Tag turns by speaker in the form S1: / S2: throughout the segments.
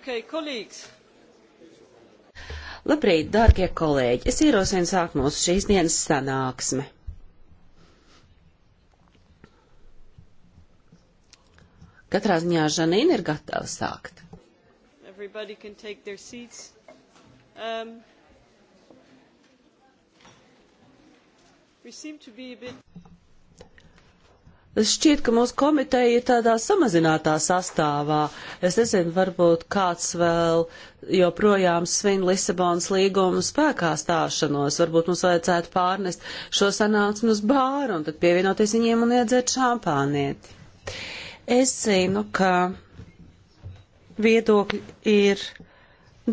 S1: Okay, colleagues.
S2: Labrīt, dārgie kolēģi! Es ierosinu sākt mūsu šīs dienas sanāksmi. Katrā ziņā Žanīna ir gatava sākt.
S1: Everybody can take their seats. Um, we seem to be a bit...
S2: Šķiet, ka mūsu komiteja ir tādā samazinātā sastāvā. Es nezinu, varbūt kāds vēl joprojām svin Lisabonas līgumu spēkā stāšanos. Varbūt mums vajadzētu pārnest šo sanāksmu uz bāru un tad pievienoties viņiem un iedzert šampānieti. Es zinu, ka viedokļi ir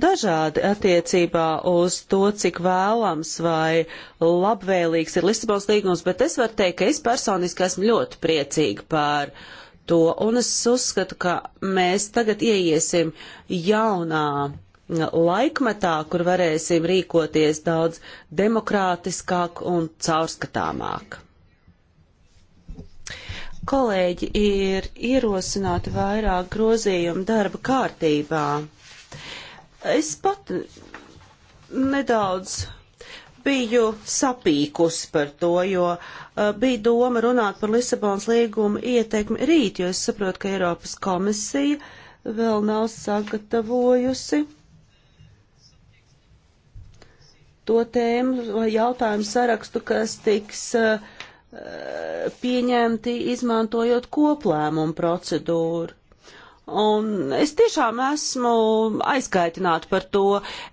S2: dažādi attiecībā uz to, cik vēlams vai labvēlīgs ir Lisabons līgums, bet es varu teikt, ka es personiski esmu ļoti priecīga par to, un es uzskatu, ka mēs tagad ieiesim jaunā laikmetā, kur varēsim rīkoties daudz demokrātiskāk un caurskatāmāk. Kolēģi ir ierosināti vairāk grozījumu darba kārtībā. Es pat nedaudz biju sapīkusi par to, jo uh, bija doma runāt par Lisabonas līgumu ieteikumu rīt, jo es saprotu, ka Eiropas komisija vēl nav sagatavojusi to tēmu vai jautājumu sarakstu, kas tiks uh, pieņemti izmantojot koplēmumu procedūru. Un es tiešām esmu aizkaitināta par to.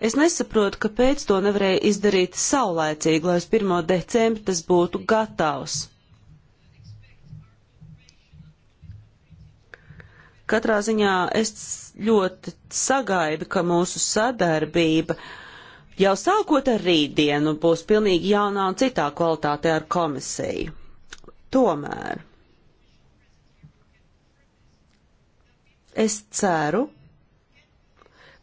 S2: Es nesaprotu, kāpēc to nevarēja izdarīt saulēcīgi, lai uz 1. decembri tas būtu gatavs. Katrā ziņā es ļoti sagaidu, ka mūsu sadarbība jau sākot ar rītdienu būs pilnīgi jaunā un citā kvalitātē ar komisiju. Tomēr. Es ceru,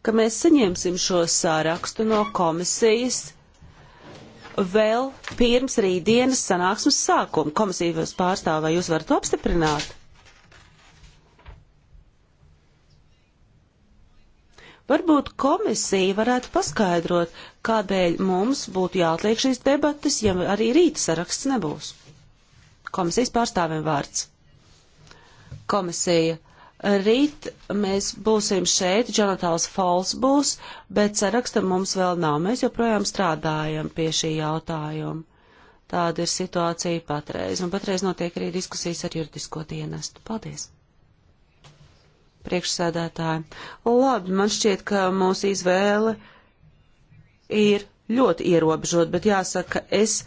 S2: ka mēs saņemsim šo sārakstu no komisijas vēl pirms rītdienas sanāksmes sākuma. Komisijas pārstāv, vai jūs varat to apstiprināt? Varbūt komisija varētu paskaidrot, kādēļ mums būtu jāatliek šīs debatas, ja arī rīta saraksts nebūs. Komisijas pārstāvim vārds. Komisija Rīt mēs būsim šeit, Jonatāls Fals būs, bet saraksta mums vēl nav. Mēs joprojām strādājam pie šī jautājuma. Tāda ir situācija patreiz, un patreiz notiek arī diskusijas ar juridisko dienestu. Paldies! Priekšsēdētāji. Labi, man šķiet, ka mūsu izvēle ir ļoti ierobežot, bet jāsaka, es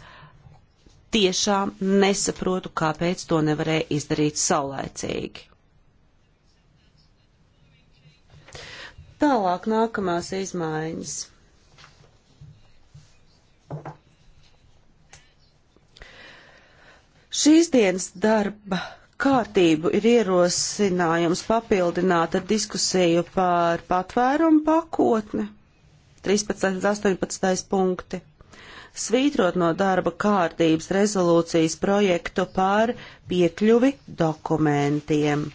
S2: tiešām nesaprotu, kāpēc to nevarēja izdarīt saulēcīgi. Tālāk nākamās izmaiņas. Šīs dienas darba kārtību ir ierosinājums papildināt ar diskusiju par patvērumu pakotni 13. un 18. punkti svītrot no darba kārtības rezolūcijas projektu par piekļuvi dokumentiem.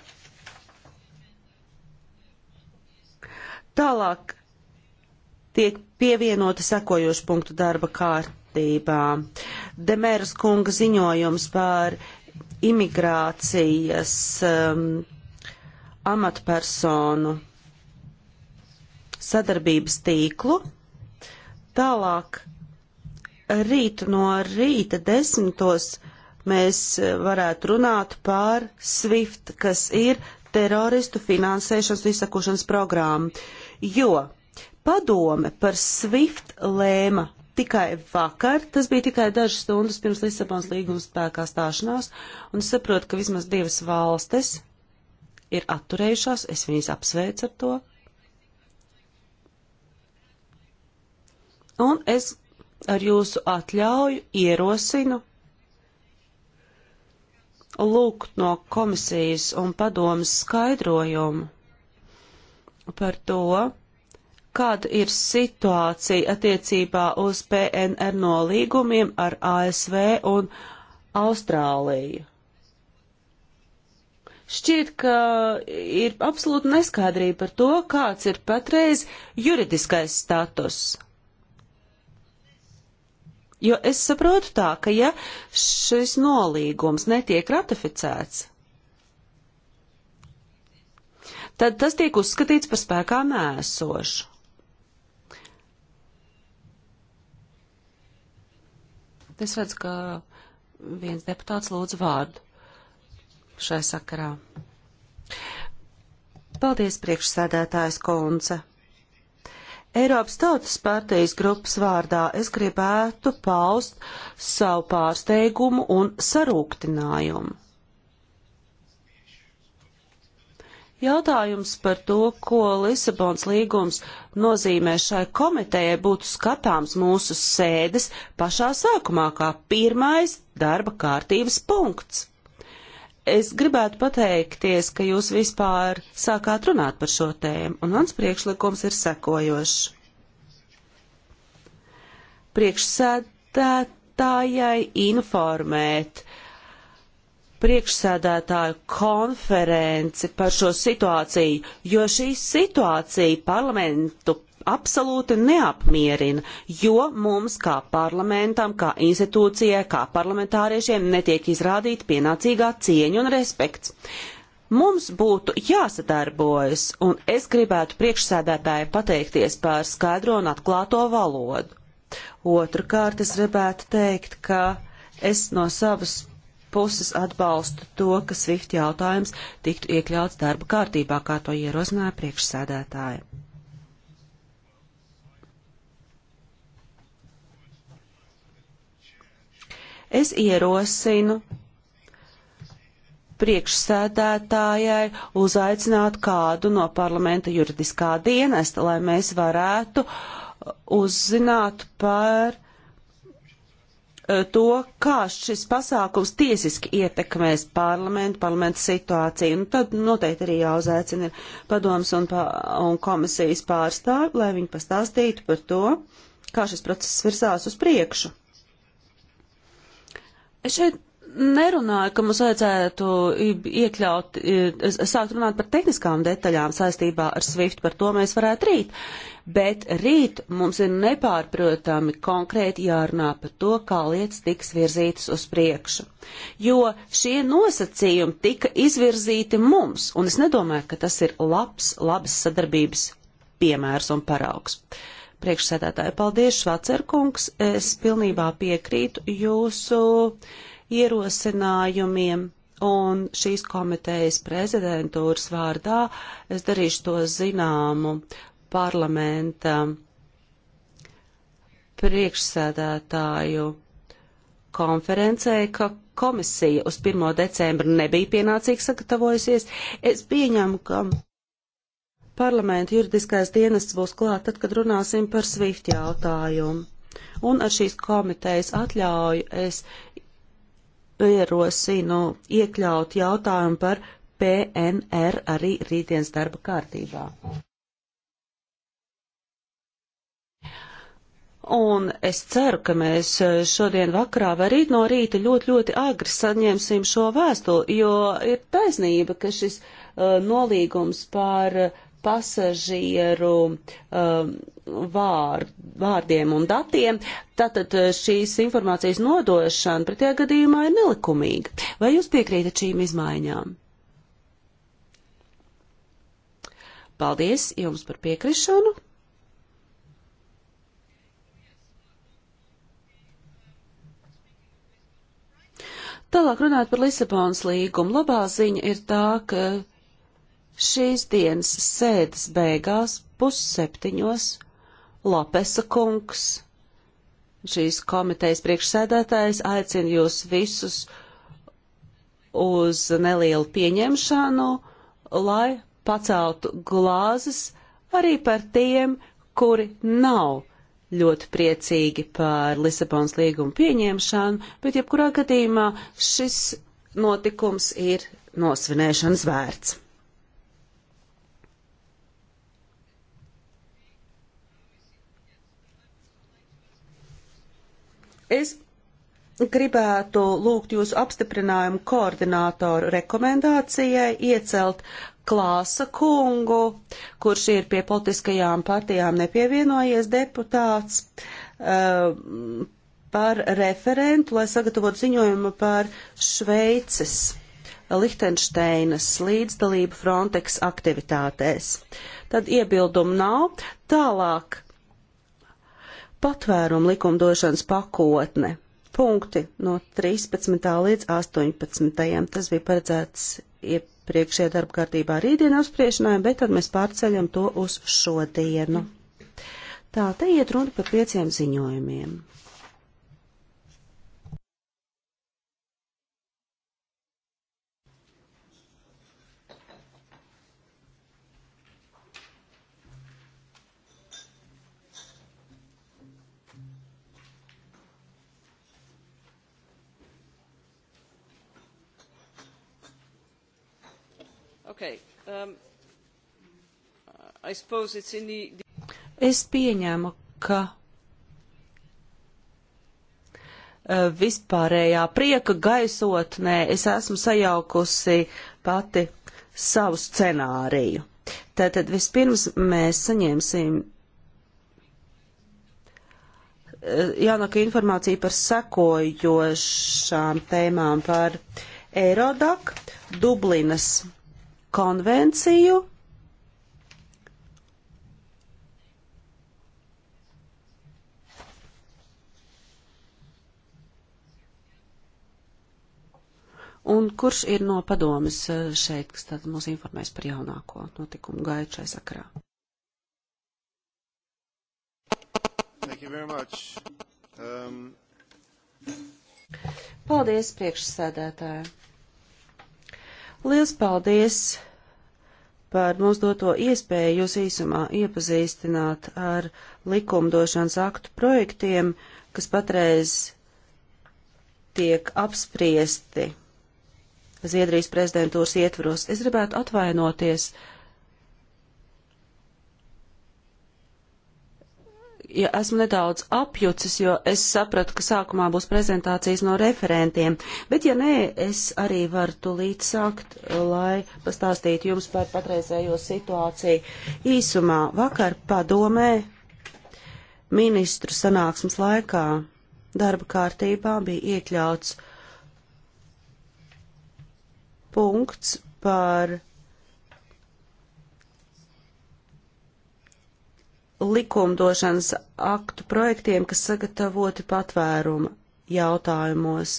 S2: Tālāk tiek pievienota sekojoša punktu darba kārtībā. Demēras kunga ziņojums par imigrācijas um, amatpersonu sadarbības tīklu. Tālāk rīt no rīta desmitos mēs varētu runāt par SWIFT, kas ir teroristu finansēšanas izsakošanas programma. Uh, jo padome par SWIFT lēma tikai vakar, tas bija tikai dažas stundas pirms Lisabonas līguma spēkā stāšanās, un es saprotu, ka vismaz divas valstis ir atturējušās, es viņus apsveicu ar to. Un es ar jūsu atļauju ierosinu lūgt no komisijas un padomas skaidrojumu par to, kāda ir situācija attiecībā uz PNR nolīgumiem ar ASV un Austrāliju. Šķiet, ka ir absolūta neskaidrība par to, kāds ir patreiz juridiskais status. Jo es saprotu tā, ka ja šis nolīgums netiek ratificēts, tad tas tiek uzskatīts par spēkā mēsošu. Es redzu, ka viens deputāts lūdz vārdu šai sakarā. Paldies, priekšsēdētājs Konce. Eiropas Tautas partijas grupas vārdā es gribētu paust savu pārsteigumu un sarūktinājumu. Jautājums par to, ko Lisabons līgums nozīmē šai komitejai, būtu skatāms mūsu sēdes pašā sākumā kā pirmais darba kārtības punkts. Es gribētu pateikties, ka jūs vispār sākāt runāt par šo tēmu, un mans priekšlikums ir sekojošs. Priekšsēdētājai informēt priekšsēdētāju konferenci par šo situāciju, jo šī situācija parlamentu absolūti neapmierina, jo mums kā parlamentam, kā institūcijai, kā parlamentāriešiem netiek izrādīta pienācīgā cieņa un respekts. Mums būtu jāsadarbojas, un es gribētu priekšsēdētāji pateikties par skaidro un atklāto valodu. Otrakārt, es gribētu teikt, ka es no savas puses atbalstu to, ka SWIFT jautājums tiktu iekļauts darba kārtībā, kā to ierosināja priekšsēdētāja. Es ierosinu priekšsēdētājai uzaicināt kādu no parlamenta juridiskā dienesta, lai mēs varētu uzzināt par uh, Eh, to, kā šis pasākums tiesiski ietekmēs parlamentu, parlamentu situāciju. Un nu, tad noteikti arī jāuzaicina padoms un, pa, un komisijas pārstāvi, lai viņi pastāstītu par to, kā šis process virsās uz priekšu. Es šeit nerunāju, ka mums vajadzētu iekļaut, sākt runāt par tehniskām detaļām saistībā ar SWIFT, par to mēs varētu rīt. Bet rīt mums ir nepārprotami konkrēti jārunā par to, kā lietas tiks virzītas uz priekšu. Jo šie nosacījumi tika izvirzīti mums, un es nedomāju, ka tas ir labs, labas sadarbības piemērs un paraugs. Priekšsēdētāji, paldies, Švacerkungs, es pilnībā piekrītu jūsu uh, ierosinājumiem. Un šīs komitejas prezidentūras vārdā es darīšu to zināmu parlamenta priekšsēdētāju konferencē, ka komisija uz 1. decembru nebija pienācīgi sagatavojusies. Es pieņemu, ka parlamenta juridiskais dienests būs klāt tad, kad runāsim par SWIFT jautājumu. Un ar šīs komitejas atļauju es ierosinu iekļaut jautājumu par PNR arī rītdienas darba kārtībā. Un es ceru, ka mēs šodien vakarā vai rīt no rīta ļoti, ļoti agri saņemsim šo vēstuli, jo ir taisnība, ka šis uh, nolīgums par uh, pasažieru um, vār, vārdiem un datiem, tātad uh, šīs informācijas nodošana pretējā gadījumā ir nelikumīga. Vai jūs piekrītat šīm izmaiņām? Paldies jums par piekrišanu. Tālāk runāt par Lisabonas līgumu. Labā ziņa ir tā, ka Šīs dienas sēdes beigās pusseptiņos Lopesa kungs, šīs komitejas priekšsēdētājs, aicina jūs visus uz nelielu pieņemšanu, lai paceltu glāzes arī par tiem, kuri nav ļoti priecīgi par Lisabonas līgumu pieņemšanu, bet jebkurā gadījumā šis notikums ir nosvinēšanas vērts. Es gribētu lūgt jūsu apstiprinājumu koordinātoru rekomendācijai iecelt Klāsa kungu, kurš ir pie politiskajām partijām nepievienojies deputāts, uh, par referentu, lai sagatavotu ziņojumu par Šveices Lihtenšteinas līdzdalību Frontex aktivitātēs. Tad iebildumu nav. Tālāk patvērumu likumdošanas pakotne. Punkti no 13. līdz 18. Tas bija paredzēts iepriekšējā darba kārtībā rītdien apspriešanai, bet tad mēs pārceļam to uz šodienu. Tā te iet runa par pieciem ziņojumiem.
S1: Um, the...
S2: Es pieņēmu, ka uh, vispārējā prieka gaisotnē es esmu sajaukusi pati savu scenāriju. Tātad vispirms mēs saņemsim uh, jaunāku informāciju par sekojošām tēmām par Eirodak, Dublinas konvenciju. Un kurš ir no padomis šeit, kas tad mūs informēs par jaunāko notikumu gaidu šai sakrā?
S3: Thank you very much. Um...
S2: Paldies, priekšsēdētāji. Liels paldies par mums doto iespēju jūs īsumā iepazīstināt ar likumdošanas aktu projektiem, kas patreiz tiek apspriesti Zviedrijas prezidentūras ietvaros. Es gribētu atvainoties ja esmu nedaudz apjucis, jo es sapratu, ka sākumā būs prezentācijas no referentiem. Bet, ja nē, es arī varu tulīt sākt, lai pastāstītu jums par patreizējo situāciju īsumā. Vakar padomē ministru sanāksmes laikā darba kārtībā bija iekļauts punkts par likumdošanas aktu projektiem, kas sagatavoti patvēruma jautājumos.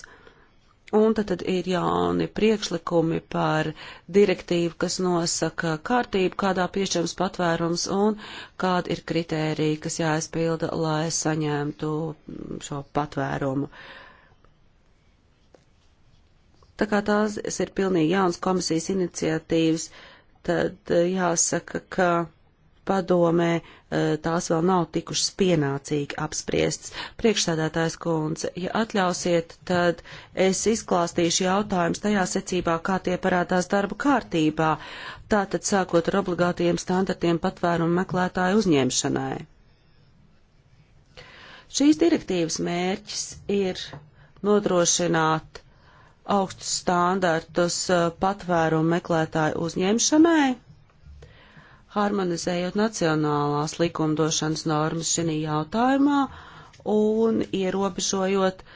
S2: Un tad, tad ir jauni priekšlikumi par direktīvu, kas nosaka kārtību, kādā piešķirams patvērums un kāda ir kritērija, kas jāizpilda, lai saņemtu šo patvērumu. Tā kā tās ir pilnīgi jauns komisijas iniciatīvas, tad jāsaka, ka padomē eh, tās vēl nav tikušas pienācīgi apspriestas. Priekšsēdētājs kundze, ja atļausiet, tad es izklāstīšu jautājumus tajā secībā, kā tie parādās darba kārtībā, tātad sākot ar obligātiem standartiem patvērumu meklētāju uzņemšanai. Šīs direktīvas mērķis ir nodrošināt augstus standartus eh, patvērumu meklētāju uzņemšanai harmonizējot nacionālās likumdošanas normas šī jautājumā un ierobežojot uh,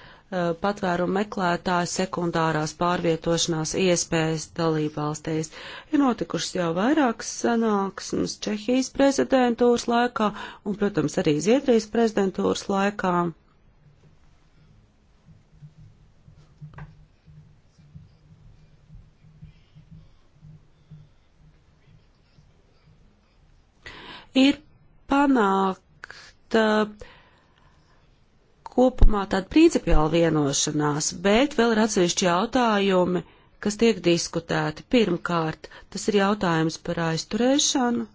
S2: patvērumu meklētāju sekundārās pārvietošanās iespējas dalībvalstīs. Ir notikušas jau vairākas sanāksmes Čehijas prezidentūras laikā un, protams, arī Zviedrijas prezidentūras laikā. ir panākt kopumā tāda principiāla vienošanās, bet vēl ir atsevišķi jautājumi, kas tiek diskutēti. Pirmkārt, tas ir jautājums par aizturēšanu,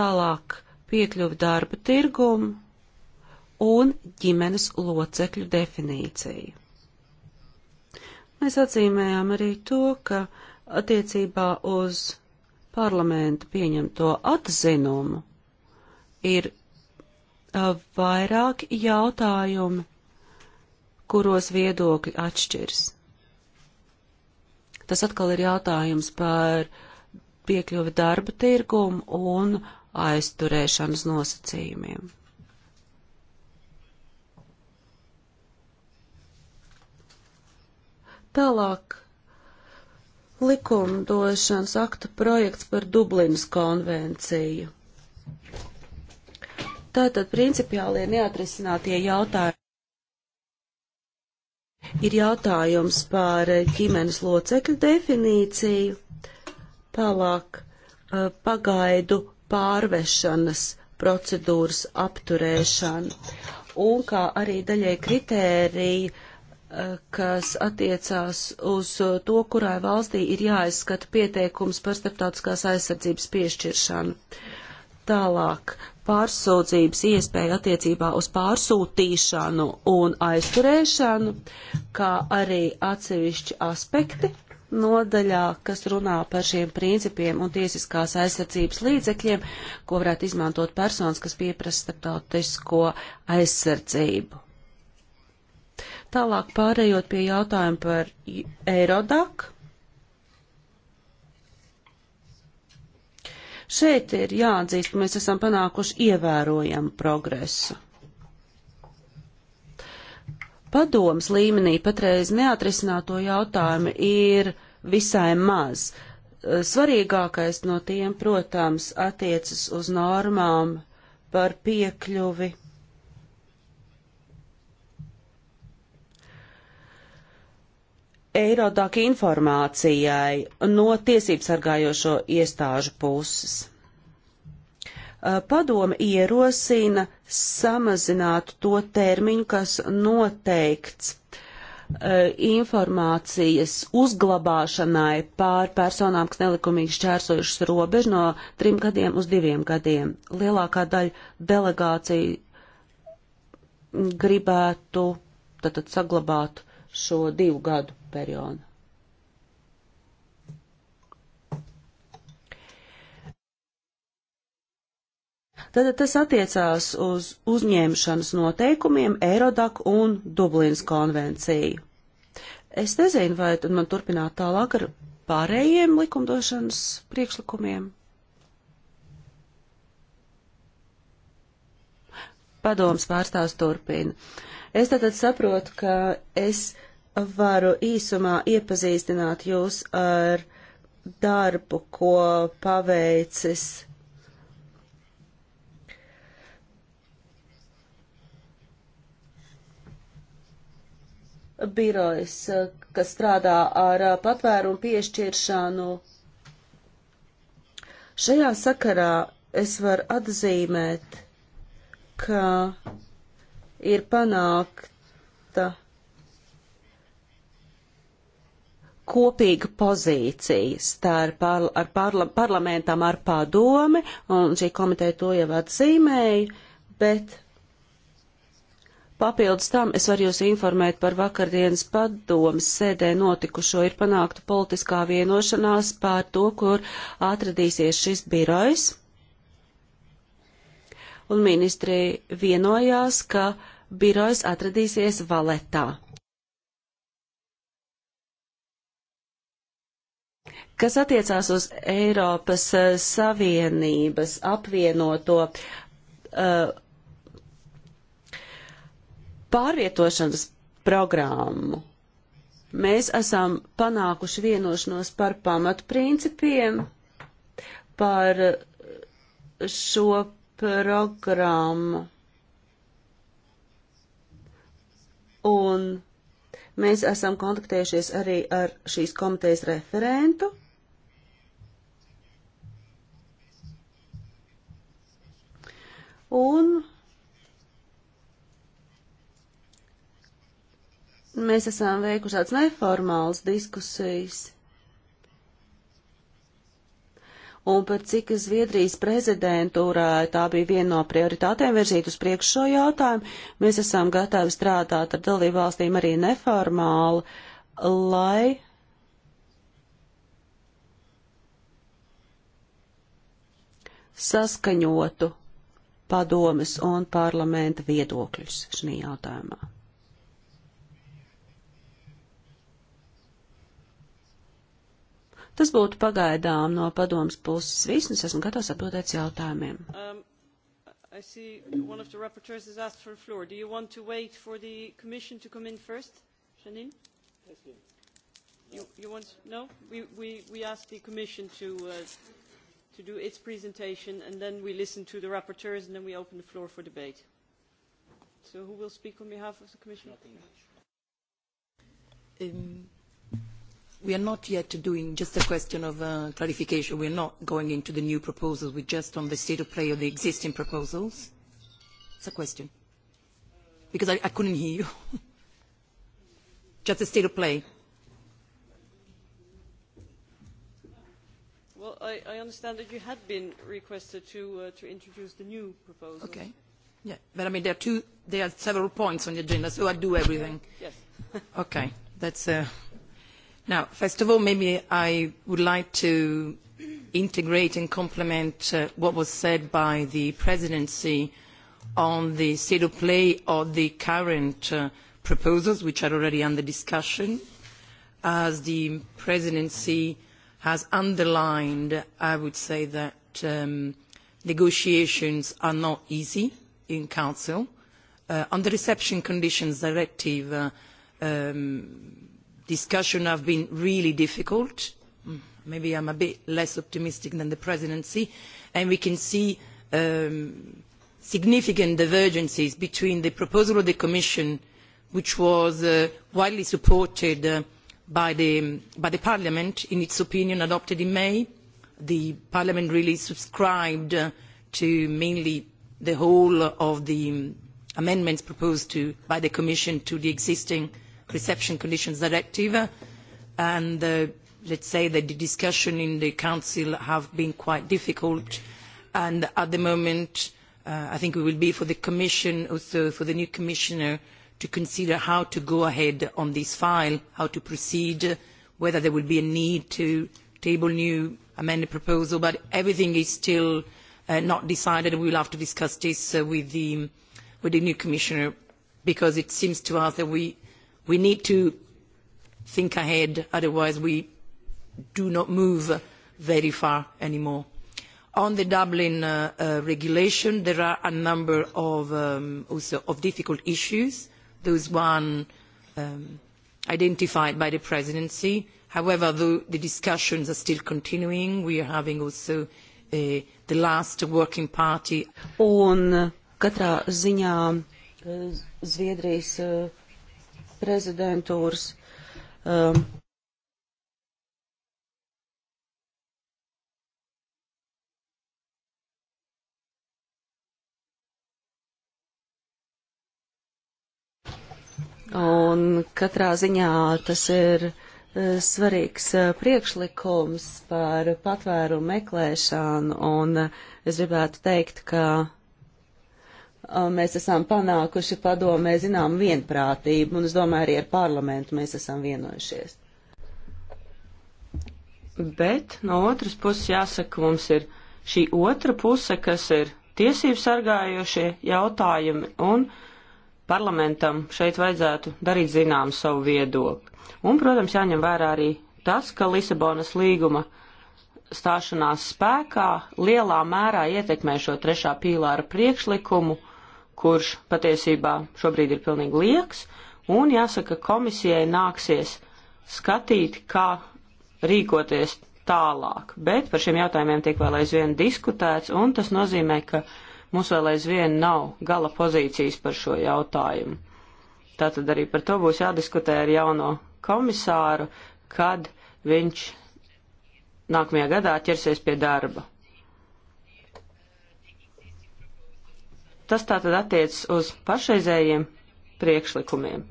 S2: tālāk piekļuvi darba tirgumu un ģimenes locekļu definīciju. Mēs atzīmējām arī to, ka attiecībā uz parlamentu pieņemto atzinumu, ir vairāki jautājumi, kuros viedokļi atšķirs. Tas atkal ir jautājums par piekļuvi darba tirgumu un aizturēšanas nosacījumiem. Tālāk likumdošanas akta projekts par Dublinas konvenciju. Tātad principiālie neatrisinātie jautājumi ir jautājums par ģimenes locekļu definīciju, tālāk eh, pagaidu pārvešanas procedūras apturēšanu un kā arī daļai kritēriju kas attiecās uz to, kurai valstī ir jāizskata pieteikums par starptautiskās aizsardzības piešķiršanu. Tālāk pārsūdzības iespēja attiecībā uz pārsūtīšanu un aizturēšanu, kā arī atsevišķi aspekti nodaļā, kas runā par šiem principiem un tiesiskās aizsardzības līdzekļiem, ko varētu izmantot personas, kas pieprasa starptautisko aizsardzību. Tālāk pārējot pie jautājuma par Eirodak. Šeit ir jāatzīst, ka mēs esam panākuši ievērojamu progresu. Padoms līmenī patreiz neatrisināto jautājumu ir visai maz. Svarīgākais no tiem, protams, attiecas uz normām par piekļuvi Eirodāk informācijai no tiesības sargājošo iestāžu puses. Uh, Padoma ierosina samazināt to termiņu, kas noteikts uh, informācijas uzglabāšanai pār personām, kas nelikumīgi šķērsojušas robežu no trim gadiem uz diviem gadiem. Lielākā daļa delegāciju gribētu tātad saglabāt šo divu gadu periodu. Tātad tas attiecās uz uzņemšanas noteikumiem Eirodak un Dublins konvenciju. Es nezinu, vai tad man turpināt tālāk ar pārējiem likumdošanas priekšlikumiem. Padoms pārstāvs turpina. Uh, Es tātad saprotu, ka es varu īsumā iepazīstināt jūs ar darbu, ko paveicis birojas, kas strādā ar patvērumu piešķiršanu. Šajā sakarā es varu atzīmēt, ka ir panākta kopīga pozīcija starp par, ar parla, parlamentam, ar padomi, un šī komiteja to jau atzīmēja, bet papildus tam es varu jūs informēt par vakardienas padomas sēdē notikušo, ir panākta politiskā vienošanās pār to, kur atradīsies šis birojs un ministri vienojās, ka birojs atradīsies valetā. Kas attiecās uz Eiropas eh, Savienības apvienoto uh, pārvietošanas programmu, mēs esam panākuši vienošanos par pamatprincipiem, par šo programma. Un mēs esam kontaktējušies arī ar šīs komitejas referentu. Un mēs esam veikuši tāds neformāls diskusijas un pat cik Zviedrijas prezidentūrā tā bija viena no prioritātēm virzīt uz priekšu šo jautājumu, mēs esam gatavi strādāt ar dalību valstīm arī neformāli, lai. saskaņotu padomes un parlamenta viedokļus šajā jautājumā. Tas būtu pagaidām no padomas puses viss, un es esmu gatavs atbildēt jautājumiem.
S1: Um. I see one of the rapporteurs has asked for the floor. Do you want to wait for the Commission to come in first, Janine? Yes, please. You, you want no? We, we, we asked the Commission to, uh, to do its presentation, and then we listen to the rapporteurs, and then we open the floor for debate. So who will speak on behalf of the
S4: Commission? Not English. Um, we are not yet doing just a question of uh, clarification. We are not going into the new proposals. We're just on the state of play of the existing proposals. It's a question. Because I, I couldn't hear you. just the state of play.
S1: Well, I, I understand that you had been requested to, uh, to introduce the new proposal. Okay.
S4: Yeah, but I mean, there are, two, there are several points on the agenda, so I do everything. Yes. okay, that's... Uh, Now, first of all, maybe I would like to integrate and complement uh, what was said by the presidency on the state of play of the current uh, proposals, which are already under discussion. As the presidency has underlined, I would say that um, negotiations are not easy in Council. Uh, on the Reception Conditions Directive, uh, um, discussions have been really difficult mm, maybe i am a bit less optimistic than the presidency and we can see um, significant divergences between the proposal of the commission which was uh, widely supported uh, by, the, by the parliament in its opinion adopted in may the parliament really subscribed uh, to mainly the whole of the um, amendments proposed to, by the commission to the existing reception conditions directive and uh, let's say that the discussion in the council have been quite difficult and at the moment uh, I think it will be for the commission also for the new commissioner to consider how to go ahead on this file, how to proceed, whether there will be a need to table new amended proposal, but everything is still uh, not decided and we will have to discuss this uh, with, the, with the new commissioner because it seems to us that we we need to think ahead, otherwise we do not move very far anymore. On the Dublin uh, uh, regulation, there are a number of um, also of difficult issues. Those one um, identified by the presidency. However, the, the discussions are still continuing. We are having also uh, the last working party.
S2: Un uh, katrā ziņā uh, Zviedrijas uh, prezidentūras. Um, Un katrā ziņā tas ir uh, svarīgs uh, priekšlikums par patvērumu meklēšanu, un uh, es gribētu teikt, ka mēs esam panākuši padomē zinām
S1: vienprātību, un es domāju, arī ar parlamentu mēs esam vienojušies. Bet no otras puses jāsaka, mums ir šī otra puse, kas ir tiesību sargājošie jautājumi, un parlamentam šeit vajadzētu darīt zinām savu viedokli. Un, protams, jāņem vērā arī tas, ka Lisabonas līguma stāšanās spēkā lielā mērā ietekmē šo trešā pīlāra priekšlikumu kurš patiesībā šobrīd ir pilnīgi lieks, un jāsaka, komisijai nāksies skatīt, kā rīkoties tālāk. Bet par šiem jautājumiem tiek vēl aizvien diskutēts, un tas nozīmē, ka mums vēl aizvien nav gala pozīcijas par šo jautājumu. Tātad arī par to būs jādiskutē ar jauno komisāru, kad viņš nākamajā gadā ķersies pie darba. Tas tātad attiecas uz pašreizējiem priekšlikumiem.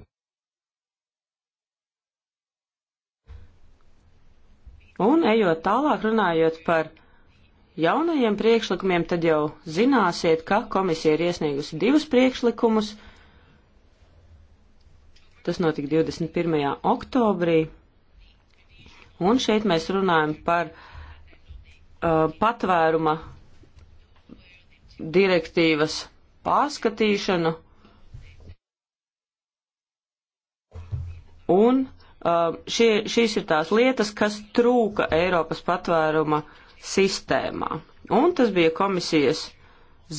S1: Un ejot tālāk runājot par jaunajiem priekšlikumiem, tad jau zināsiet, ka komisija ir iesniegusi divus priekšlikumus. Tas notika 21. oktobrī. Un šeit mēs runājam par uh, patvēruma direktīvas pārskatīšanu un uh, šie, šīs ir tās lietas, kas trūka Eiropas patvēruma sistēmā. Un tas bija komisijas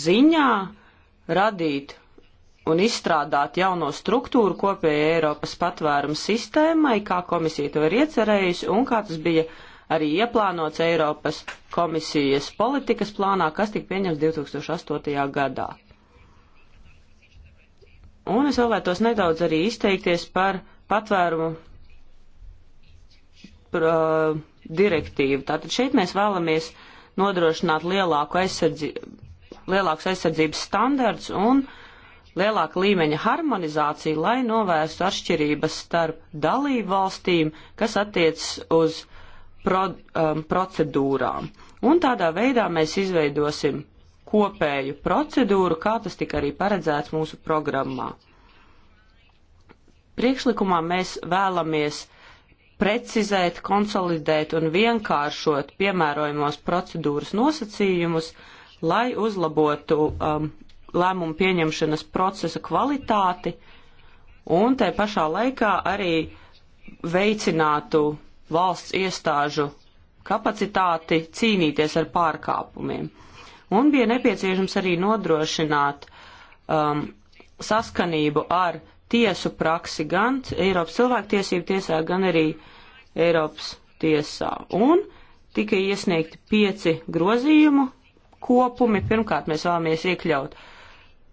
S1: ziņā radīt un izstrādāt jauno struktūru kopējai Eiropas patvēruma sistēmai, kā komisija to ir iecerējusi un kā tas bija arī ieplānots Eiropas komisijas politikas plānā, kas tika pieņems 2008. gadā. Un es vēlētos nedaudz arī izteikties par patvērumu par, uh, direktīvu. Tātad šeit mēs vēlamies nodrošināt lielāku, aizsardzi, lielākus aizsardzības standarts un lielāka līmeņa harmonizāciju, lai novērstu atšķirības starp dalību valstīm, kas attiecas uz pro, um, procedūrām. Un tādā veidā mēs izveidosim kopēju procedūru, kā tas tika arī paredzēts mūsu programmā. Priekšlikumā mēs vēlamies precizēt, konsolidēt un vienkāršot piemērojumos procedūras nosacījumus, lai uzlabotu um, lēmumu pieņemšanas procesa kvalitāti un tai pašā laikā arī veicinātu valsts iestāžu kapacitāti cīnīties ar pārkāpumiem un bija nepieciešams arī nodrošināt um, saskanību ar tiesu praksi gan Eiropas cilvēktiesību tiesā, gan arī Eiropas tiesā. Un tika iesniegti pieci grozījumu kopumi. Pirmkārt, mēs vēlamies iekļaut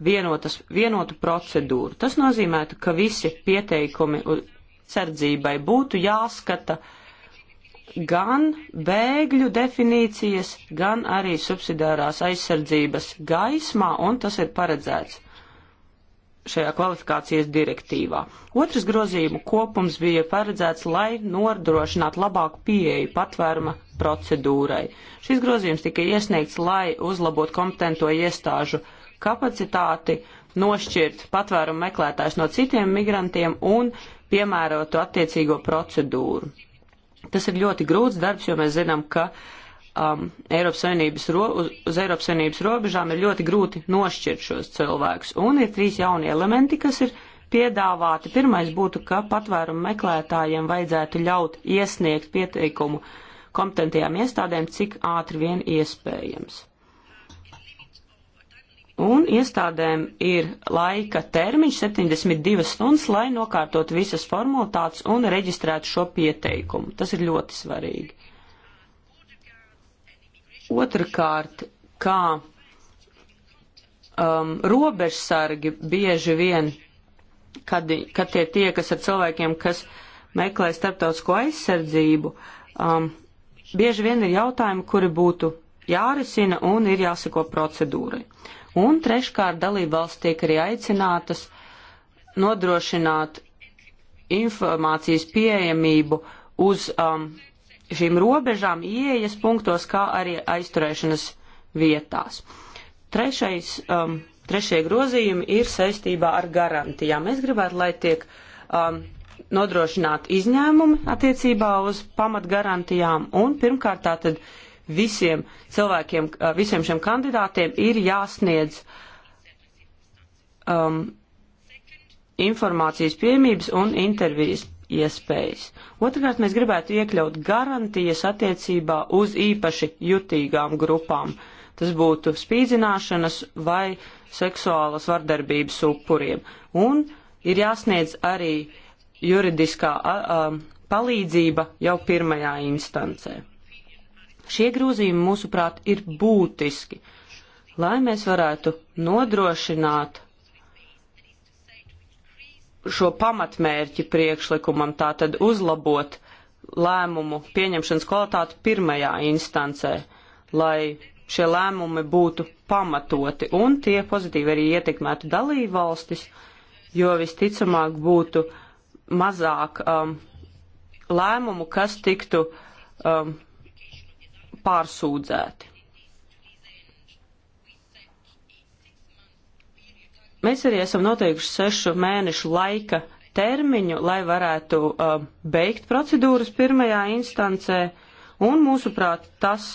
S1: vienotas, vienotu procedūru. Tas nozīmētu, ka visi pieteikumi sardzībai būtu jāskata uh, gan bēgļu definīcijas, gan arī subsidiārās aizsardzības gaismā, un tas ir paredzēts šajā kvalifikācijas direktīvā. Otrs grozījumu kopums bija paredzēts, lai nodrošinātu labāku pieeju patvērma procedūrai. Šis grozījums tika iesniegts, lai uzlabotu kompetento iestāžu kapacitāti, nošķirt patvērumu meklētājs no citiem migrantiem un piemērotu attiecīgo procedūru. Tas ir ļoti grūts darbs, jo mēs zinām, ka um, Eiropas Savienības ro, uz, uz Eiropas Savienības robežām ir ļoti grūti nošķirt šos cilvēkus. Un ir trīs jauni elementi, kas ir piedāvāti. Pirmais būtu, ka patvērumu meklētājiem vajadzētu ļaut iesniegt pieteikumu kompetentajām iestādēm, cik ātri vien iespējams un iestādēm ir laika termiņš 72 stundas, lai nokārtot visas formalitātes un reģistrētu šo pieteikumu. Tas ir ļoti svarīgi. Otrakārt, kā um, robežsargi bieži vien, kad, kad tie tiekas ar cilvēkiem, kas meklē starptautisko aizsardzību, um, bieži vien ir jautājumi, kuri būtu jārisina un ir jāsako procedūrai. Uh, Un treškārt dalība valsts tiek arī aicinātas nodrošināt informācijas pieejamību uz um, šīm robežām, ieejas punktos, kā arī aizturēšanas vietās. Trešais, um, trešie grozījumi ir saistībā ar garantijām. Es gribētu, lai tiek um, nodrošināt izņēmumi attiecībā uz pamatgarantijām un pirmkārt tātad visiem cilvēkiem, visiem šiem kandidātiem ir jāsniedz um, informācijas piemības un intervijas iespējas. Otrakārt, mēs gribētu iekļaut garantijas attiecībā uz īpaši jutīgām grupām. Tas būtu spīdzināšanas vai seksuālas vardarbības upuriem. Un ir jāsniedz arī juridiskā a, a, palīdzība jau pirmajā instancē. Šie grozījumi, mūsuprāt, ir būtiski, lai mēs varētu nodrošināt šo pamatmērķi priekšlikumam, tātad uzlabot lēmumu pieņemšanas kvalitāti pirmajā instancē, lai šie lēmumi būtu pamatoti un tie pozitīvi arī ietekmētu dalību valstis, jo visticamāk būtu mazāk um, lēmumu, kas tiktu um, pārsūdzēti. Mēs arī esam noteikuši sešu mēnešu laika termiņu, lai varētu uh, beigt procedūras pirmajā instancē, un mūsuprāt tas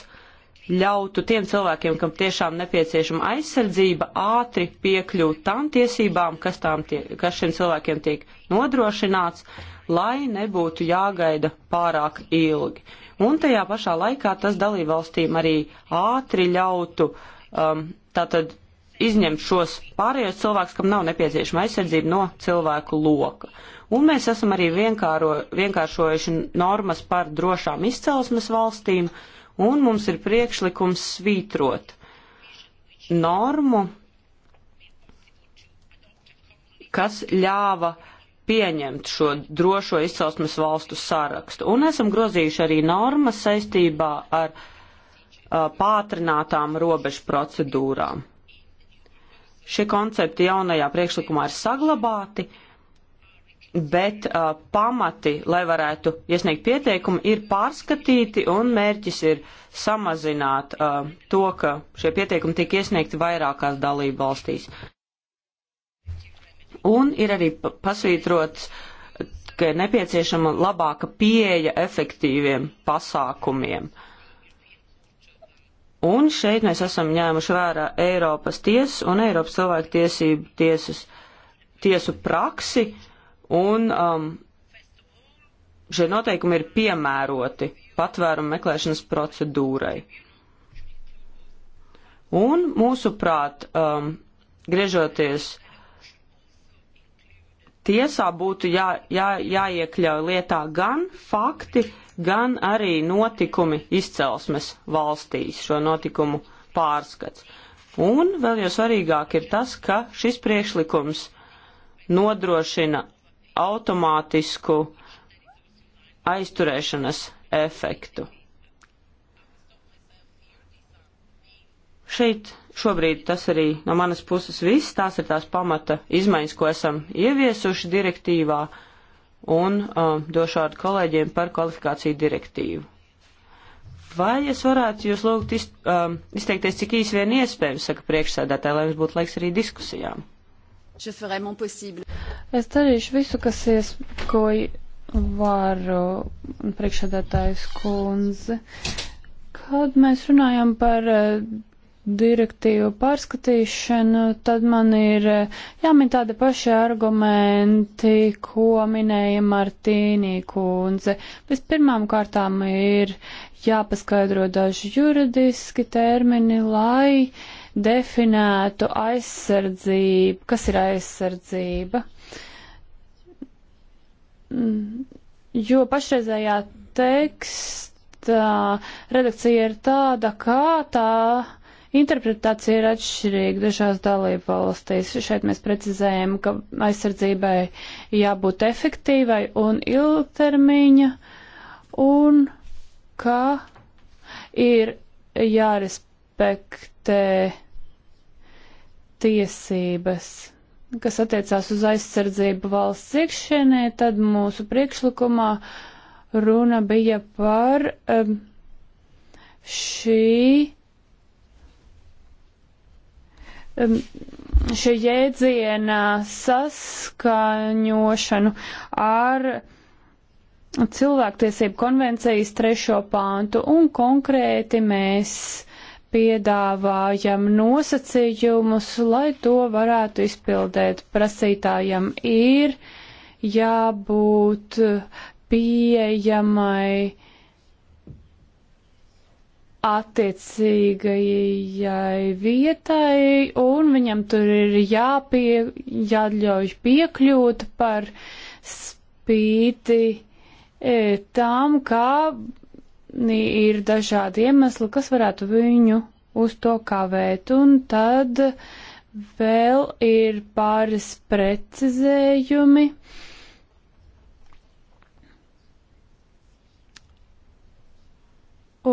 S1: ļautu tiem cilvēkiem, kam tiešām nepieciešama aizsardzība, ātri piekļūt tām tiesībām, kas, tām tie, kas šiem cilvēkiem tiek nodrošināts, lai nebūtu jāgaida pārāk ilgi un tajā pašā laikā tas dalībvalstīm arī ātri ļautu um, tātad izņemt šos pārējos cilvēkus, kam nav nepieciešama aizsardzība no cilvēku loka. Un mēs esam arī vienkāro, vienkāršojuši normas par drošām izcelsmes valstīm, un mums ir priekšlikums svītrot normu, kas ļāva uh, pieņemt šo drošo izcelsmes valstu sarakstu. Un esam grozījuši arī normas saistībā ar uh, pātrinātām robežu procedūrām. Šie koncepti jaunajā priekšlikumā ir saglabāti, bet uh, pamati, lai varētu iesniegt pieteikumu, ir pārskatīti un mērķis ir samazināt uh, to, ka šie pieteikumi tiek iesniegti vairākās dalību valstīs un ir arī pasvītrots, ka ir nepieciešama labāka pieeja efektīviem pasākumiem. Un šeit mēs esam ņēmuši vērā Eiropas tiesas un Eiropas cilvēku tiesību tiesas, tiesu praksi, un um, šie noteikumi ir piemēroti patvērumu meklēšanas procedūrai. Un, mūsuprāt, um, griežoties tiesā būtu jā, jā, jāiekļauj lietā gan fakti, gan arī notikumi izcelsmes valstīs, šo notikumu pārskats. Un vēl jau svarīgāk ir tas, ka šis priekšlikums nodrošina automātisku aizturēšanas efektu. Šeit Šobrīd tas arī no manas puses viss. Tās ir tās pamata izmaiņas, ko esam ieviesuši direktīvā un um, došu vārdu kolēģiem par kvalifikāciju direktīvu. Vai es varētu jūs lūgt iz, um, izteikties, cik īsi vien iespējams, saka priekšsēdētāji, lai mums būtu laiks arī diskusijām?
S5: Es darīšu visu, kas ies, ko varu, priekšsēdētājs kundze. Kad mēs runājam par uh, direktīvu pārskatīšanu, tad man ir eh, jāmin tādi paši argumenti, ko minēja Martīnī kundze. Vispirmām kārtām ir jāpaskaidro daži juridiski termini, lai definētu aizsardzību. Kas ir aizsardzība? Mm, jo pašreizējā teksta redakcija ir tāda, kā tā Interpretācija ir atšķirīga dažās dalību valstīs. Šeit mēs precizējam, ka aizsardzībai jābūt efektīvai un ilgtermiņa, un ka ir jārespektē tiesības, kas attiecās uz aizsardzību valsts iekšienē, tad mūsu priekšlikumā runa bija par um, šī Um, šie jēdziena saskaņošanu ar cilvēktiesību konvencijas trešo pāntu un konkrēti mēs piedāvājam nosacījumus, lai to varētu izpildēt. Prasītājam ir jābūt pieejamai uh, attiecīgajai vietai, un viņam tur ir jāpie, jāļauj piekļūt par spīti e, tam, kā ir dažādi iemesli, kas varētu viņu uz to kavēt, un tad vēl ir pāris precizējumi.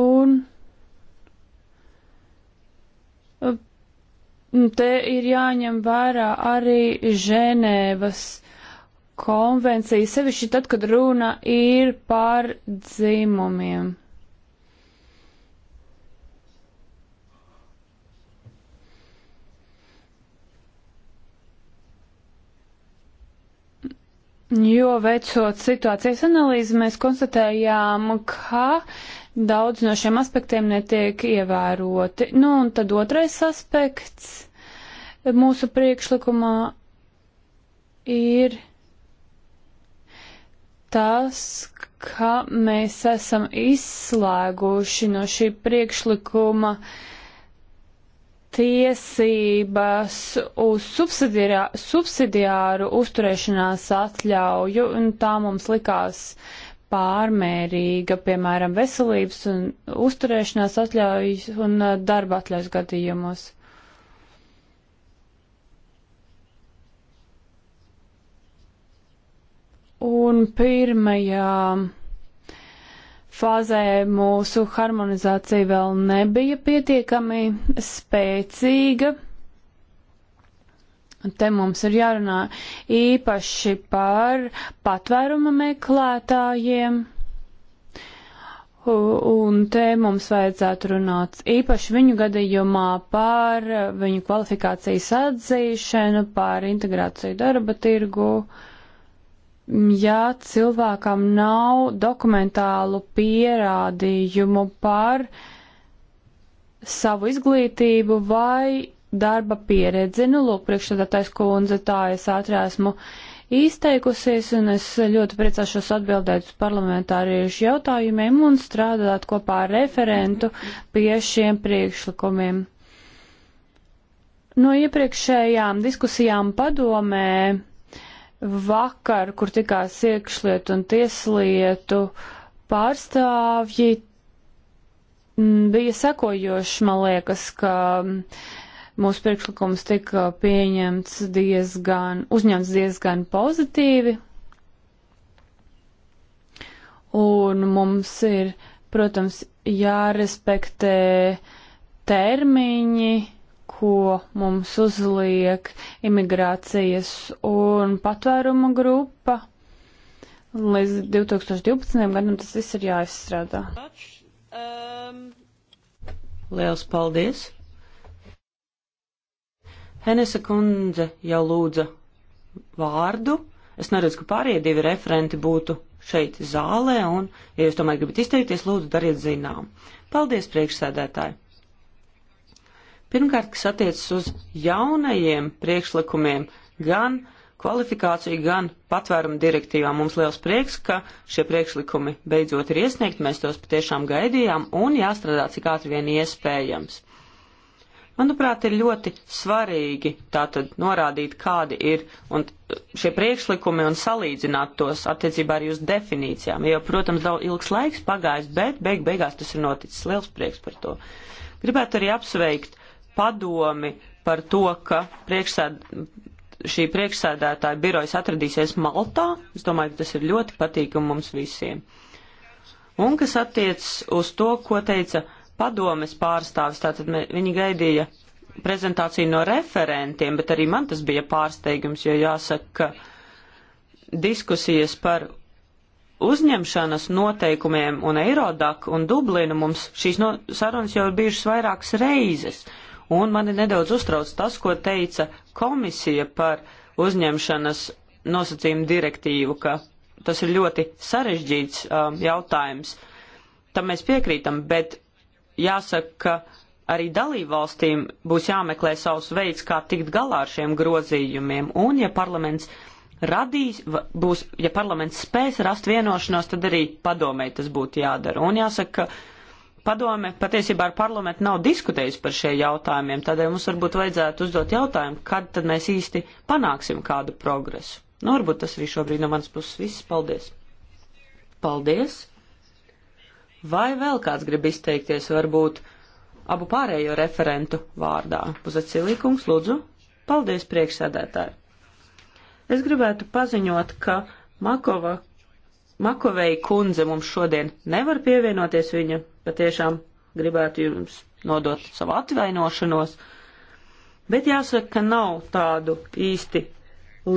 S5: Un Te ir jāņem vērā arī Ženēvas konvencija, sevišķi tad, kad runa ir par dzimumiem. Jo veicot situācijas analīzi, mēs konstatējām, ka daudz no šiem aspektiem netiek ievēroti. Nu, un tad otrais aspekts mūsu priekšlikumā ir tas, ka mēs esam izslēguši no šī priekšlikuma tiesības uz subsidiāru uzturēšanās atļauju, un tā mums likās uh, pārmērīga, piemēram, veselības un uzturēšanās atļaujas un uh, darba atļaujas gadījumos. Un pirmajā fāzē mūsu harmonizācija vēl nebija pietiekami spēcīga Un te mums ir jārunā īpaši par patvēruma meklētājiem. Un te mums vajadzētu runāt īpaši viņu gadījumā par viņu kvalifikācijas atzīšanu, par integrāciju darba tirgu. Ja cilvēkam nav dokumentālu pierādījumu par savu izglītību vai darba pieredzi. Nu, lūk, priekšsēdētājs kundze, tā es ātri esmu izteikusies, un es ļoti priecāšos atbildēt uz parlamentāriešu jautājumiem un strādāt kopā ar referentu pie šiem priekšlikumiem. No iepriekšējām diskusijām padomē vakar, kur tikās iekšlietu un tieslietu pārstāvji, bija sekojoši, man liekas, ka uh, Mūsu priekšlikums tika pieņemts diezgan, uzņemts diezgan pozitīvi, un mums ir, protams, jārespektē termiņi, ko mums uzliek imigrācijas un patvērumu grupa. Līdz 2012. gadam tas viss ir jāizstrādā.
S1: Liels paldies! Henesa kundze jau lūdza vārdu. Es neredzu, ka pārējie divi referenti būtu šeit zālē, un, ja jūs tomēr gribat izteikties, lūdzu, dariet zinām. Paldies, priekšsēdētāji! Pirmkārt, kas attiecas uz jaunajiem priekšlikumiem, gan kvalifikāciju, gan patvērumu direktīvā. Mums liels prieks, ka šie priekšlikumi beidzot ir iesniegti, mēs tos patiešām gaidījām un jāstrādā cik ātri vien iespējams. Manuprāt, ir ļoti svarīgi tātad norādīt, kādi ir un šie priekšlikumi un salīdzināt tos attiecībā arī uz definīcijām, jo, protams, daudz ilgs laiks pagājis, bet beig beigās tas ir noticis. Liels prieks par to. Gribētu arī apsveikt padomi par to, ka priekšsēd, šī priekšsēdētāja birojas atradīsies Maltā. Es domāju, ka tas ir ļoti patīkami mums visiem. Un kas attiec uz to, ko teica padomes pārstāvis, tātad viņi gaidīja prezentāciju no referentiem, bet arī man tas bija pārsteigums, jo jāsaka, ka diskusijas par uzņemšanas noteikumiem un Eirodak un Dublinu mums šīs no, sarunas jau ir bijušas vairākas reizes. Un mani nedaudz uztrauc tas, ko teica komisija par uzņemšanas nosacījumu direktīvu, ka tas ir ļoti sarežģīts um, jautājums. Tam mēs piekrītam, bet jāsaka, ka arī dalībvalstīm būs jāmeklē savs veids, kā tikt galā ar šiem grozījumiem, un ja parlaments radīs, būs, ja parlaments spēs rast vienošanos, tad arī padomē tas būtu jādara. Un jāsaka, ka padome patiesībā ar parlamentu nav diskutējusi par šie jautājumiem, tādēļ mums varbūt vajadzētu uzdot jautājumu, kad tad mēs īsti panāksim kādu progresu. Nu, varbūt tas arī šobrīd no manas puses viss. Paldies! Paldies! Vai vēl kāds grib izteikties, varbūt abu pārējo referentu vārdā? Puzacilīkums, lūdzu. Paldies, priekšsēdētāji. Es gribētu paziņot, ka Makova, Makovei kundze mums šodien nevar pievienoties. Viņa patiešām gribētu jums nodot savu atvainošanos. Bet jāsaka, ka nav tādu īsti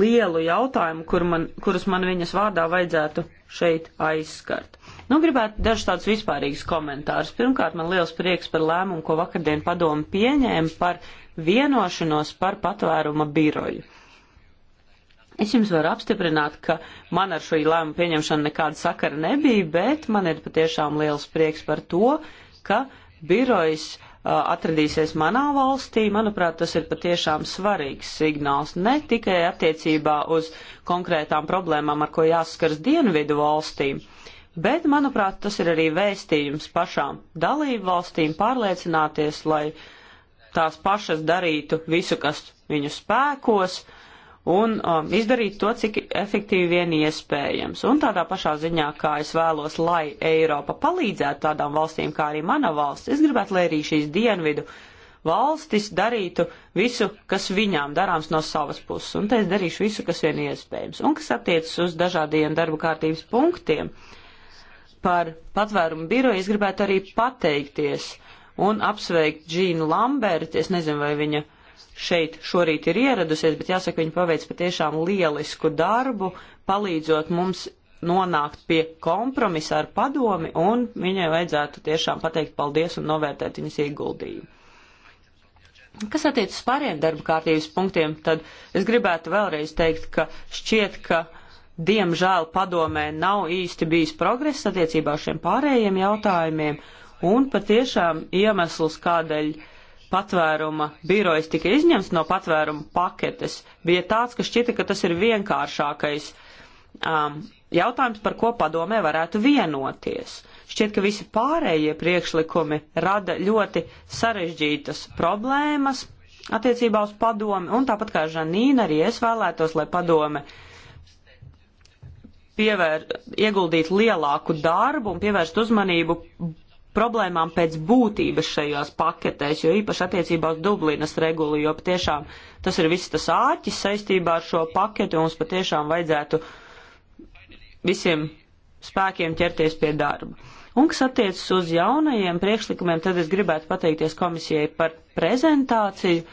S1: lielu jautājumu, kur man, kurus man viņas vārdā vajadzētu šeit aizskart. Nu, gribētu dažus tādus vispārīgus komentārus. Pirmkārt, man liels prieks par lēmumu, ko vakardien padomu pieņēma par vienošanos par patvēruma biroju. Es jums varu apstiprināt, ka man ar šo lēmumu pieņemšanu nekāda sakara nebija, bet man ir patiešām liels prieks par to, ka birojas uh, atradīsies manā valstī, manuprāt, tas ir patiešām svarīgs signāls ne tikai attiecībā uz konkrētām problēmām, ar ko jāsaskars dienvidu valstīm, Bet, manuprāt, tas ir arī vēstījums pašām dalību valstīm pārliecināties, lai tās pašas darītu visu, kas viņu spēkos, un um, izdarītu to, cik efektīvi vien iespējams. Un tādā pašā ziņā, kā es vēlos, lai Eiropa palīdzētu tādām valstīm, kā arī mana valsts, es gribētu, lai arī šīs dienvidu valstis darītu visu, kas viņām darāms no savas puses. Un te es darīšu visu, kas vien iespējams. Un kas attiecas uz dažādiem darba kārtības punktiem. Uh, Par patvērumu biroju es gribētu arī pateikties un apsveikt Džīnu Lamberti. Es nezinu, vai viņa šeit šorīt ir ieradusies, bet jāsaka, viņa paveic patiešām lielisku darbu, palīdzot mums nonākt pie kompromisa ar padomi, un viņai vajadzētu tiešām pateikt paldies un novērtēt viņas ieguldījumu. Kas attiecas pāriem darba kārtības punktiem, tad es gribētu vēlreiz teikt, ka šķiet, ka diemžēl padomē nav īsti bijis progress attiecībā uz šiem pārējiem jautājumiem, un patiešām iemesls, kādēļ patvēruma birojas tika izņemts no patvēruma paketes, bija tāds, ka šķita, ka tas ir vienkāršākais um, jautājums, par ko padomē varētu vienoties. Šķiet, ka visi pārējie priekšlikumi rada ļoti sarežģītas problēmas attiecībā uz padomi, un tāpat kā Žanīna arī es vēlētos, lai padome uh, pievēr, ieguldīt lielāku darbu un pievērst uzmanību problēmām pēc būtības šajos paketēs, jo īpaši attiecībā uz Dublinas regulu, jo patiešām tas ir viss tas āķis saistībā ar šo paketu, un mums patiešām vajadzētu visiem spēkiem ķerties pie darba. Un kas attiecas uz jaunajiem priekšlikumiem, tad es gribētu pateikties komisijai par prezentāciju.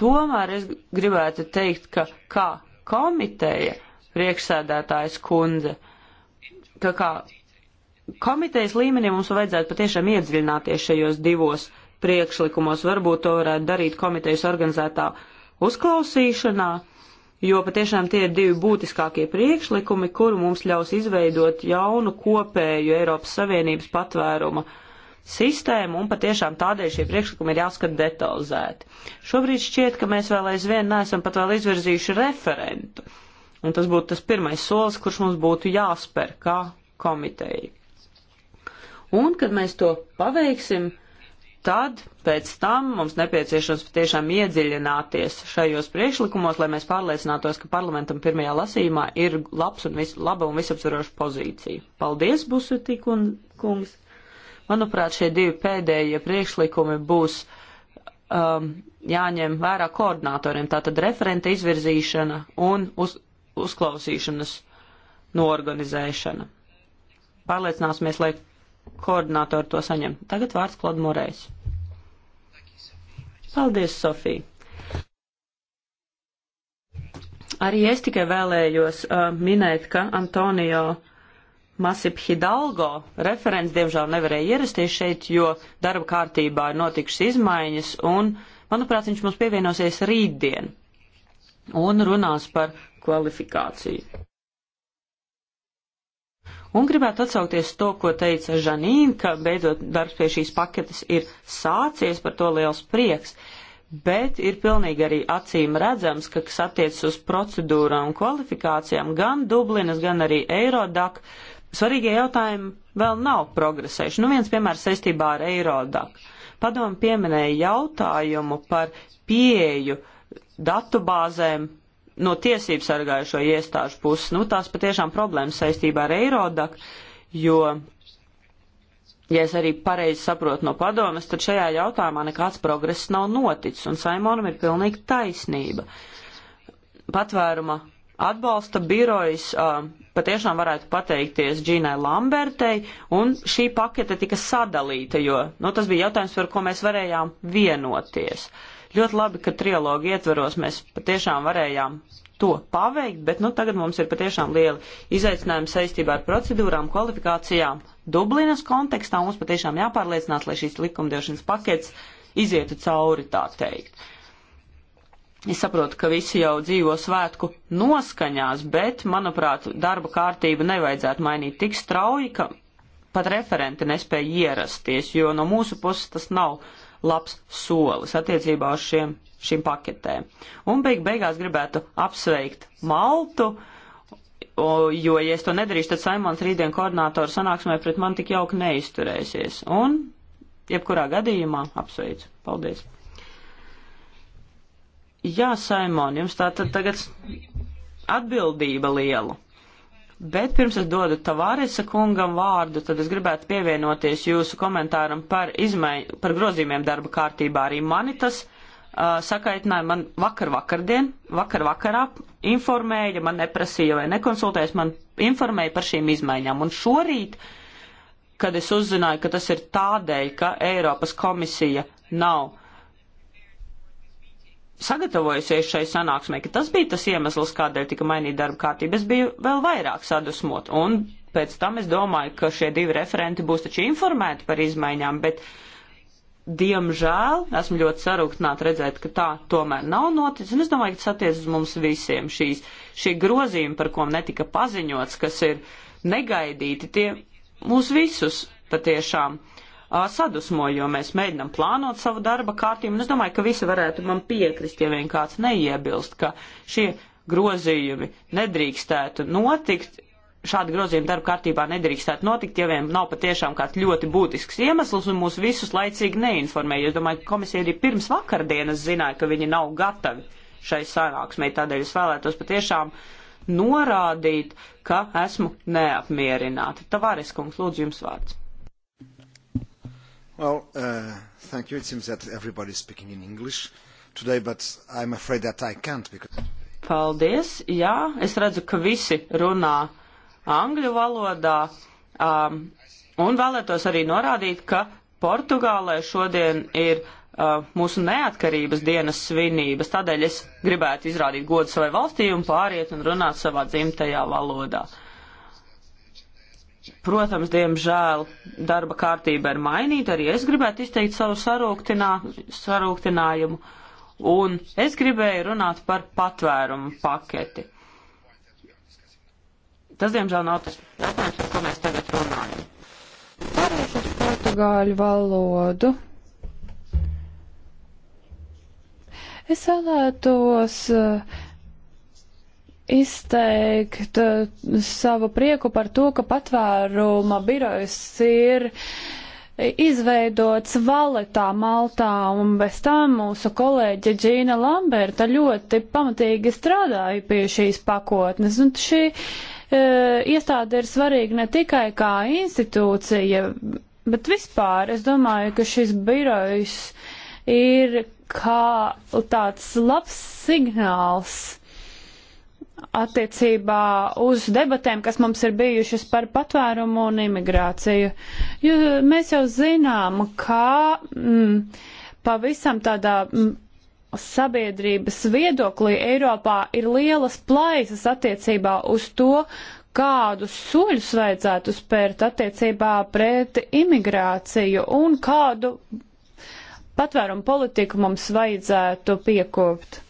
S1: Tomēr es gribētu teikt, ka kā komiteja priekšsēdētājs kundze, ka kā komitejas līmenī mums vajadzētu patiešām iedziļināties šajos divos priekšlikumos. Varbūt to varētu darīt komitejas organizētā uzklausīšanā, jo patiešām tie ir divi būtiskākie priekšlikumi, kuru mums ļaus izveidot jaunu kopēju Eiropas Savienības patvēruma sistēmu, un patiešām tādēļ šie priekšlikumi ir jāskat detalizēti. Šobrīd šķiet, ka mēs vēl aizvien neesam pat vēl izvirzījuši referentu. Uh, Un tas būtu tas pirmais solis, kurš mums būtu jāspēr kā komiteja. Un, kad mēs to paveiksim, tad pēc tam mums nepieciešams patiešām iedziļināties šajos priekšlikumos, lai mēs pārliecinātos, ka parlamentam pirmajā lasījumā ir labs un vis, laba un visapsvaroša pozīcija. Paldies, Busutī kungs! Manuprāt, šie divi pēdējie priekšlikumi būs um, jāņem vērā koordinatoriem, tātad referenta izvirzīšana un uz, uzklausīšanas norganizēšana. Pārliecināsimies, lai koordinātori to saņem. Tagad vārds Klod Moreis. Paldies, Sofija! Arī es tikai vēlējos uh, minēt, ka Antonio Masip Hidalgo referents diemžēl nevarēja ierasties šeit, jo darba kārtībā ir notikušas izmaiņas un, manuprāt, viņš mums pievienosies rītdien un runās par kvalifikāciju. Un gribētu atsaukties to, ko teica Žanīna, ka beidzot darbs pie šīs paketes ir sācies, par to liels prieks, bet ir pilnīgi arī acīm redzams, ka, kas attiecas uz procedūrām un kvalifikācijām, gan Dublinas, gan arī Eirodak, svarīgie jautājumi vēl nav progresējuši. Nu viens piemērs saistībā ar Eirodak. Padomu pieminēja jautājumu par pieeju uh, datubāzēm no tiesību sargājušo iestāžu puses. Nu, tās patiešām problēmas saistībā ar Eirodak, jo, ja es arī pareizi saprotu no padomas, tad šajā jautājumā nekāds progress nav noticis, un Saimonam ir pilnīgi taisnība. Patvēruma atbalsta birojas uh, patiešām varētu pateikties Džīnai Lambertei, un šī pakete tika sadalīta, jo nu, tas bija jautājums, par ko mēs varējām vienoties. Uh, Ļoti labi, ka trialogu ietveros mēs patiešām varējām to paveikt, bet nu, tagad mums ir patiešām liela izaicinājuma saistībā ar procedūrām, kvalifikācijām. Dublinas kontekstā mums patiešām jāpārliecinās, lai šīs likumdošanas pakets izietu cauri, tā teikt. Es saprotu, ka visi jau dzīvo svētku noskaņās, bet, manuprāt, darba kārtību nevajadzētu mainīt tik strauji, ka pat referenti nespēja ierasties, jo no mūsu puses tas nav labs solis attiecībā uz šiem, šīm paketēm. Un beig beigās gribētu apsveikt Maltu, o, jo, ja es to nedarīšu, tad Saimons rītdien koordinātoru sanāksmē pret man tik jauki neizturēsies. Un, jebkurā gadījumā, apsveicu. Paldies. Jā, Saimon, jums tā tad tagad atbildība liela. Bet pirms es dodu Tavārisa kungam vārdu, tad es gribētu pievienoties jūsu komentāram par, izmai, par grozījumiem darba kārtībā. Arī mani tas uh, sakaitināja, man vakar vakardien, vakar vakarā informēja, man neprasīja vai nekonsultējas, man informēja par šīm izmaiņām. Un šorīt, kad es uzzināju, ka tas ir tādēļ, ka Eiropas komisija nav sagatavojusies šai sanāksmē, ka tas bija tas iemesls, kādēļ tika mainīta darba kārtība. Es biju vēl vairāk sadusmot, un pēc tam es domāju, ka šie divi referenti būs taču informēti par izmaiņām, bet, diemžēl, esmu ļoti sarūktināta redzēt, ka tā tomēr nav noticis, un es domāju, ka tas attiec uz mums visiem šīs, šie grozījumi, par ko netika paziņots, kas ir negaidīti, tie mūs visus patiešām. Uh, sadusmo, jo mēs mēģinam plānot savu darba kārtību, un es domāju, ka visi varētu man piekrist, ja vien kāds neiebilst, ka šie grozījumi nedrīkstētu notikt, šādi grozījumi darba kārtībā nedrīkstētu notikt, ja vien nav patiešām kāds ļoti būtisks iemesls un mūs visus laicīgi neinformē. Es domāju, ka komisija arī pirms vakardienas zināja, ka viņi nav gatavi šai sanāksmei, tādēļ es vēlētos patiešām norādīt, ka esmu neapmierināta. Tavares kungs, lūdzu jums vārds.
S3: Well, uh, thank you. It seems that everybody is speaking in English today, but I'm afraid that I can't because.
S1: Paldies. Jā, es redzu, ka visi runā angļu valodā. Um, un vēlētos arī norādīt, ka Portugālē šodien ir uh, mūsu neatkarības dienas svinības. Tādēļ es gribētu izrādīt godu savai valstī un pāriet un runāt savā dzimtajā valodā. Uh, Protams, diemžēl darba kārtība ir mainīta, arī es gribētu izteikt savu sarūktinājumu, un es gribēju runāt par patvērumu paketi. Tas, diemžēl, nav tas jautājums, par ko mēs tagad runājam.
S5: Pārējais uz portugāļu valodu. Es vēlētos uh, izteikt eh, savu prieku par to, ka patvēruma birojas ir izveidots valetā Maltā, un bez tam mūsu kolēģe Džīna Lamberta ļoti pamatīgi strādāja pie šīs pakotnes. Un šī e, iestāde ir svarīga ne tikai kā institūcija, bet vispār es domāju, ka šis birojs ir kā tāds labs signāls attiecībā uz debatēm, kas mums ir bijušas par patvērumu un imigrāciju. Jo mēs jau zinām, ka mm, pavisam tādā mm, sabiedrības viedoklī Eiropā ir lielas plaisas attiecībā uz to, kādus soļus vajadzētu spērt attiecībā pret imigrāciju un kādu patvērumu politiku mums vajadzētu piekopt.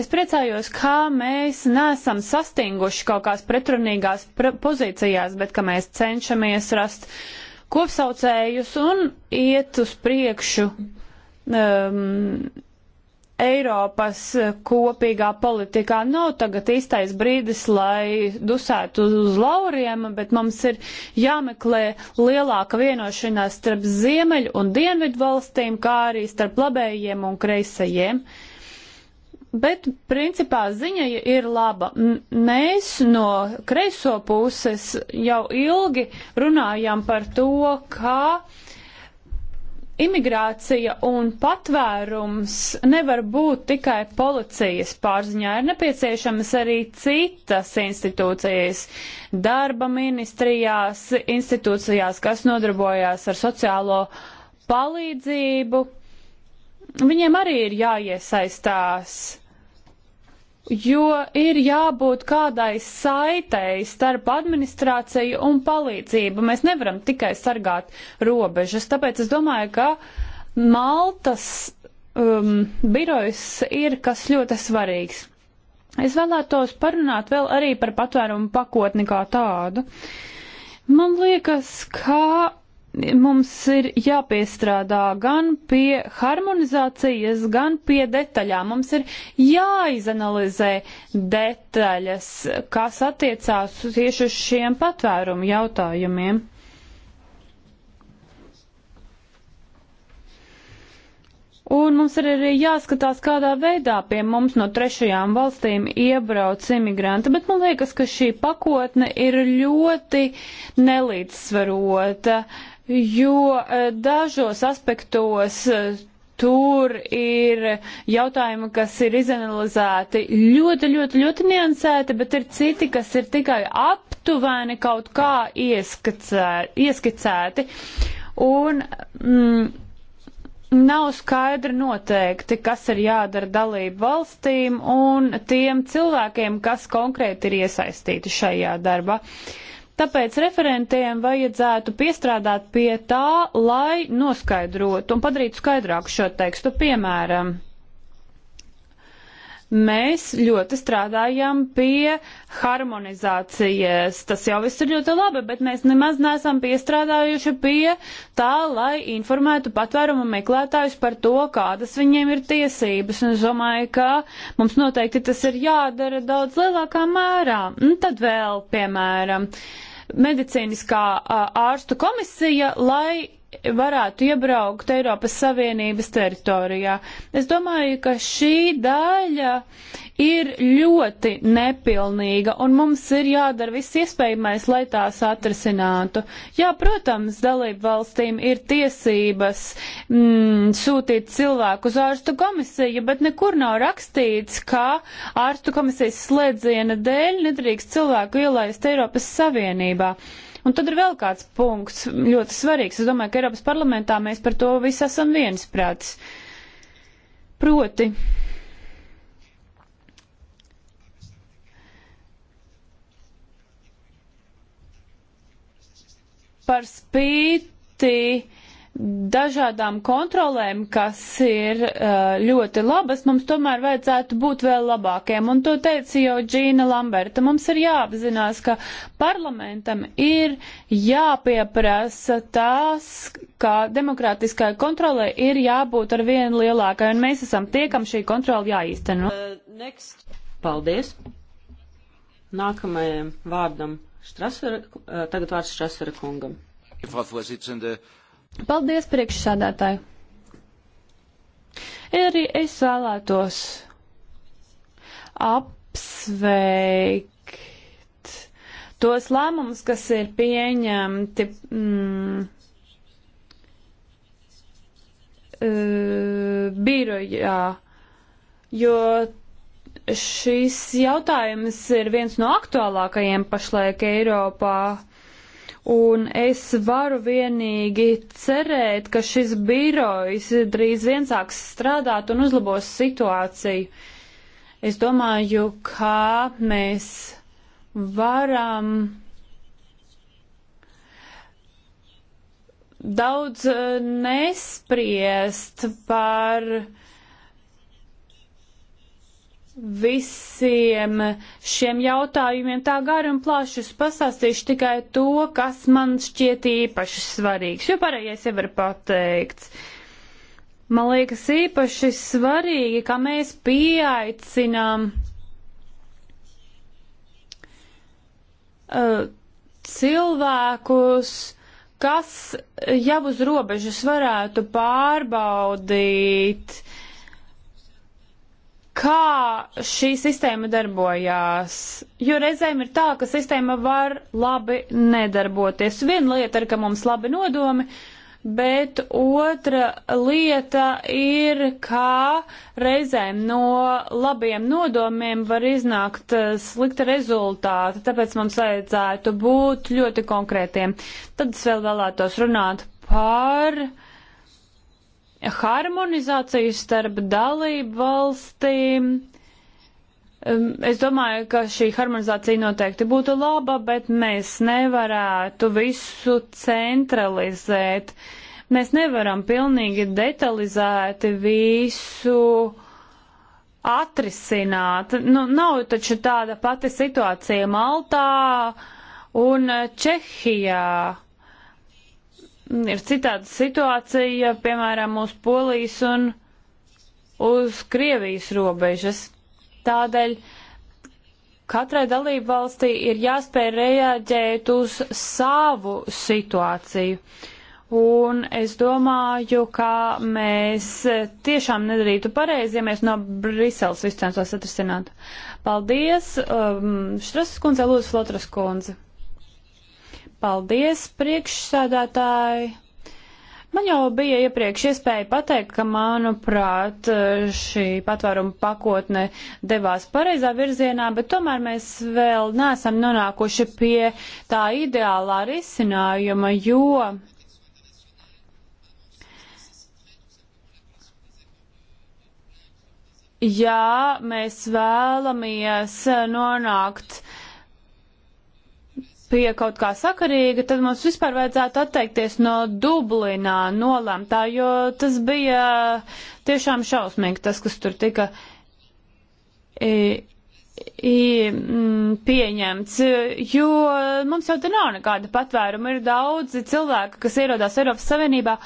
S5: Es priecājos, kā mēs neesam sastinguši kaut kādās pretrunīgās pozīcijās, bet ka mēs cenšamies rast kopsaucējus un iet uz priekšu um, Eiropas kopīgā politikā. Nav tagad īstais brīdis, lai dusētu uz, uz lauriem, bet mums ir jāmeklē lielāka vienošanās starp ziemeļu un dienvidu valstīm, kā arī starp labējiem un kreisajiem. Uh, Bet, principā, ziņa ir laba. Mēs no kreiso puses jau ilgi runājam par to, kā imigrācija un patvērums nevar būt tikai policijas pārziņā. Ir nepieciešamas arī citas institūcijas, darba ministrijās, institūcijās, kas nodarbojās ar sociālo palīdzību. Viņiem arī ir jāiesaistās jo ir jābūt kādai saitei starp administrāciju un palīdzību. Mēs nevaram tikai sargāt robežas, tāpēc es domāju, ka Maltas um, birojs ir kas ļoti svarīgs. Es vēlētos parunāt vēl arī par patvērumu pakotni kā tādu. Man liekas, ka mums ir jāpiestrādā gan pie harmonizācijas, gan pie detaļām. Mums ir jāizanalizē detaļas, kas attiecās tieši uz šiem patvērumu jautājumiem. Un mums ir arī jāskatās, kādā veidā pie mums no trešajām valstīm iebrauc imigranti, bet man liekas, ka šī pakotne ir ļoti nelīdzsvarota. Uh, jo eh, dažos aspektos eh, tur ir jautājumi, kas ir izanalizēti ļoti, ļoti, ļoti niansēti, bet ir citi, kas ir tikai aptuveni kaut kā ieskicēti. Un mm, nav skaidri noteikti, kas ir jādara dalību valstīm un tiem cilvēkiem, kas konkrēti ir iesaistīti šajā darbā. Tāpēc referentiem vajadzētu piestrādāt pie tā, lai noskaidrotu un padarītu skaidrāku šo tekstu. Piemēram, mēs ļoti strādājam pie harmonizācijas. Tas jau viss ir ļoti labi, bet mēs nemaz neesam piestrādājuši pie tā, lai informētu patvērumu meklētājus par to, kādas viņiem ir tiesības. Un es domāju, ka mums noteikti tas ir jādara daudz lielākā mērā. Un tad vēl, piemēram, medicīniskā ārstu komisija, lai varētu iebraukt Eiropas Savienības teritorijā. Es domāju, ka šī daļa ir ļoti nepilnīga, un mums ir jādara viss iespējamais, lai tās atrasinātu. Jā, protams, dalību valstīm ir tiesības mm, sūtīt cilvēku uz ārstu komisiju, bet nekur nav rakstīts, ka ārstu komisijas slēdziena dēļ nedrīkst cilvēku ielaist Eiropas Savienībā. Uh, Un tad ir vēl kāds punkts ļoti svarīgs. Es domāju, ka Eiropas parlamentā mēs par to visi esam viensprātis. Proti, par spīti dažādām kontrolēm, kas ir eh, ļoti labas, mums tomēr vajadzētu būt vēl labākiem. Un to teica jau Džīna Lamberta. Mums ir jāapzinās, ka parlamentam ir jāpieprasa tās, ka demokrātiskai kontrolē ir jābūt ar vienu lielākai, un mēs esam tie, kam šī kontrola jāīsteno.
S2: Uh,
S1: Paldies! Nākamajam vārdam Štrasera, uh, tagad vārds Štrasera kungam.
S3: Frau Vorsitzende,
S5: Paldies priekšsādātāji! Arī es vēlētos apsveikt tos lēmumus, kas ir pieņemti. Mm, eh, birojā, jo šis jautājums ir viens no aktuālākajiem pašlaik Eiropā. Un es varu vienīgi cerēt, ka šis birojs drīz vien sāks strādāt un uzlabos situāciju. Es domāju, kā mēs varam daudz eh, nespriest par visiem šiem jautājumiem tā gari un plaši. Es pastāstīšu tikai to, kas man šķiet īpaši svarīgs, jo pārējais jau var pateikt. Man liekas īpaši svarīgi, ka mēs pieaicinām uh, cilvēkus, kas jau uz robežas varētu pārbaudīt uh, kā šī sistēma darbojās. Jo reizēm ir tā, ka sistēma var labi nedarboties. Viena lieta ir, ka mums labi nodomi, bet otra lieta ir, kā reizēm no labiem nodomiem var iznākt eh, slikta rezultāta, tāpēc mums vajadzētu būt ļoti konkrētiem. Tad es vēl vēlētos runāt par uh, harmonizāciju starp dalību valstīm. Es domāju, ka šī harmonizācija noteikti būtu laba, bet mēs nevarētu visu centralizēt. Mēs nevaram pilnīgi detalizēti visu atrisināt. Nu, nav taču tāda pati situācija Maltā un Čehijā ir citāda situācija, piemēram, uz Polijas un uz Krievijas robežas. Tādēļ katrai dalību valstī ir jāspēj reaģēt uz savu situāciju. Un es domāju, ka mēs tiešām nedarītu pareizi, ja mēs no Briseles visu censos atrisināt. Paldies! Um, Štrasas kundze, Lūdzu, Flotras kundze. Paldies, priekšsādātāji! Man jau bija iepriekš iespēja pateikt, ka, manuprāt, šī patvēruma pakotne devās pareizā virzienā, bet tomēr mēs vēl neesam nonākuši pie tā ideālā risinājuma, jo. Ja mēs vēlamies nonākt pie kaut kā sakarīga, tad mums vispār vajadzētu atteikties no Dublinā nolemtā, jo tas bija tiešām šausmīgi, tas, kas tur tika i, i, pieņemts, jo mums jau te nav nekāda patvēruma. Ir daudzi cilvēki, kas ierodās Eiropas Savienībā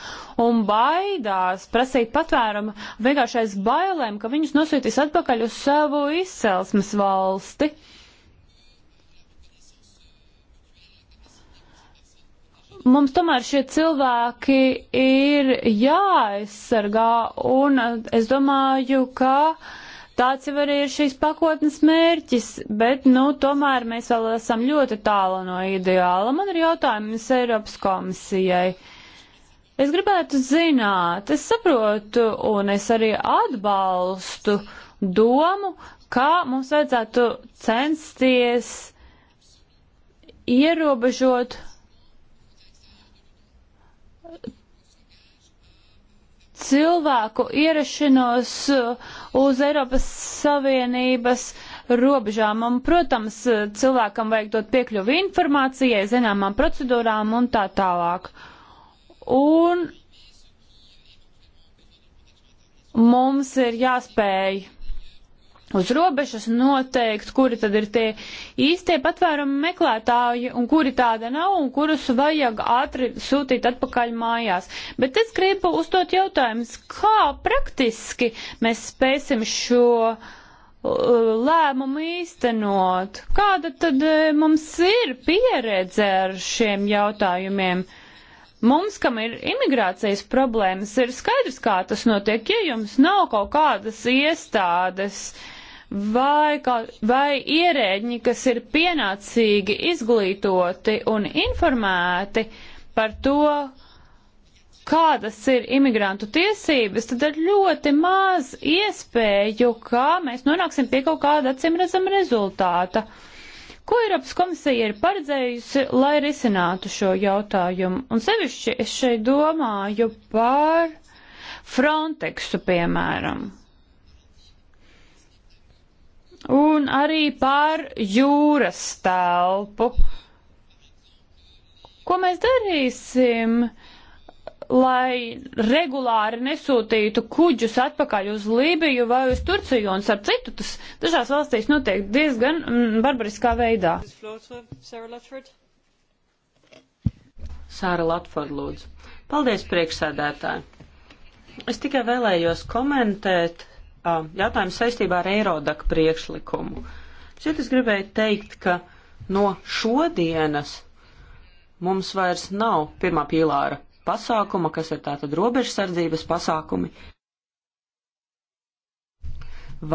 S5: un baidās prasīt patvērumu vienkāršais bailēm, ka viņus nosūtīs atpakaļ uz savu izcelsmes valsti. Uh, mums tomēr šie cilvēki ir jāaizsargā, un eh, es domāju, ka tāds jau arī ir šīs pakotnes mērķis, bet, nu, tomēr mēs vēl esam ļoti tālu no ideāla. Man ir jautājums Eiropas komisijai. Es gribētu zināt, es saprotu, un es arī atbalstu domu, kā mums vajadzētu censties ierobežot cilvēku ierašanos uh, uz Eiropas Savienības robežām. Un, protams, uh, cilvēkam vajag dot piekļuvi informācijai, zināmām procedūrām un tā tālāk. Un mums ir jāspēj uz robežas noteikt, kuri tad ir tie īstie patvērumu meklētāji un kuri tāda nav un kurus vajag ātri sūtīt atpakaļ mājās. Bet es gribu uzdot jautājumus, kā praktiski mēs spēsim šo uh, lēmumu īstenot? Kāda tad uh, mums ir pieredze ar šiem jautājumiem? Mums, kam ir imigrācijas problēmas, ir skaidrs, kā tas notiek, ja jums nav kaut kādas iestādes, uh, vai, kā, vai ierēģi, kas ir pienācīgi izglītoti un informēti par to, kādas ir imigrantu tiesības, tad ir ļoti maz iespēju, kā mēs nonāksim pie kaut kāda acimredzama rezultāta. Ko Eiropas komisija ir paredzējusi, lai risinātu šo jautājumu? Un sevišķi es šeit domāju par Frontexu, piemēram un arī pār jūras telpu. Ko mēs darīsim, lai regulāri nesūtītu kuģus atpakaļ uz Lībiju vai uz Turciju un ar citu? Tas dažās valstīs notiek diezgan mm, barbariskā
S1: veidā. Sāra Latford, lūdzu. Paldies, priekšsēdētāji. Es tikai vēlējos komentēt Um, jautājums saistībā ar Eirodaka priekšlikumu. Šeit es gribēju teikt, ka no šodienas mums vairs nav pirmā pīlāra pasākuma, kas ir tātad robežsardzības pasākumi,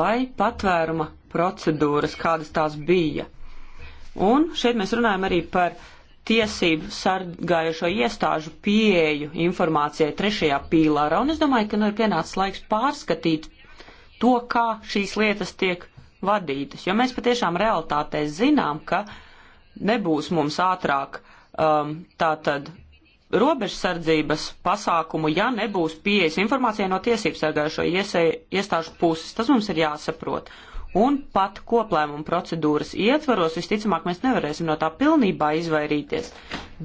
S1: vai patvēruma procedūras, kādas tās bija. Un šeit mēs runājam arī par tiesību sargājušo iestāžu pieeju informācijai trešajā pīlārā, un es domāju, ka nu ir pienācis laiks pārskatīt to, kā šīs lietas tiek vadītas. Jo mēs patiešām realitātē zinām, ka nebūs mums ātrāk um, tātad robežsardzības pasākumu, ja nebūs pieejas informācijai no tiesības sargājušo iestāžu puses. Tas mums ir jāsaprot un pat koplēmuma procedūras ietvaros visticamāk mēs nevarēsim no tā pilnībā izvairīties.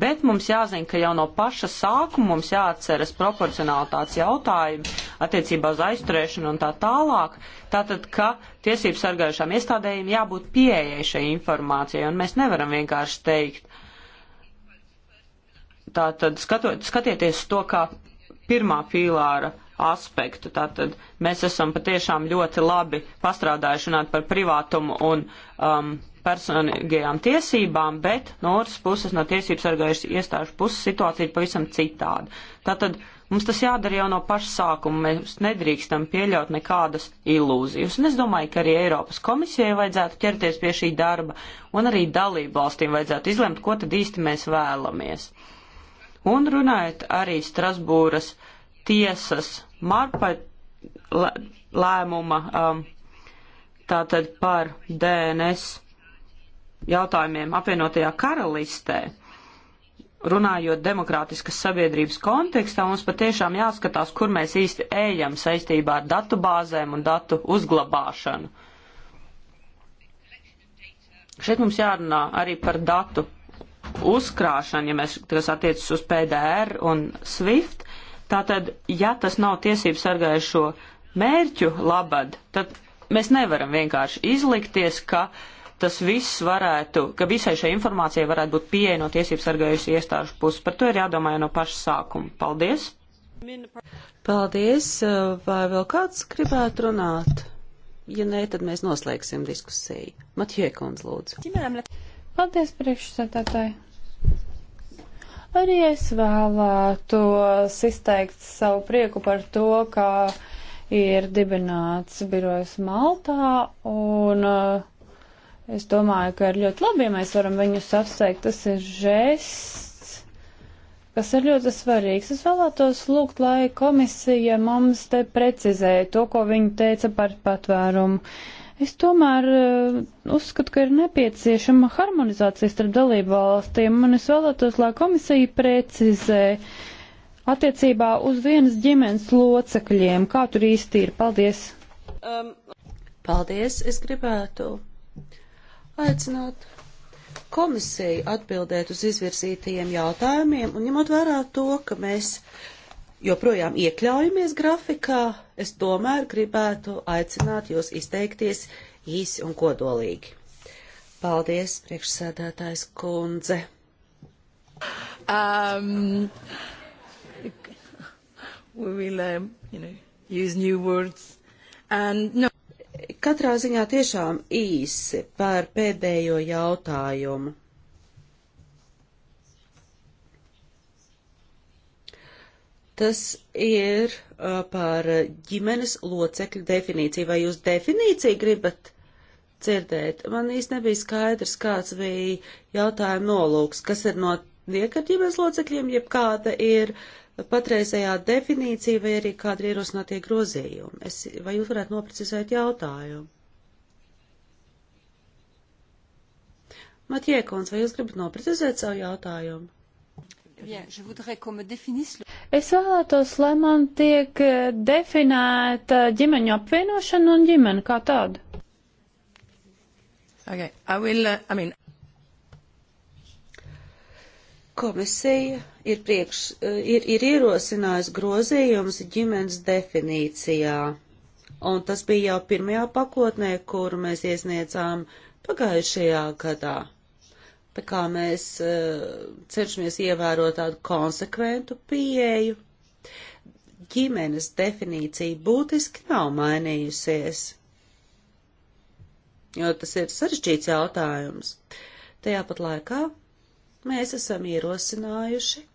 S1: Bet mums jāzina, ka jau no paša sākuma mums jāatceras proporcionalitātes jautājumi attiecībā uz aizturēšanu un tā tālāk. Tātad, ka tiesību sargājušām iestādējiem jābūt pieejai šai informācijai, un mēs nevaram vienkārši teikt. Tātad skatot, skatieties to kā pirmā pīlāra aspektu. Tātad mēs esam patiešām ļoti labi pastrādājuši runāt par privātumu un um, personīgajām tiesībām, bet no otras puses, no tiesību sargājušas iestāžu puses situācija ir pavisam citāda. Tātad mums tas jādara jau no paša sākuma, mēs nedrīkstam pieļaut nekādas ilūzijas. Un es domāju, ka arī Eiropas komisijai vajadzētu ķerties pie šī darba, un arī dalību valstīm vajadzētu izlemt, ko tad īsti mēs vēlamies. Un runājot arī Strasbūras tiesas Marpa lēmuma um, tātad par DNS jautājumiem apvienotajā karalistē. Runājot demokrātiskas sabiedrības kontekstā, mums patiešām jāskatās, kur mēs īsti ejam saistībā ar datu bāzēm un datu uzglabāšanu. Šeit mums jārunā arī par datu uzkrāšanu, ja mēs, kas attiecas uz PDR un SWIFT, Tātad, ja tas nav tiesību sargājušo mērķu labad, tad mēs nevaram vienkārši izlikties, ka tas viss varētu, ka visai šai informācijai varētu būt pieeja no tiesību sargājušu iestāžu puses. Par to ir jādomā jau no paša sākuma. Paldies!
S2: Paldies! Vai vēl kāds gribētu runāt? Ja nē, tad mēs noslēgsim diskusiju. Matjēkons, lūdzu.
S5: Paldies, priekšsētātāji! Arī es vēlētos izteikt savu prieku par to, ka ir dibināts birojs Maltā, un uh, es domāju, ka ir ļoti labi, ja mēs varam viņus apsveikt. Tas ir žests, kas ir ļoti svarīgs. Es vēlētos lūgt, lai komisija mums te precizēja to, ko viņa teica par patvērumu Es tomēr eh, uzskatu, ka ir nepieciešama harmonizācija starp dalību valstīm, un es vēlētos, lai komisija precizē attiecībā uz vienas ģimenes locekļiem, kā tur īsti ir. Paldies!
S2: Um. Paldies! Es gribētu aicināt komisiju atbildēt uz izvirzītajiem jautājumiem, un ņemot vērā to, ka mēs joprojām iekļaujamies grafikā, es tomēr gribētu aicināt jūs izteikties īsi un kodolīgi. Paldies, priekšsēdētājs kundze. Um, we will, um, you know, use new words. And, no. Katrā ziņā tiešām īsi par pēdējo jautājumu. Tas ir uh, par ģimenes locekļu definīciju. Vai jūs definīciju gribat dzirdēt? Man īsti nebija skaidrs, kāds bija jautājuma nolūks, kas ir no tiek ar ģimenes locekļiem, jeb kāda ir patreizējā definīcija vai arī kāda ir ierosinātie grozījumi. Es, vai jūs varētu noprecizēt jautājumu? Matiekons, vai jūs gribat noprecizēt savu jautājumu?
S1: Bien, je voudrais qu'on me
S5: définisse Es vēlētos, lai man tiek eh, definēta ģimeņu
S4: apvienošana un ģimene kā tāda. Okay, I will, uh, I mean. Komisija ir, priekš,
S2: eh, ir, ir ierosinājusi grozījums ģimenes definīcijā, un tas bija jau pirmajā pakotnē, kuru mēs iesniedzām pagājušajā gadā. Tā kā mēs e, cenšamies ievērot tādu konsekventu pieeju, ģimenes definīcija būtiski nav mainījusies, jo tas ir sarežģīts jautājums. Tajā pat laikā mēs esam ierosinājuši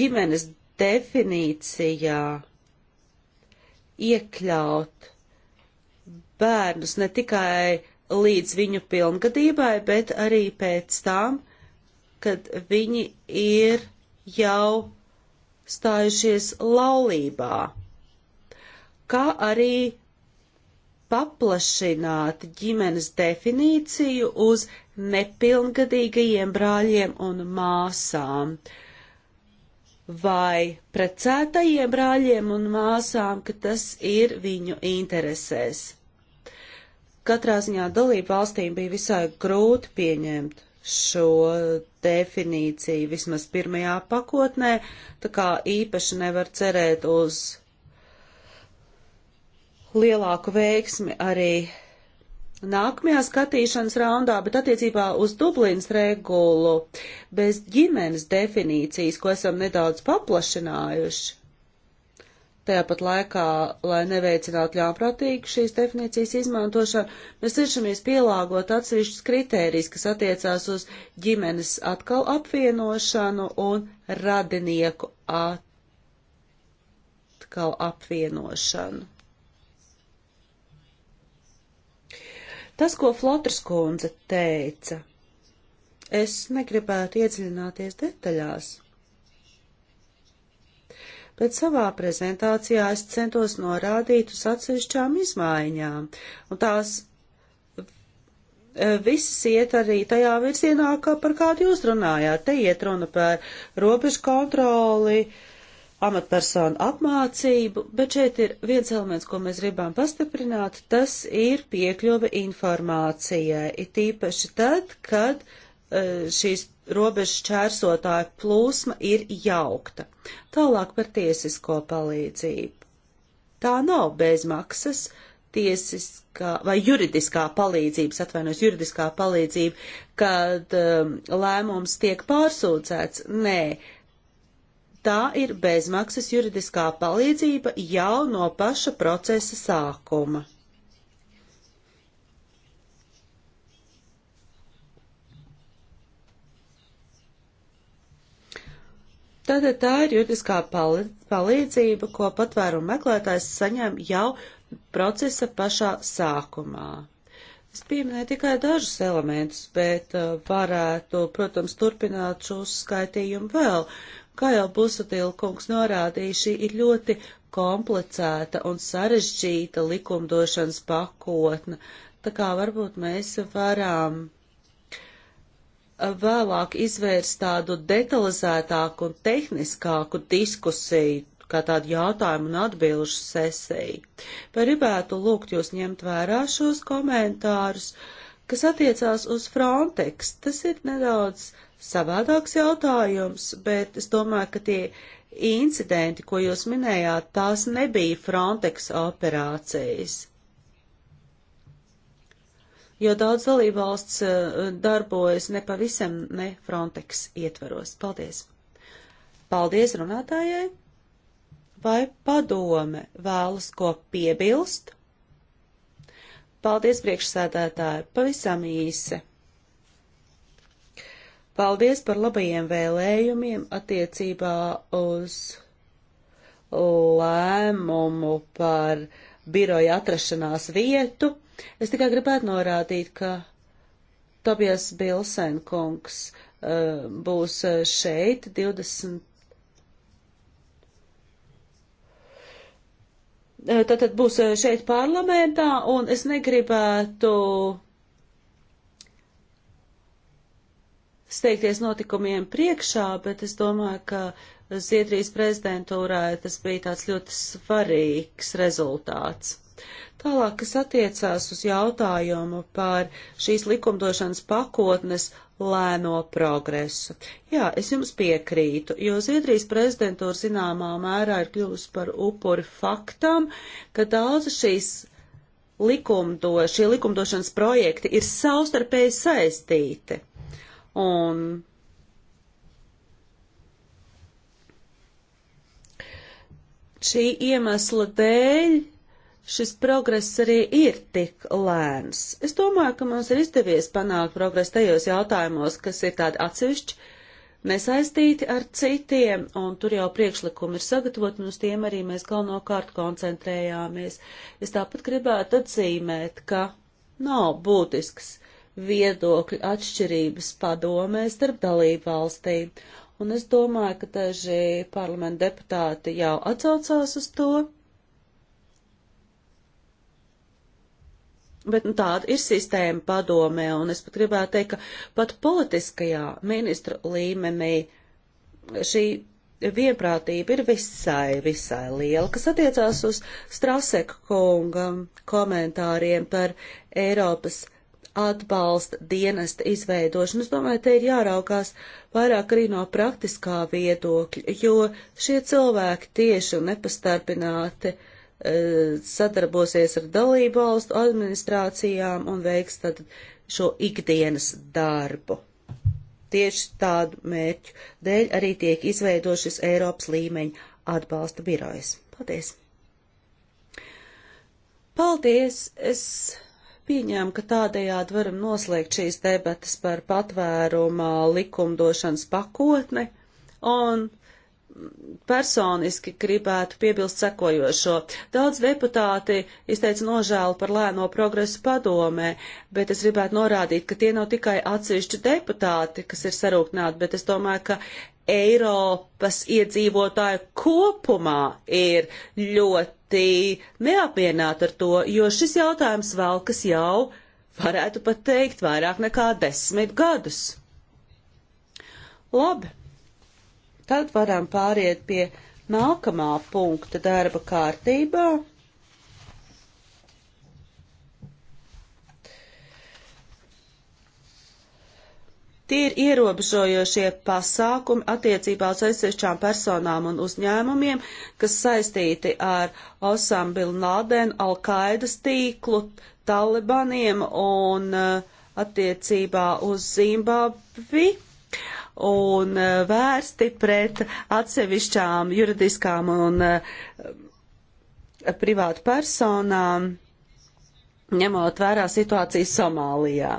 S2: ģimenes definīcijā iekļaut bērnus ne tikai līdz viņu pilngadībai, bet arī pēc tam, kad viņi ir jau stājušies laulībā, kā arī paplašināt ģimenes definīciju uz nepilngadīgajiem brāļiem un māsām vai precētajiem brāļiem un māsām, ka tas ir viņu interesēs. Katrā ziņā dalību valstīm bija visai grūti pieņemt šo definīciju vismaz pirmajā pakotnē, tā kā īpaši nevar cerēt uz lielāku veiksmi arī nākamajā skatīšanas raundā, bet attiecībā uz Dublīnas regulu bez ģimenes definīcijas, ko esam nedaudz paplašinājuši, Tajā pat laikā, lai neveicinātu ļāprātīgu šīs definīcijas izmantošanu, mēs cenšamies pielāgot atsevišķus kritērijus, kas attiecās uz ģimenes atkal apvienošanu un radinieku atkal apvienošanu. Tas, ko Flotras kundze teica, es negribētu iedziļināties detaļās bet savā prezentācijā es centos norādīt uz atsevišķām izmaiņām, un tās e, visas iet arī tajā virzienā, kā par kādu jūs runājāt. Te iet runa par robežu kontroli, amatpersonu apmācību, bet šeit ir viens elements, ko mēs gribam pastiprināt, tas ir piekļuve informācijai, it īpaši tad, kad e, šīs robežu čērsotāju plūsma ir jaukta. Tālāk par tiesisko palīdzību. Tā nav bezmaksas tiesiskā vai juridiskā palīdzības, atvainojos, juridiskā palīdzība, kad um, lēmums tiek pārsūdzēts. Nē, tā ir bezmaksas juridiskā palīdzība jau no paša procesa sākuma. Tātad tā ir juridiskā palīdzība, ko patvērumu meklētājs saņem jau procesa pašā sākumā. Es pieminēju tikai dažus elementus, bet uh, varētu, protams, turpināt šo skaitījumu vēl. Kā jau Busatila kungs norādīja, šī ir ļoti komplicēta un sarežģīta likumdošanas pakotne, tā kā varbūt mēs varam vēlāk izvērst tādu detalizētāku un tehniskāku diskusiju, kā tādu jautājumu un atbilžu sesiju. Paribētu lūgt jūs ņemt vērā šos komentārus, kas attiecās uz Frontex. Tas ir nedaudz savādāks jautājums, bet es domāju, ka tie incidenti, ko jūs minējāt, tās nebija Frontex operācijas jo daudz dalībvalsts eh, darbojas nepavisam ne Frontex ietvaros. Paldies! Paldies runātājai! Vai padome vēlas ko piebilst? Paldies, priekšsēdētāji, pavisam īsi. Paldies par labajiem vēlējumiem attiecībā uz lēmumu par biroja atrašanās vietu. Es tikai gribētu norādīt, ka Tobijas Bilsenkungs uh, būs uh, šeit 20. Uh, tātad būs uh, šeit parlamentā, un es negribētu steigties notikumiem priekšā, bet es domāju, ka Zviedrijas prezidentūrā tas bija tāds ļoti svarīgs rezultāts. Tālāk, kas attiecās uz jautājumu par šīs likumdošanas pakotnes lēno progresu. Jā, es jums piekrītu, jo Zviedrijas prezidentūra zināmā mērā ir kļuvusi par upuri faktam, ka daudz šīs likumdo, šie likumdošanas projekti ir savstarpēji saistīti. Un šī iemesla dēļ šis progress arī ir tik lēns. Es domāju, ka mums ir izdevies panākt progresu tajos jautājumos, kas ir tādi atsevišķi, nesaistīti ar citiem, un tur jau priekšlikumi ir sagatavot, un uz tiem arī mēs galvenokārt koncentrējāmies. Es tāpat gribētu atzīmēt, ka nav būtisks viedokļu atšķirības padomēs starp dalību valstīm, un es domāju, ka daži parlamenta deputāti jau atsaucās uz to Bet nu, tāda ir sistēma padomē, un es pat gribētu teikt, ka pat politiskajā ministra līmenī šī vienprātība ir visai, visai liela, kas attiecās uz Straseka kunga komentāriem par Eiropas atbalsta dienesta izveidošanu. Es domāju, te ir jāraukās vairāk arī no praktiskā viedokļa, jo šie cilvēki tieši un nepastarpināti uh, E, sadarbosies ar dalību valstu administrācijām un veiks tad šo ikdienas darbu. Tieši tādu mērķu dēļ arī tiek izveidošis Eiropas līmeņa atbalsta birojas. Paldies! Paldies! Es pieņēmu, ka tādējādi varam noslēgt šīs debatas par patvērumā likumdošanas pakotni un personiski gribētu piebilst sekojošo. Daudz deputāti izteica nožēlu par lēno progresu padomē, bet es gribētu norādīt, ka tie nav tikai atsevišķi deputāti, kas ir sarūknāti, bet es domāju, ka Eiropas iedzīvotāji kopumā ir ļoti neapmierināti ar to, jo šis jautājums vēl kas jau varētu pat teikt vairāk nekā desmit gadus. Labi. Tad varam pāriet pie nākamā punkta darba kārtībā. Tie ir ierobežojošie pasākumi attiecībā uz aizsevišķām personām un uzņēmumiem, kas saistīti ar Osam Bin Laden, Al-Qaidas tīklu, Talibaniem un eh, attiecībā uz Zimbabvi. Uh, un eh, vērsti pret atsevišķām juridiskām un eh, privātu personām, ņemot vērā situāciju Somālijā.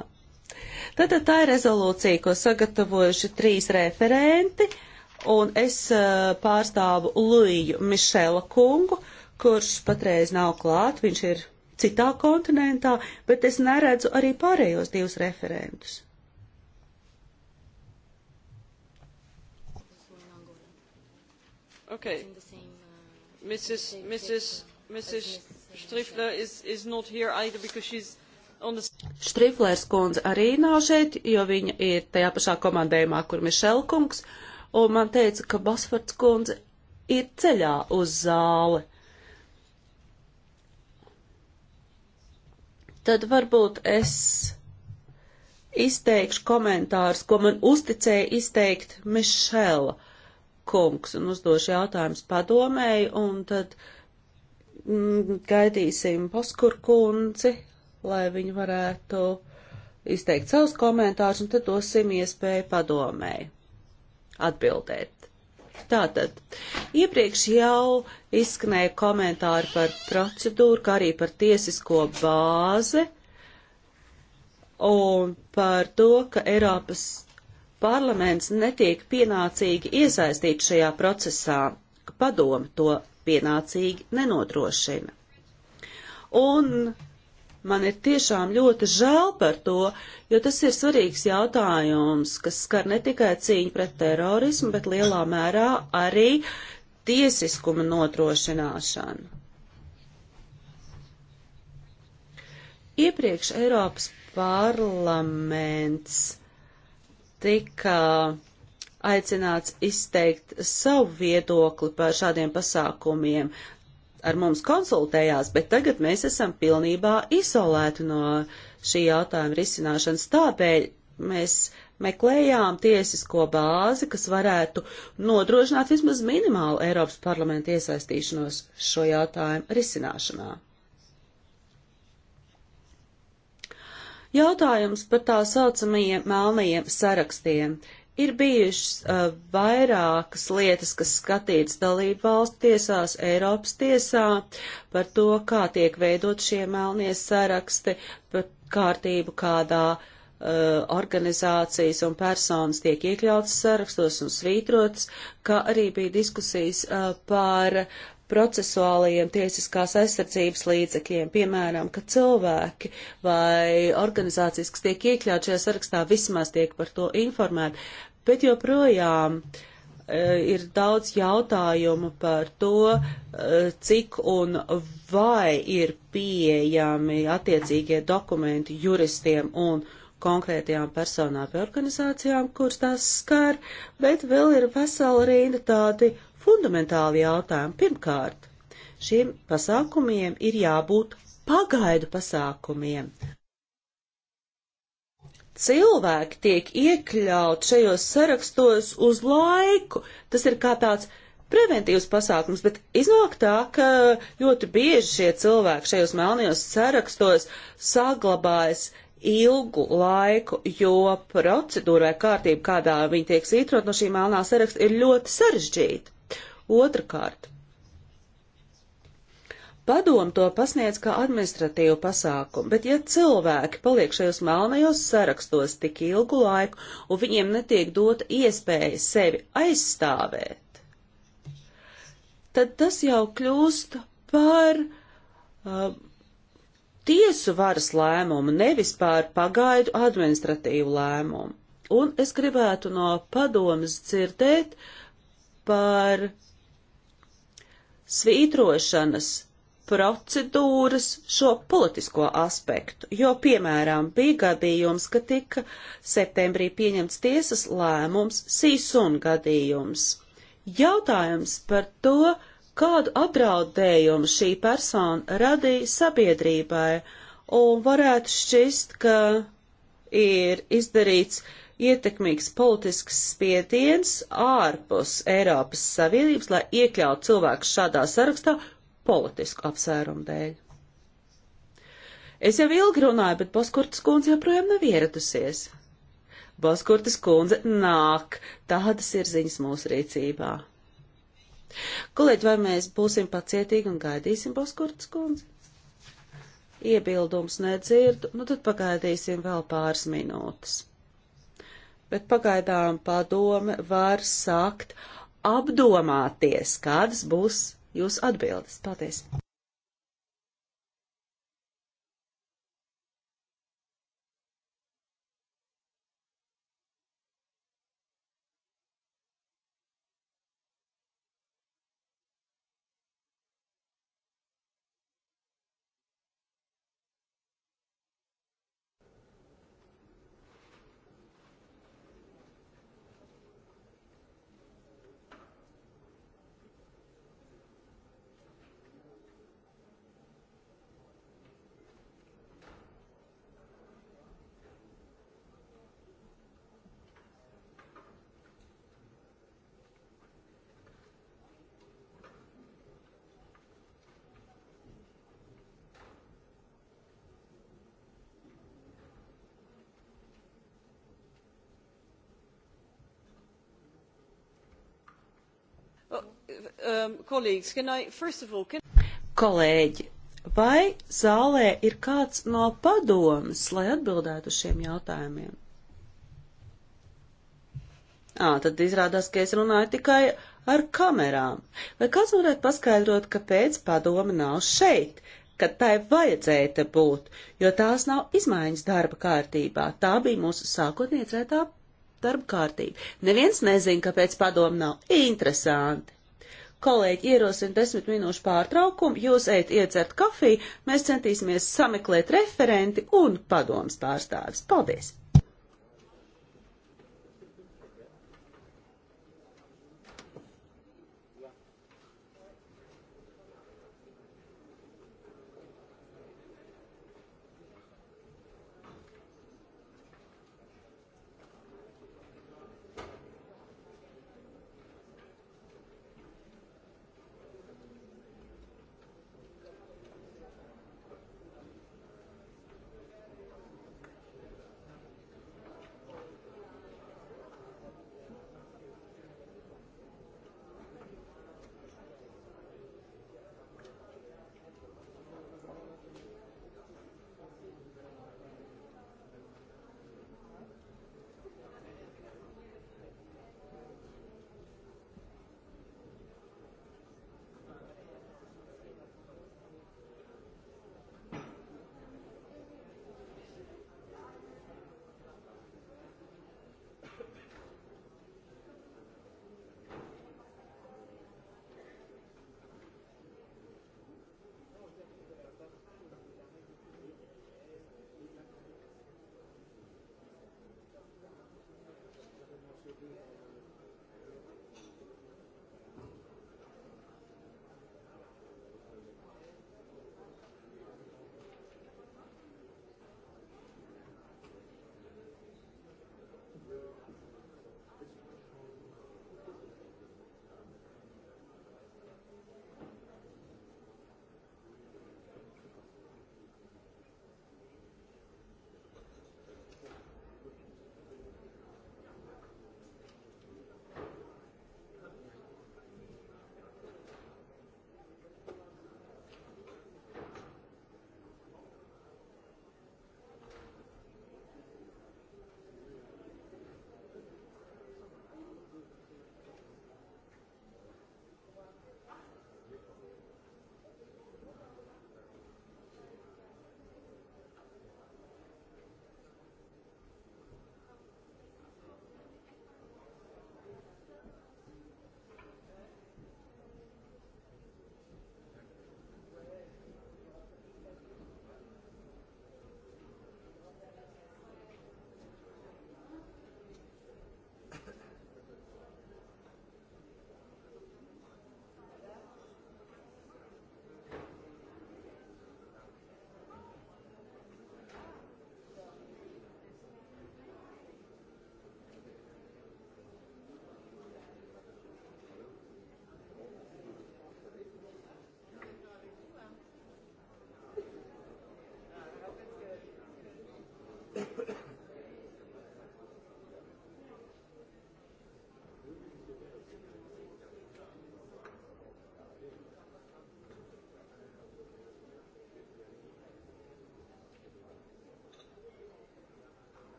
S2: Tātad tā ir rezolūcija, ko sagatavojuši trīs referenti, un es eh, pārstāvu Luiju Mišela kungu, kurš patreiz nav klāt, viņš ir citā kontinentā, bet es neredzu arī pārējos divus referentus.
S1: Okay. Mrs. Mrs. Mrs. Strifler is, is not here either because she's on the...
S2: Štriflers kundze arī nav šeit, jo viņa ir tajā pašā komandējumā, kur Mišela kungs, un man teica, ka Basfords kundze ir ceļā uz zāli. Tad varbūt es izteikšu komentārus, ko man uzticēja izteikt Mišela. Uh, kungs un uzdošu jautājumus padomēji, un tad mm, gaidīsim poskur kundzi, lai viņi varētu izteikt savus komentārus, un tad dosim iespēju padomēji atbildēt. Tātad, iepriekš jau izskanēja komentāri par procedūru, kā arī par tiesisko bāzi un par to, ka Eiropas parlaments netiek pienācīgi iesaistīts šajā procesā, ka padoma to pienācīgi nenodrošina. Un man ir tiešām ļoti žēl par to, jo tas ir svarīgs jautājums, kas skar ne tikai cīņu pret terorismu, bet lielā mērā arī tiesiskuma notrošināšanu. Iepriekš Eiropas parlaments tika aicināts izteikt savu viedokli par šādiem pasākumiem. Ar mums konsultējās, bet tagad mēs esam pilnībā izolēti no šī jautājuma risināšanas. Tādēļ mēs meklējām tiesisko bāzi, kas varētu nodrošināt vismaz minimālu Eiropas parlamentu iesaistīšanos šo jautājumu risināšanā. Jautājums par tā saucamajiem melnajiem sarakstiem. Ir bijušas uh, vairākas lietas, kas skatītas dalību valstu tiesās, Eiropas tiesā, par to, kā tiek veidot šie melnie saraksti, par kārtību, kādā uh, organizācijas un personas tiek iekļautas sarakstos un svītrotas, kā arī bija diskusijas uh, par uh, procesuālajiem tiesiskās aizsardzības līdzekļiem, piemēram, ka cilvēki vai organizācijas, kas tiek iekļaut šajā sarakstā, vismaz tiek par to informēti, bet joprojām uh, ir daudz jautājumu par to, e, cik un vai ir pieejami attiecīgie dokumenti juristiem un konkrētajām personām vai organizācijām, kuras tās skar, bet vēl ir vesela rinda tādi fundamentāli jautājumi. Pirmkārt, šiem pasākumiem ir jābūt pagaidu pasākumiem. Cilvēki tiek iekļaut šajos sarakstos uz laiku. Tas ir kā tāds preventīvs pasākums, bet iznāk tā, ka ļoti bieži šie cilvēki šajos melnajos sarakstos saglabājas ilgu laiku, jo procedūra vai kārtība, kādā viņi tiek svītrot no šī melnā saraksta, ir ļoti sarežģīta. Otrakārt, padomu to pasniedz kā administratīvu pasākumu, bet ja cilvēki paliek šajos melnajos sarakstos tik ilgu laiku un viņiem netiek dota iespēja sevi aizstāvēt, tad tas jau kļūst par uh, tiesu varas lēmumu, nevis par pagaidu administratīvu lēmumu. Un es gribētu no padomas dzirdēt par svītrošanas procedūras šo politisko aspektu, jo, piemēram, bija gadījums, ka tika septembrī pieņemts tiesas lēmums sīsun gadījums. Jautājums par to, kādu apdraudējumu šī persona radīja sabiedrībai, un varētu šķist, ka ir izdarīts uh, ietekmīgs politisks spiediens ārpus Eiropas Savienības, lai iekļautu cilvēkus šādā sarakstā politisku apsvērumu dēļ. Es jau ilgi runāju, bet Boskurtas kundze joprojām nav ieradusies. Boskurtas kundze nāk, tādas ir ziņas mūsu rīcībā. Kolēģi, vai mēs būsim pacietīgi un gaidīsim Boskurtas kundzi? Iebildums nedzirdu, nu tad pagaidīsim vēl pāris minūtes bet pagaidām padome var sākt apdomāties, kādas būs jūsu atbildes. Paldies! um, colleagues, can I, first of all, can... Kolēģi, vai zālē ir kāds no padomas, lai atbildētu uz šiem jautājumiem? Ā, tad izrādās, ka es runāju tikai ar kamerām. Vai kāds varētu paskaidrot, kāpēc padoma nav šeit, kad tai vajadzēja te būt, jo tās nav izmaiņas darba kārtībā. Tā bija mūsu sākotnēcētā darba kārtība. Neviens nezina, kāpēc padoma nav interesanti kolēģi ierosina desmit minūšu pārtraukumu, jūs ejat iedzert kafiju, mēs centīsimies sameklēt referenti un padomas pārstāvis. Paldies!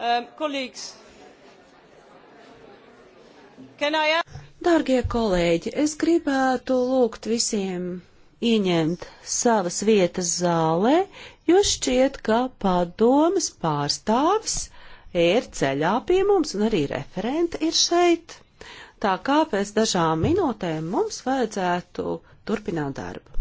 S1: Um, colleagues, can I ask?
S2: Dārgie kolēģi, es gribētu lūgt visiem ieņemt savas vietas zālē, jo šķiet, ka padomas pārstāvis ir ceļā pie mums un arī referenti ir šeit. Tā kā pēc dažām minūtēm mums vajadzētu turpināt darbu.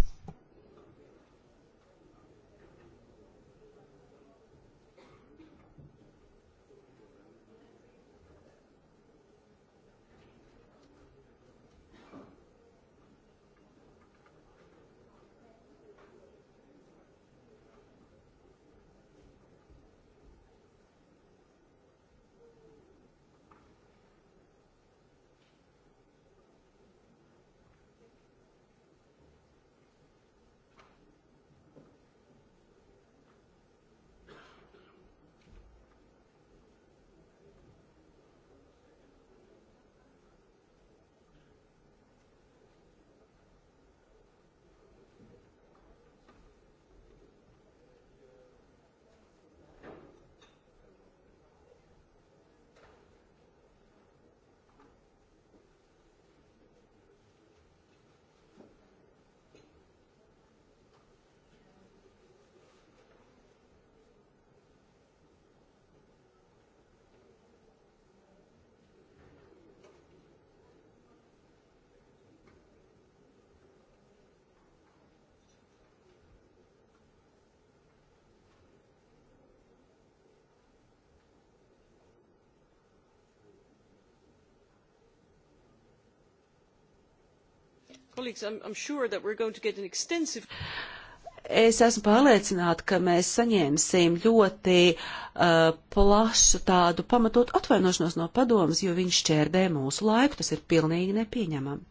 S1: Colleagues, I'm, I'm sure that we're going to get an extensive...
S2: Es esmu pārliecināta, ka mēs saņēmsim ļoti uh, plašu tādu pamatot atvainošanos no padomas, jo viņš čērdē mūsu laiku. Tas ir pilnīgi nepieņemami.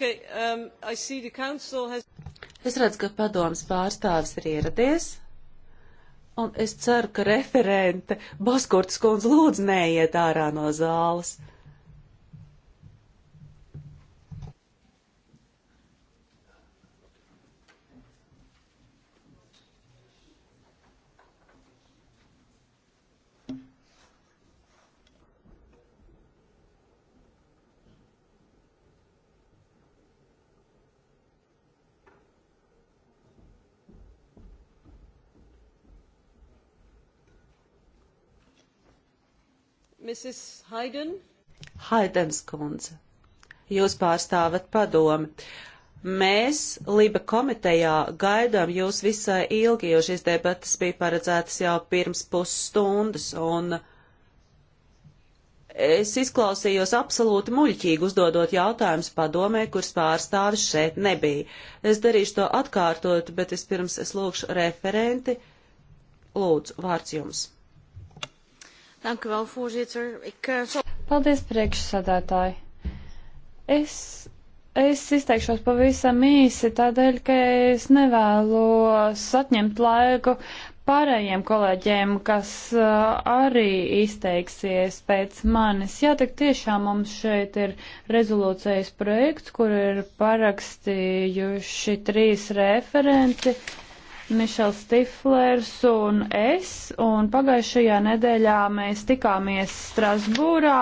S2: Okay, um, has... Es redzu, ka padomas pārstāvis ir ieradies, un es ceru, ka referente Baskurts kundze lūdzu neiet ārā no zāles. Mrs. Haiden. Haidens kundze, jūs pārstāvat padomi. Mēs Liba komitejā gaidām jūs visai ilgi, jo šīs debatas bija paredzētas jau pirms pusstundas, un es izklausījos absolūti muļķīgi uzdodot jautājumus padomē, kuras pārstāvis šeit nebija. Es darīšu to atkārtot, bet vispirms es lūgšu referenti. Lūdzu, vārds jums. Dank u
S5: wel, voorzitter. Ik, uh, eh, so... Paldies, priekšsādātāji. Es, es izteikšos pavisam īsi, tādēļ, ka es nevēlos atņemt laiku pārējiem kolēģiem, kas uh, arī izteiksies pēc manis. Jā, tik tiešām mums šeit ir rezolūcijas projekts, kur ir parakstījuši trīs referenti. Uh, Mišels Stiflers un es, un pagājušajā nedēļā mēs tikāmies Strasbūrā,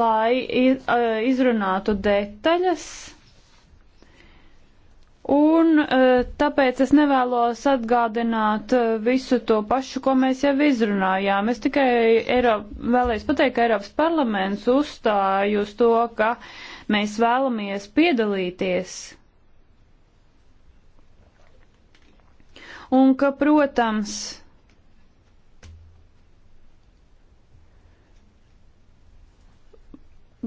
S5: lai izrunātu detaļas Un tāpēc es nevēlos atgādināt visu to pašu, ko mēs jau izrunājām. Es tikai Eiropa, vēlēs pateikt, ka Eiropas parlaments uzstāj uz to, ka mēs vēlamies piedalīties un ka, protams,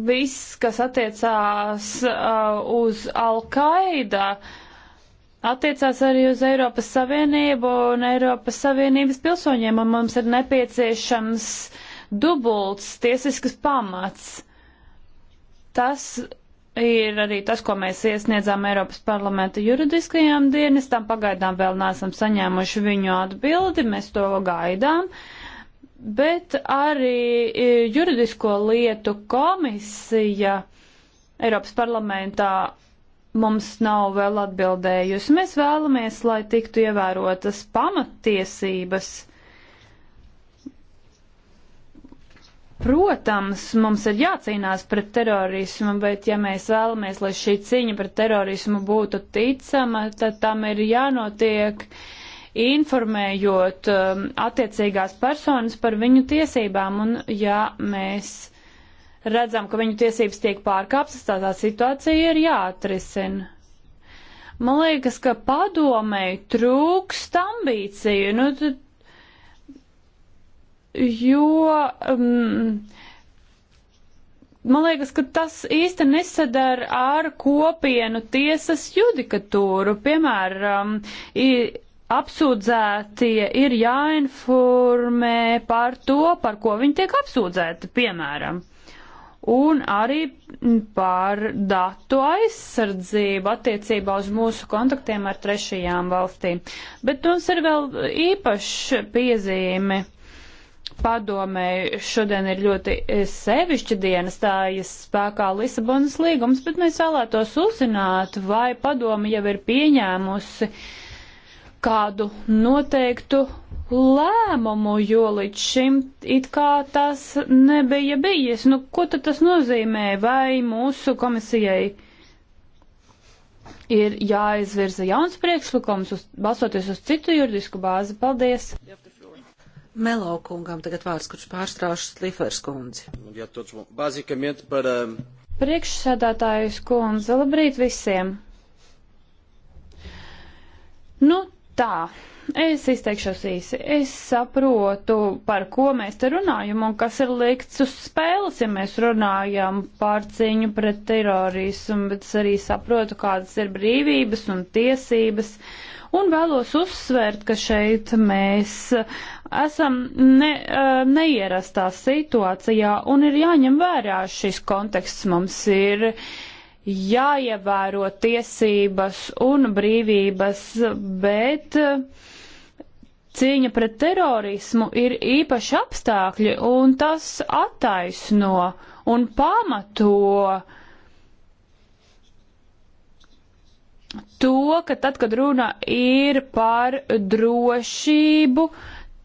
S5: viss, kas attiecās uh, uz Al-Qaida, attiecās arī uz Eiropas Savienību un Eiropas Savienības pilsoņiem, un mums ir nepieciešams dubults tiesisks pamats. Tas ir arī tas, ko mēs iesniedzām Eiropas parlamenta juridiskajām dienestām. Pagaidām vēl neesam saņēmuši viņu atbildi, mēs to gaidām. Bet arī e, juridisko lietu komisija Eiropas parlamentā mums nav vēl atbildējusi. Mēs vēlamies, lai tiktu ievērotas pamattiesības Protams, mums ir jācīnās pret terorismu, bet ja mēs vēlamies, lai šī cīņa pret terorismu būtu ticama, tad tam ir jānotiek informējot um, attiecīgās personas par viņu tiesībām. Un ja mēs redzam, ka viņu tiesības tiek pārkāptas, tad tā situācija ir jāatrisina. Man liekas, ka padomēji trūkst ambīciju. Nu, tad, jo um, man liekas, ka tas īsti nesadara ar kopienu tiesas judikatūru. Piemēram, um, i, apsūdzētie ir jāinformē par to, par ko viņi tiek apsūdzēti, piemēram. Un arī par datu aizsardzību attiecībā uz mūsu kontaktiem ar trešajām valstīm. Bet mums ir vēl īpaša piezīme. Uh, padomē šodien ir ļoti e, sevišķa diena stājas spēkā Lisabonas līgums, bet mēs vēlētos uzzināt, vai padomi jau ir pieņēmusi kādu noteiktu lēmumu, jo līdz šim it kā tas nebija bijis. Nu, ko tad tas nozīmē? Vai mūsu komisijai ir jāizvirza jauns priekšlikums, uz, balsoties uz citu juridisku bāzi? Paldies! Ja, Melo kungam tagad vārds, kurš pārstrāž Slifers
S3: kundzi. Ja, para... Eh,
S5: Priekšsēdētājs kundze, labrīt visiem! Nu tā, es izteikšos īsi. Es saprotu, par ko mēs te runājam un kas ir likts uz spēles, ja mēs runājam par cīņu pret terorismu, bet es arī saprotu, kādas ir brīvības un tiesības. Uh, un vēlos uzsvērt, ka šeit mēs esam ne, eh, neierastā situācijā un ir jāņem vērā šis konteksts mums ir jāievēro tiesības un brīvības, bet eh, cīņa pret terorismu ir īpaši apstākļi, un tas attaisno un pamato to, ka tad, kad runa ir par drošību,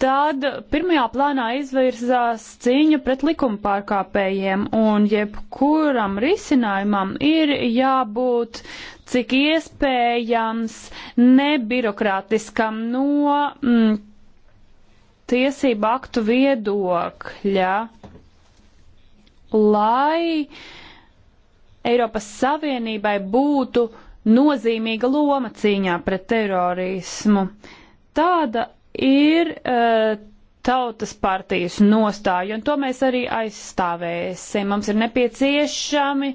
S5: tad pirmajā plānā izvirzās cīņa pret likuma pārkāpējiem, un jebkuram risinājumam ir jābūt cik iespējams nebirokrātiskam no mm, tiesību aktu viedokļa, lai Eiropas Savienībai būtu uh, nozīmīga loma cīņā pret terorismu. Tāda ir uh, tautas partijas nostāja, un to mēs arī aizstāvēsim. Mums ir nepieciešami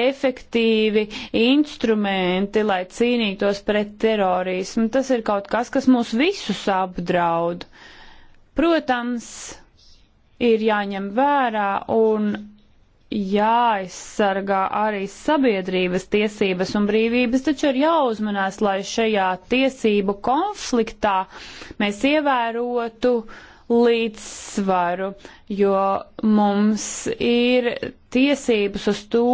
S5: efektīvi instrumenti, lai cīnītos pret terorismu. Tas ir kaut kas, kas mūs visus apdraud. Protams, ir jāņem vērā un jāaizsargā arī sabiedrības tiesības un brīvības, taču ir jāuzmanās, lai šajā tiesību konfliktā mēs ievērotu līdzsvaru, jo mums ir tiesības uz to,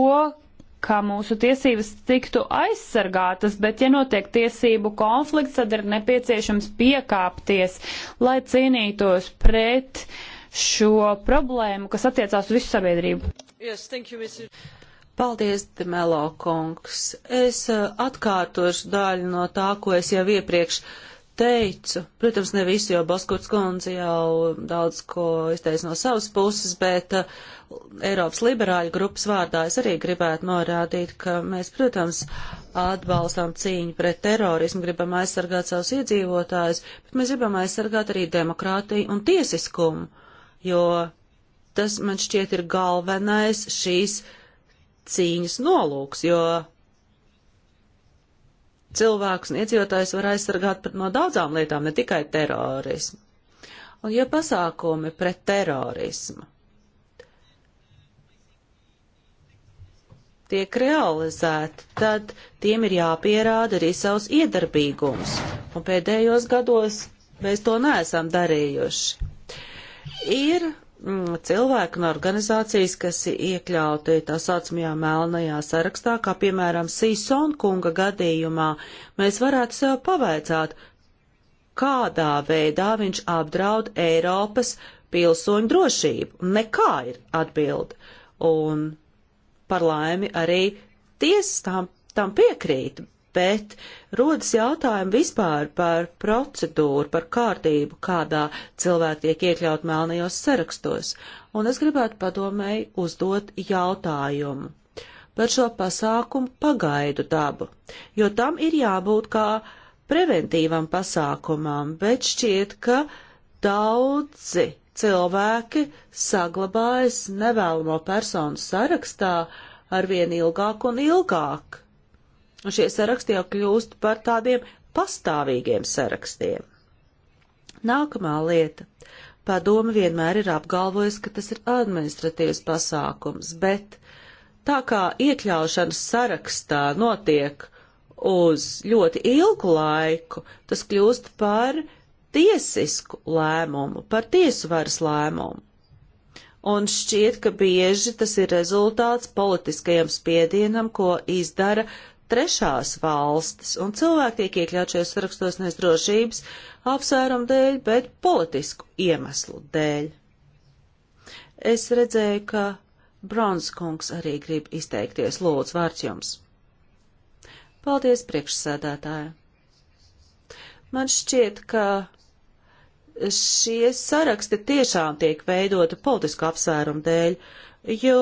S5: ka mūsu tiesības tiktu aizsargātas, bet ja notiek tiesību konflikts, tad ir nepieciešams piekāpties, lai cīnītos pret šo problēmu, kas attiecās uz visu sabiedrību.
S1: Yes, thank you, Mr.
S5: Paldies, Demelo kungs. Es eh, atkārtošu daļu no tā, ko
S2: es jau iepriekš teicu. Protams, ne visu, jo Baskurts kundze jau daudz ko izteica no savas puses, bet eh, Eiropas liberāļu grupas vārdā es arī gribētu norādīt, ka mēs, protams, atbalstām cīņu pret terorismu, gribam aizsargāt savus iedzīvotājus, bet mēs gribam aizsargāt arī demokrātiju un tiesiskumu, jo tas man šķiet ir galvenais šīs cīņas nolūks, jo cilvēks un iedzīvotājs var aizsargāt no daudzām lietām, ne tikai terorismu. Un ja pasākumi pret terorismu tiek realizēti, tad tiem ir jāpierāda arī savs iedarbīgums, un pēdējos gados mēs to neesam darījuši. Ir Mm, cilvēki un organizācijas, kas ir iekļauti tā saucamajā melnajā sarakstā, kā piemēram Sīsonkunga gadījumā, mēs varētu sev pavaicāt, kādā veidā viņš apdraud Eiropas pilsoņu drošību. Nekā ir atbildi. Un par laimi arī tiesas tam, tam piekrīt, bet rodas jautājumi vispār par procedūru, par kārtību, kādā cilvēki tiek iekļaut melnajos sarakstos. Un es gribētu padomēji uzdot jautājumu par šo pasākumu pagaidu dabu, jo tam ir jābūt kā preventīvam pasākumam, bet šķiet, ka daudzi cilvēki saglabājas nevēlamo personu sarakstā arvien ilgāk un ilgāk un šie saraksti jau kļūst par tādiem pastāvīgiem sarakstiem. Nākamā lieta. Padoma vienmēr ir apgalvojusi, ka tas ir administratīvs pasākums, bet tā kā iekļaušanas sarakstā notiek uz ļoti ilgu laiku, tas kļūst par tiesisku lēmumu, par tiesu varas lēmumu. Un šķiet, ka bieži tas ir rezultāts politiskajam spiedienam, ko izdara trešās valstis, un cilvēki tiek iekļaut šajos sarakstos nevis drošības apsvērumu dēļ, bet politisku iemeslu dēļ. Es redzēju, ka Bronskungs arī grib izteikties. Lūdzu, vārds jums. Paldies, priekšsēdētāja. Man šķiet, ka šie saraksti tiešām tiek veidoti politisku apsvērumu dēļ, jo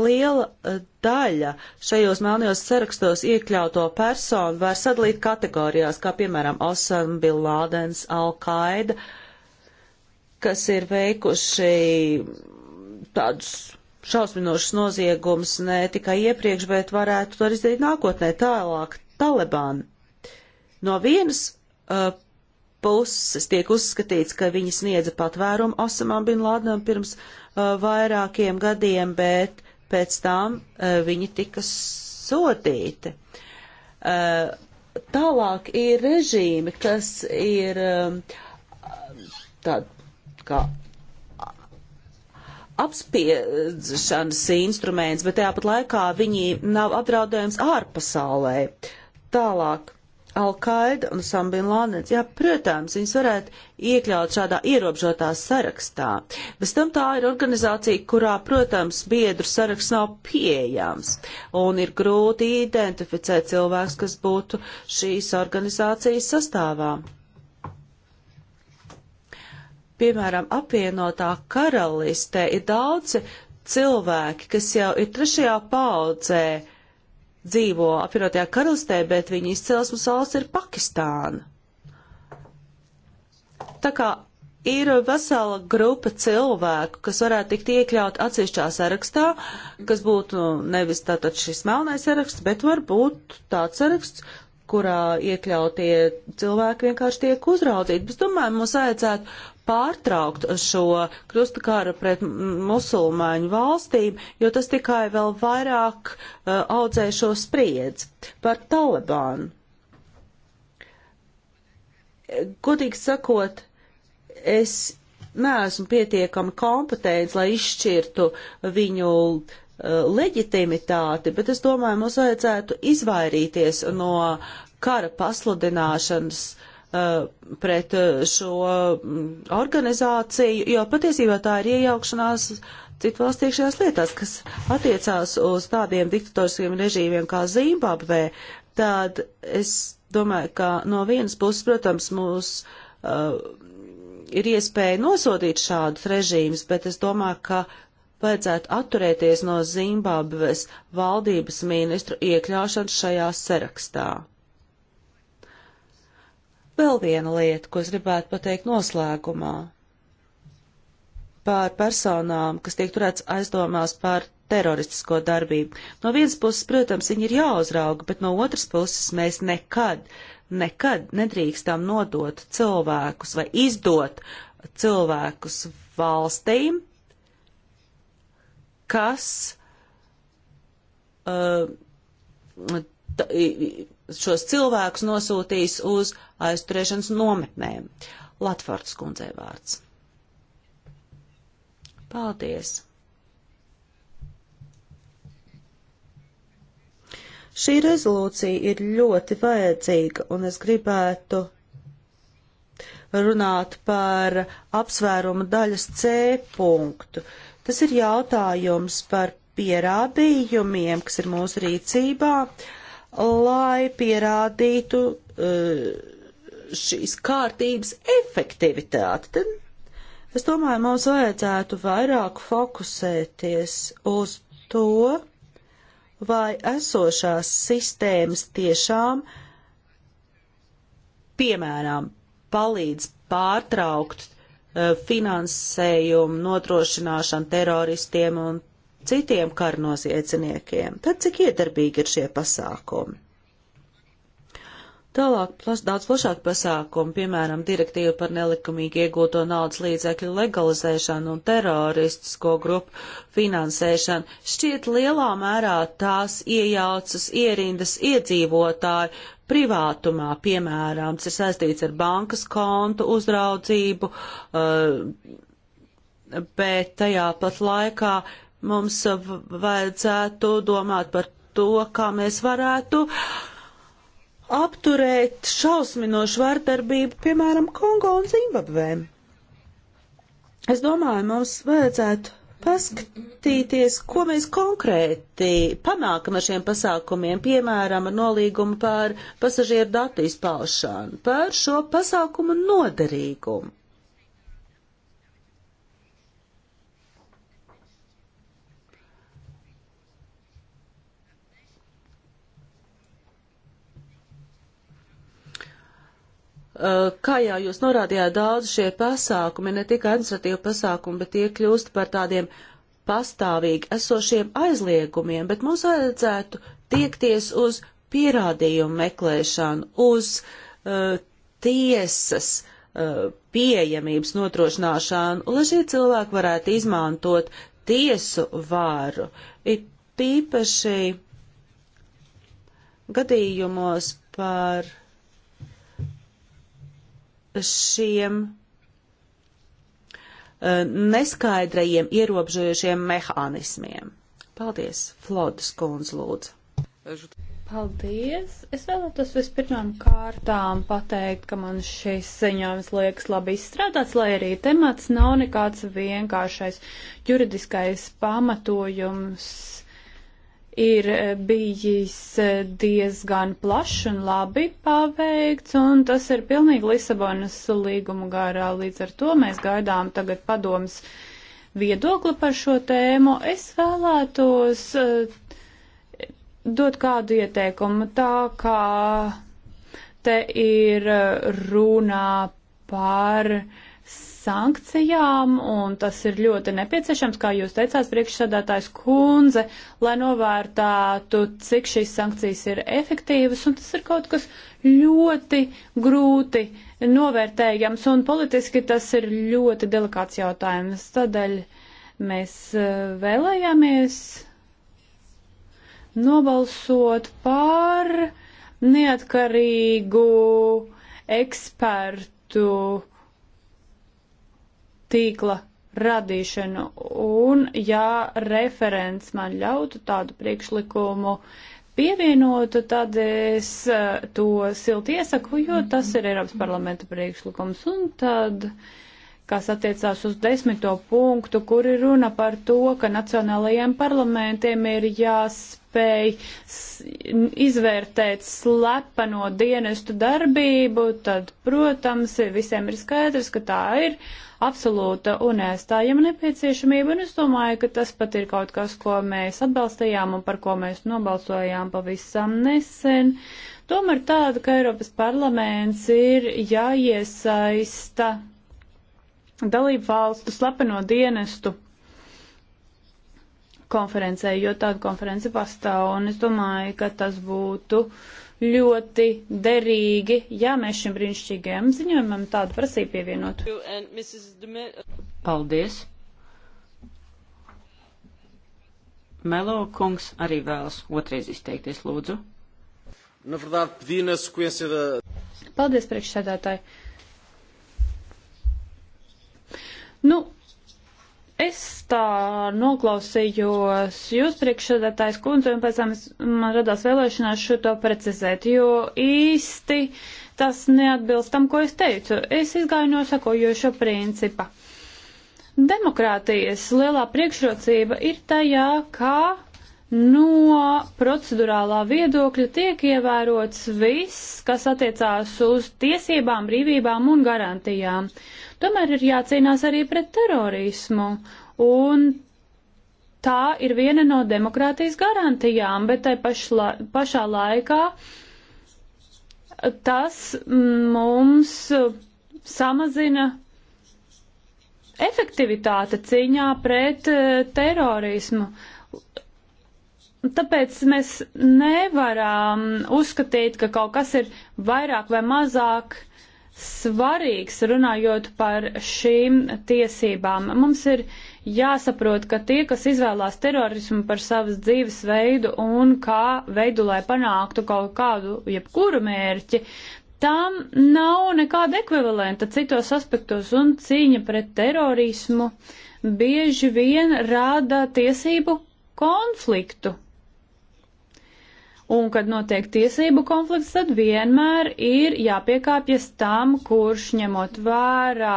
S2: liela eh, daļa šajos melnajos sarakstos iekļauto personu var sadalīt kategorijās, kā piemēram Osama Bin Lādens, Al-Qaida, kas ir veikuši tādus šausminošus noziegumus ne tikai iepriekš, bet varētu to arī izdarīt nākotnē tālāk Taliban. No vienas uh, puses tiek uzskatīts, ka viņi sniedza patvērumu Osamam Bin Lādnam pirms uh, vairākiem gadiem, bet uh, pēc tam eh, viņi tika sodīti. Eh, tālāk ir režīmi, kas ir eh, tāda kā apspiešanas instruments, bet tāpat laikā viņi nav apdraudējums ārpasaulē. Tālāk Al-Qaida un Sambin Lādens. Jā, protams, viņas varētu iekļaut šādā ierobežotā sarakstā. Bez tam tā ir organizācija, kurā, protams, biedru saraksts nav pieejams. Un ir grūti identificēt cilvēks, kas būtu šīs organizācijas sastāvā. Piemēram, apvienotā karalistē ir daudzi cilvēki, kas jau ir trešajā paudzē dzīvo apvienotajā karalistē, bet viņa izcelsmes valsts ir Pakistāna. Tā kā ir vesela grupa cilvēku, kas varētu tikt iekļaut atsevišķā sarakstā, kas būtu nevis tātad šis melnais saraksts, bet varbūt tāds saraksts, kurā iekļautie cilvēki vienkārši tiek uzraudzīti. Es domāju, mums vajadzētu pārtraukt šo krustakara pret musulmaņu valstīm, jo tas tikai vēl vairāk uh, audzē šo spriedzi par Talibānu. Godīgi sakot, es neesmu pietiekami kompetents, lai izšķirtu viņu uh, leģitimitāti, bet es domāju, mums vajadzētu izvairīties no kara pasludināšanas uh, Uh, pret uh, šo mm, organizāciju, jo patiesībā tā ir iejaukšanās citu valstu iekšējās lietās, kas attiecās uz tādiem diktatoriskiem režīmiem kā Zimbabvē, tad es domāju, ka no vienas puses, protams, mūs uh, ir iespēja nosodīt šādus režīmus, bet es domāju, ka vajadzētu atturēties no Zimbabves valdības ministru iekļaušanas šajā sarakstā. Vēl viena lieta, ko es gribētu pateikt noslēgumā par personām, kas tiek turēts aizdomās par teroristisko darbību. No vienas puses, protams, viņi ir jāuzrauga, bet no otras puses mēs nekad, nekad nedrīkstam nodot cilvēkus vai izdot cilvēkus valstīm, kas uh, t, šos cilvēkus nosūtīs uz aizturēšanas nometnēm. Latvārds kundzei vārds. Paldies! Šī rezolūcija ir ļoti vajadzīga, un es gribētu runāt par apsvērumu daļas C punktu. Tas ir jautājums par pierādījumiem, kas ir mūsu rīcībā, uh, lai pierādītu uh, šīs kārtības efektivitāti. Tad es domāju, mums vajadzētu vairāk fokusēties uz to, vai esošās sistēmas tiešām, piemēram, palīdz pārtraukt uh, finansējumu nodrošināšanu teroristiem un citiem karnoziedzniekiem, tad cik iedarbīgi ir šie pasākumi? Tālāk plas, daudz plašāk pasākumu, piemēram, direktīva par nelikumīgi iegūto naudas līdzekļu legalizēšanu un teroristisko grupu finansēšanu, šķiet lielā mērā tās iejaucas ierindas iedzīvotāju privātumā, piemēram, tas ir saistīts ar bankas kontu uzraudzību, eh, bet tajā pat laikā Mums vajadzētu domāt par to, kā mēs varētu apturēt šausminošu vārdarbību, piemēram, Kongo un Zimbabvē. Es domāju, mums vajadzētu paskatīties, ko mēs konkrēti panākam ar šiem pasākumiem, piemēram, ar nolīgumu par pasažieru datu izpaušanu, par šo pasākumu noderīgumu. Eh, kā jau jūs norādījāt, daudz šie pasākumi, ne tikai administratīva pasākumi, bet tie kļūst par tādiem pastāvīgi esošiem aizliegumiem, bet mums vajadzētu tiekties uz pierādījumu meklēšanu, uz uh, tiesas uh, pieejamības notrošināšanu, lai šie cilvēki varētu izmantot tiesu vāru. Ir tīpaši gadījumos par šiem eh, neskaidrajiem ierobežojošiem mehānismiem. Paldies, Flodas kundz lūdzu.
S5: Paldies! Es vēlētos vispirmām kārtām pateikt, ka man šis ziņojums liekas labi izstrādāts, lai arī temats nav nekāds vienkāršais juridiskais pamatojums ir eh, bijis eh, diezgan plašs un labi paveikts, un tas ir pilnīgi Lisabonas līguma garā. Līdz ar to mēs gaidām tagad padoms viedokli par šo tēmu. Es vēlētos eh, dot kādu ieteikumu tā, kā te ir runā par uh, sankcijām, un tas ir ļoti nepieciešams, kā jūs teicāt, priekšsēdētājs kundze, lai novērtātu, cik šīs sankcijas ir efektīvas, un tas ir kaut kas ļoti grūti novērtējams, un politiski tas ir ļoti delikāts jautājums. Tādēļ mēs eh, vēlējāmies nobalsot par neatkarīgu ekspertu tīkla radīšanu. Un, ja referents man ļautu tādu priekšlikumu pievienot, tad es eh, to silti iesaku, jo tas ir Eiropas parlamenta priekšlikums. Un tad, kas attiecās uz desmito punktu, kur ir runa par to, ka nacionālajiem parlamentiem ir jāspēj iespēja izvērtēt slepeno dienestu darbību, tad, protams, visiem ir skaidrs, ka tā ir absolūta un ēstājama nepieciešamība, un es domāju, ka tas pat ir kaut kas, ko mēs atbalstījām un par ko mēs nobalsojām pavisam nesen. Tomēr tāda, ka Eiropas parlaments ir jāiesaista dalību valstu slepeno dienestu konferencē, jo tāda konference pastāv, un es domāju, ka tas būtu ļoti derīgi, ja mēs šim brīnišķīgajam ziņojumam tādu prasību pievienotu. Paldies!
S1: Melo kungs arī vēlas otrais izteikties, lūdzu.
S3: Na verdade, pedi na sequência da.
S1: Paldies,
S5: priekšsēdētāji. Nu, Es tā noklausījos jūs priekšsēdētājs kundze un pēc tam man radās vēlēšanās šo to precizēt, jo īsti tas neatbilst tam, ko es teicu. Es izgāju no sakojošo principa. Demokrātijas lielā priekšrocība ir tajā, kā No procedurālā viedokļa tiek ievērots viss, kas attiecās uz tiesībām, brīvībām un garantijām. Tomēr ir jācīnās arī pret terorismu, un tā ir viena no demokrātijas garantijām, bet tai pašla, pašā laikā tas mums samazina efektivitāte cīņā pret eh, terorismu. Uh, Tāpēc mēs nevaram uzskatīt, ka kaut kas ir vairāk vai mazāk svarīgs runājot par šīm tiesībām. Mums ir jāsaprot, ka tie, kas izvēlās terorismu par savas dzīves veidu un kā veidu, lai panāktu kaut kādu jebkuru mērķi, tam nav nekāda ekvivalenta citos aspektos un cīņa pret terorismu bieži vien rāda tiesību konfliktu Un, kad notiek tiesību konflikts, tad vienmēr ir jāpiekāpjas tam, kurš ņemot vērā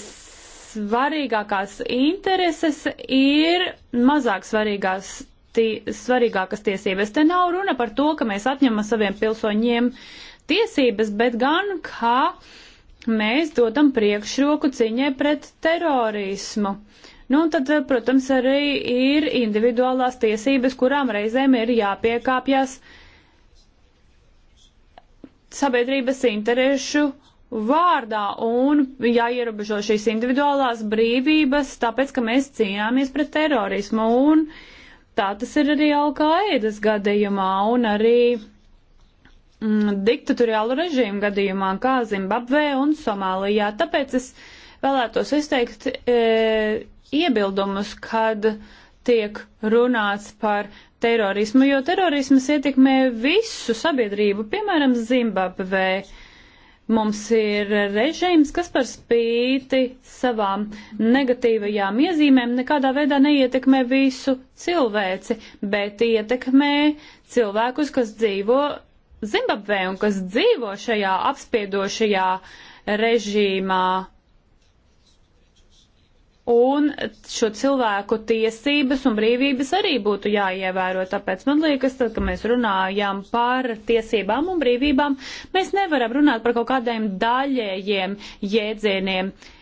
S5: svarīgākās intereses ir mazāk svarīgās, tī, svarīgākas tiesības. Te nav runa par to, ka mēs atņemam saviem pilsoņiem tiesības, bet gan, kā mēs dodam priekšroku ciņai pret terorismu. Uh, Nu, un tad, protams, arī ir individuālās tiesības, kurām reizēm ir jāpiekāpjas sabiedrības interešu vārdā un jāierobežo šīs individuālās brīvības, tāpēc, ka mēs cīnāmies pret terorismu. Un tā tas ir arī Alkaidas gadījumā un arī mm, diktatoriālu režīmu gadījumā, kā Zimbabvē un Somālijā. Tāpēc es vēlētos izteikt. E, iebildumus, kad tiek runāts par terorismu, jo terorismas ietekmē visu sabiedrību, piemēram, Zimbabvē. Mums ir režīms, kas par spīti savām negatīvajām iezīmēm nekādā veidā neietekmē visu cilvēci, bet ietekmē cilvēkus, kas dzīvo Zimbabvē un kas dzīvo šajā apspiedošajā režīmā un šo cilvēku tiesības un brīvības arī būtu jāievēro. Tāpēc man liekas, tad, kad mēs runājam par tiesībām un brīvībām, mēs nevaram runāt par kaut kādiem daļējiem jēdzieniem. Uh,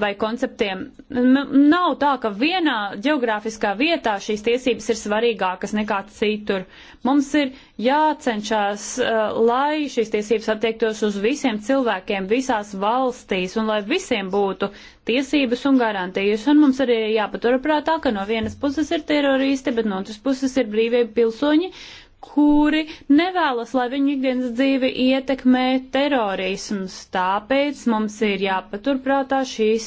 S5: vai konceptiem. Nav tā, ka vienā geogrāfiskā vietā šīs tiesības ir svarīgākas nekā citur. Mums ir jācenšas, uh, lai šīs tiesības attiektos uz visiem cilvēkiem visās valstīs un lai visiem būtu tiesības un garantijas. Un mums arī ir jāpaturprātā, ka no vienas puses ir teroristi, bet no otras puses ir brīvie pilsoņi, kuri nevēlas, lai viņu ikdienas dzīvi ietekmē terorisms. Tāpēc mums ir jāpaturprātā šīs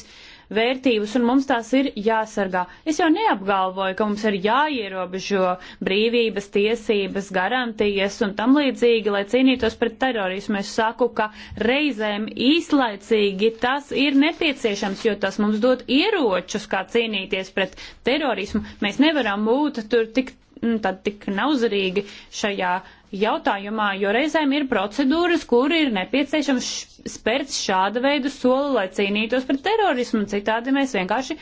S5: vērtības un mums tās ir jāsargā. Es jau neapgalvoju, ka mums ir jāierobežo brīvības, tiesības, garantijas un tam līdzīgi, lai cīnītos pret terorismu. Es saku, ka reizēm īslaicīgi tas ir nepieciešams, jo tas mums dod ieročus, kā cīnīties pret terorismu. Mēs nevaram būt tur tik nu, tad tik nauzarīgi šajā jautājumā, jo reizēm ir procedūras, kur ir nepieciešams spērt šāda veida soli, lai cīnītos pret terorismu, un citādi mēs vienkārši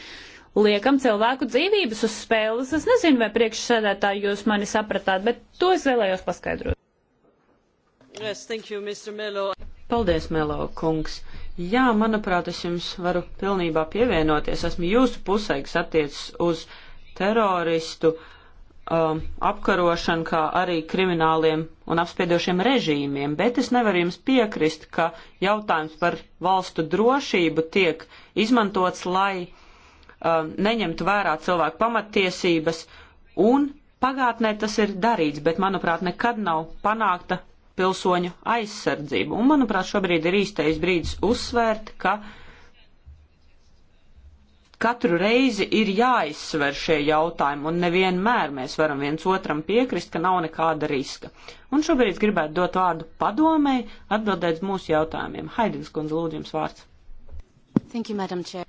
S5: liekam cilvēku dzīvības uz spēles. Es nezinu, vai priekšsēdētāji
S1: jūs mani sapratāt, bet to es vēlējos paskaidrot. Yes, thank you, Mr. Melo. Paldies, Melo kungs. Jā, manuprāt, es jums varu pilnībā pievienoties. Esmu jūsu pusē, kas attiecas uz teroristu uh, um, apkarošanu, kā arī krimināliem un apspiedošiem režīmiem, bet es nevaru jums piekrist, ka jautājums par valstu drošību tiek izmantots, lai um, neņemtu vērā cilvēku pamattiesības, un pagātnē tas ir darīts, bet, manuprāt, nekad nav panākta pilsoņu aizsardzība. Un, manuprāt, šobrīd ir īstais brīdis uzsvērt, ka uh, katru reizi ir jāizsver šie jautājumi, un nevienmēr mēs varam viens otram piekrist, ka nav nekāda riska. Un šobrīd es gribētu dot vārdu padomēji, atbildēt mūsu jautājumiem. Haidins kundze, lūdzu jums vārds.
S3: Thank you, Madam Chair.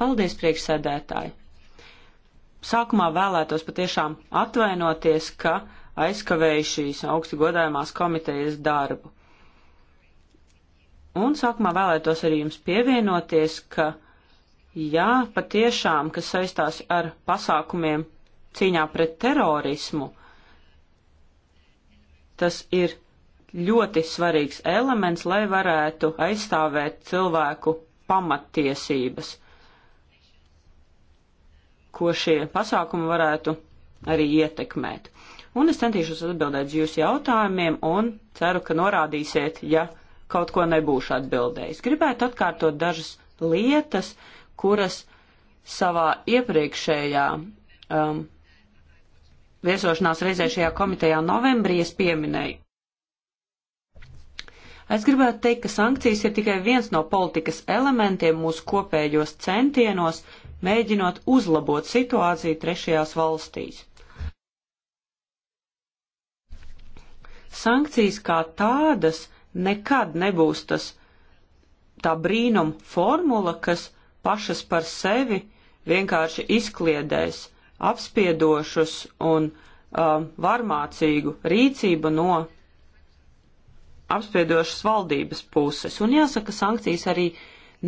S1: Paldies, priekšsēdētāji. Sākumā vēlētos patiešām atvainoties, ka aizkavēju šīs augsti godājumās komitejas darbu. Un sākumā vēlētos arī jums pievienoties, ka Jā, patiešām, kas saistās ar pasākumiem cīņā pret terorismu, tas ir ļoti svarīgs elements, lai varētu aizstāvēt cilvēku pamattiesības, ko šie pasākumi varētu arī ietekmēt. Un es centīšos atbildēt uz jūsu jautājumiem un ceru, ka norādīsiet, ja kaut ko nebūšu atbildējis. Gribētu atkārtot dažas lietas, uh, kuras savā iepriekšējā um, viesošanās reizē šajā komitejā novembrī es pieminēju. Es gribētu teikt, ka sankcijas ir tikai viens no politikas elementiem mūsu kopējos centienos, mēģinot uzlabot situāciju trešajās valstīs. Sankcijas kā tādas nekad nebūs tas tā brīnum formula, kas pašas par sevi vienkārši izkliedēs apspiedošus un um, varmācīgu rīcību no apspiedošas valdības puses. Un jāsaka, sankcijas arī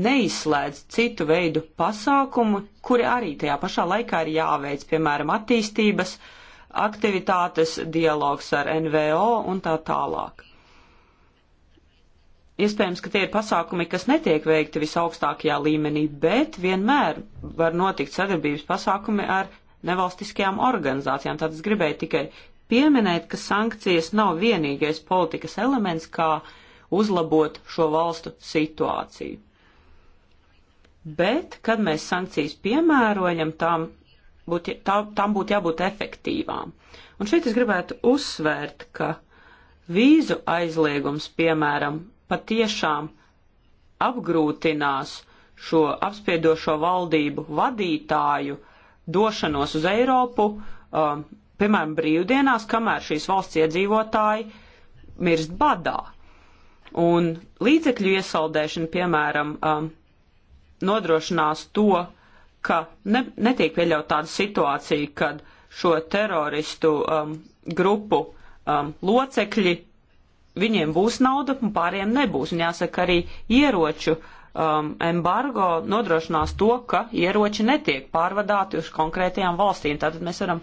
S1: neizslēdz citu veidu pasākumu, kuri arī tajā pašā laikā ir jāveic, piemēram, attīstības aktivitātes, dialogs ar NVO un tā tālāk. Iespējams, ka tie ir pasākumi, kas netiek veikti visaugstākajā līmenī, bet vienmēr var notikt sadarbības pasākumi ar nevalstiskajām organizācijām. Tad es gribēju tikai pieminēt, ka sankcijas nav vienīgais politikas elements, kā uzlabot šo valstu situāciju. Bet, kad mēs sankcijas piemērojam, tām būtu, tā, tām būtu jābūt efektīvām. Un šeit es gribētu uzsvērt, ka vīzu aizliegums, piemēram, patiešām apgrūtinās šo apspiedošo valdību vadītāju došanos uz Eiropu, um, piemēram, brīvdienās, kamēr šīs valsts iedzīvotāji mirst badā. Un līdzekļu iesaldēšana, piemēram, um, nodrošinās to, ka ne, netiek pieļaut tāda situācija, kad šo teroristu um, grupu um, locekļi viņiem būs nauda un pāriem nebūs. Un jāsaka, arī ieroču um, embargo nodrošinās to, ka ieroči netiek pārvadāti uz konkrētajām valstīm. Tātad mēs varam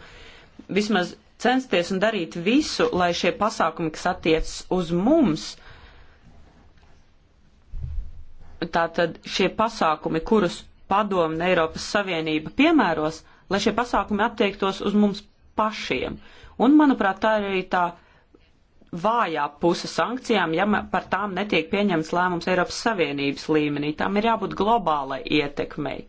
S1: vismaz censties un darīt visu, lai šie pasākumi, kas attiecas uz mums, tātad šie pasākumi, kurus padomu un Eiropas Savienība piemēros, lai šie pasākumi attiektos uz mums pašiem. Un, manuprāt, tā ir arī tā vājā puse sankcijām, ja par tām netiek pieņemts lēmums Eiropas Savienības līmenī. Tām ir jābūt globālai ietekmei.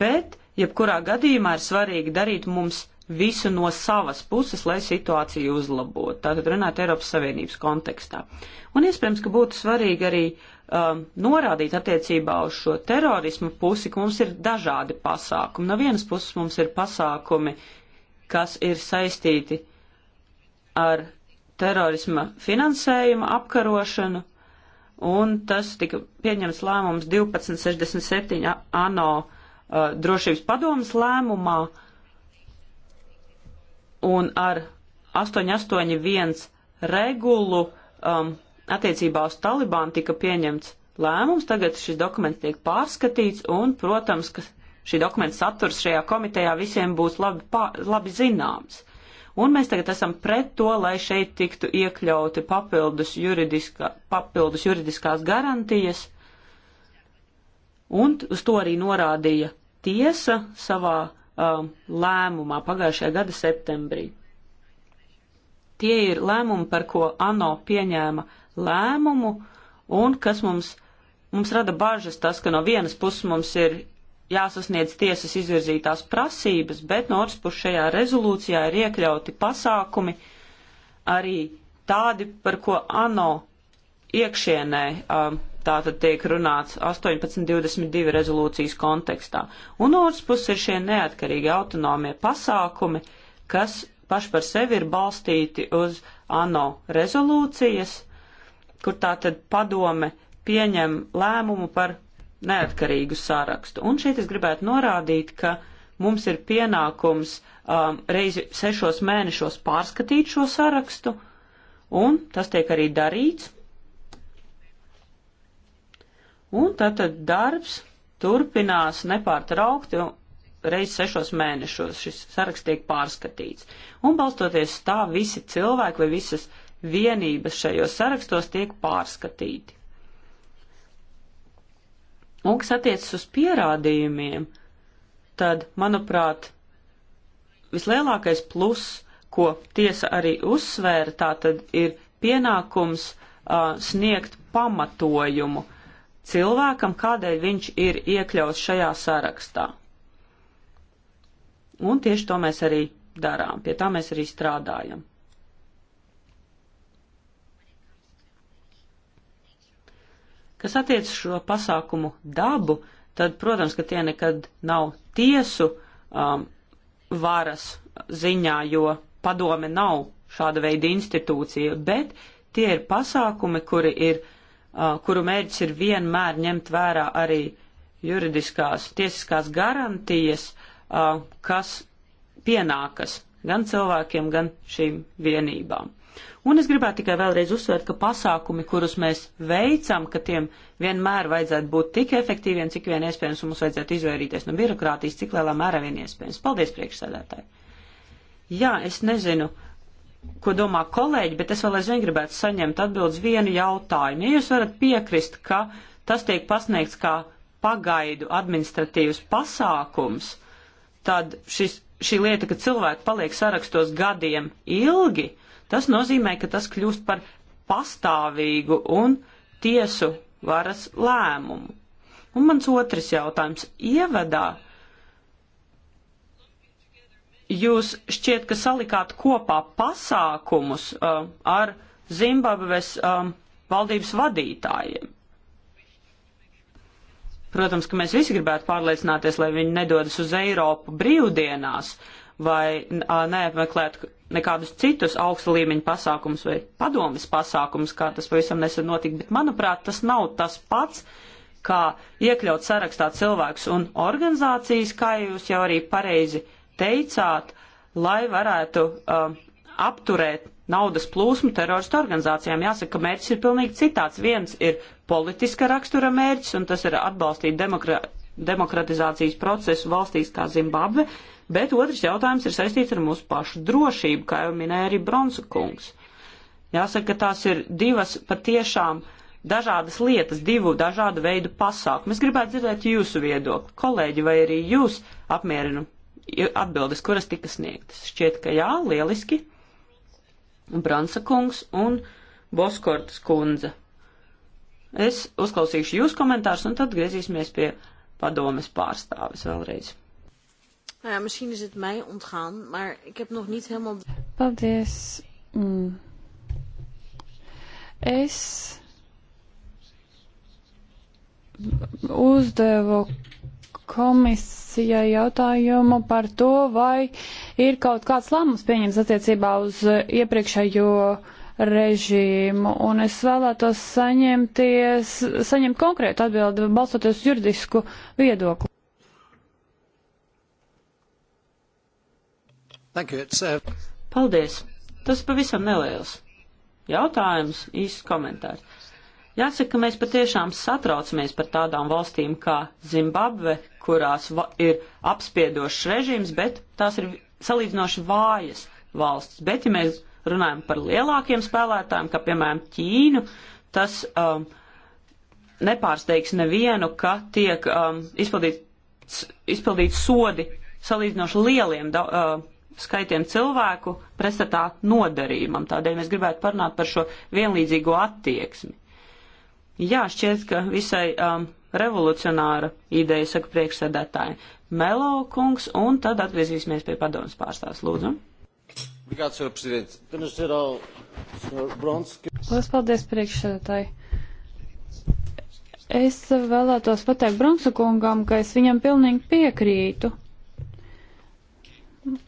S1: Bet, jebkurā gadījumā, ir svarīgi darīt mums visu no savas puses, lai situāciju uzlabotu. Tātad runāt Eiropas Savienības kontekstā. Un iespējams, ka būtu svarīgi arī um, norādīt attiecībā uz šo terorismu pusi, ka mums ir dažādi pasākumi. No vienas puses mums ir pasākumi, kas ir saistīti ar terorisma finansējuma apkarošanu, un tas tika pieņemts lēmums 1267 ANO uh, drošības padomas lēmumā, un ar 881 regulu um, attiecībā uz Talibānu tika pieņemts lēmums, tagad šis dokuments tiek pārskatīts, un, protams, ka šī dokumenta saturs šajā komitejā visiem būs labi, pā, labi zināms. Un mēs tagad esam pret to, lai šeit tiktu iekļauti papildus, juridiskā, papildus juridiskās garantijas. Un uz to arī norādīja tiesa savā um, lēmumā pagājušajā gada septembrī. Tie ir lēmumi, par ko ANO pieņēma lēmumu un kas mums, mums rada bažas tas, ka no vienas puses mums ir jāsasniedz tiesas izvirzītās prasības, bet no otras puses šajā rezolūcijā ir iekļauti pasākumi arī tādi, par ko ANO iekšienē um, tātad tiek runāts 18.22 rezolūcijas kontekstā. Un no otras puses ir šie neatkarīgi autonomie pasākumi, kas paši par sevi ir balstīti uz ANO rezolūcijas, kur tātad padome pieņem lēmumu par neatkarīgu sarakstu. Un šeit es gribētu norādīt, ka mums ir pienākums um, reizi sešos mēnešos pārskatīt šo sarakstu, un tas tiek arī darīts. Un tātad darbs turpinās nepārtraukti reiz sešos mēnešos šis saraksts tiek pārskatīts. Un balstoties tā visi cilvēki vai visas vienības šajos sarakstos tiek pārskatīti. Un kas attiecas uz pierādījumiem, tad, manuprāt, vislielākais pluss, ko tiesa arī uzsvēra, tā tad ir pienākums uh, sniegt pamatojumu cilvēkam, kādēļ viņš ir iekļauts šajā sarakstā. Un tieši to mēs arī darām, pie tā mēs arī strādājam. Kas attiec šo pasākumu dabu, tad, protams, ka tie nekad nav tiesu um, varas ziņā, jo padome nav šāda veida institūcija, bet tie ir pasākumi, kuri ir, uh, kuru mērķis ir vienmēr ņemt vērā arī juridiskās, tiesiskās garantijas, uh, kas pienākas gan cilvēkiem, gan šīm vienībām. Un es gribētu tikai vēlreiz uzsvērt, ka pasākumi, kurus mēs veicam, ka tiem vienmēr vajadzētu būt tik efektīviem, cik vien iespējams, un mums vajadzētu izvairīties no birokrātijas, cik lielā mērā vien iespējams. Paldies, priekšsēdētāji! Jā, es nezinu, ko domā kolēģi, bet es vēl aizvien gribētu saņemt atbildes vienu jautājumu. Ja jūs varat piekrist, ka tas tiek pasniegts kā pagaidu administratīvs pasākums, tad šis, šī lieta, ka cilvēki paliek sarakstos gadiem ilgi, uh, Tas nozīmē, ka tas kļūst par pastāvīgu un tiesu varas lēmumu. Un mans otrs jautājums ievadā. Jūs šķiet, ka salikāt kopā pasākumus uh, ar Zimbabves um, valdības vadītājiem. Protams, ka mēs visi gribētu pārliecināties, lai viņi nedodas uz Eiropu brīvdienās vai uh, neapmeklētu nekādus citus augsta līmeņa pasākumus vai padomis pasākumus, kā tas pavisam nesen notika, bet manuprāt, tas nav tas pats, kā iekļaut sarakstā cilvēkus un organizācijas, kā jūs jau arī pareizi teicāt, lai varētu uh, apturēt naudas plūsmu teroristu organizācijām. Jāsaka, ka mērķis ir pilnīgi citāds. Viens ir politiska rakstura mērķis, un tas ir atbalstīt demokra demokratizācijas procesu valstīs kā Zimbabve, bet otrs jautājums ir saistīts ar mūsu pašu drošību, kā jau minēja arī Bronsa kungs. Jāsaka, ka tās ir divas patiešām dažādas lietas, divu dažādu veidu pasākumu. Es gribētu dzirdēt jūsu viedokli, kolēģi, vai arī jūs apmierinu atbildes, kuras tika sniegtas. Šķiet, ka jā, lieliski. Bronsa kungs un Boskortas kundze. Es uzklausīšu jūsu komentārus un tad griezīsimies pie padomes pārstāvis vēlreiz.
S2: Nou ja, misschien is het mij ontgaan, maar ik heb nog niet helemaal.
S5: Paldies. Mm.
S1: Es
S5: uzdevu komisijai jautājumu par to, vai ir kaut kāds lēmums pieņems attiecībā uz iepriekšējo uh, režīmu, un es vēlētos saņemties, saņemt konkrētu atbildi, balstoties juridisku viedokli.
S3: Uh,
S1: Paldies! Tas pavisam neliels jautājums, īsts komentārs. Jāsaka, ka mēs patiešām satraucamies par tādām valstīm kā Zimbabve, kurās ir apspiedošs režīms, bet tās ir salīdzinoši vājas valsts. Bet, ja mēs runājam par lielākiem spēlētājiem, kā piemēram Ķīnu, tas um, nepārsteigs nevienu, ka tiek um, izpildīts, izpildīts sodi salīdzinoši lieliem da, uh, skaitiem cilvēku pretstatā nodarījumam. Tādēļ mēs gribētu parunāt par šo vienlīdzīgo attieksmi. Jā, šķiet, ka visai um, revolucionāra ideja, saka priekšsēdētāji. Melo kungs, un tad atgriezīsimies pie padomas pārstāvs. Lūdzu. Mm.
S3: Obrigado, Sr. Presidente. Apenas dizer ao Sr. Brons, ka...
S5: Lielas paldies priekšsēdētāji. Es vēlētos pateikt Bronsa kungam, ka es viņam pilnīgi piekrītu.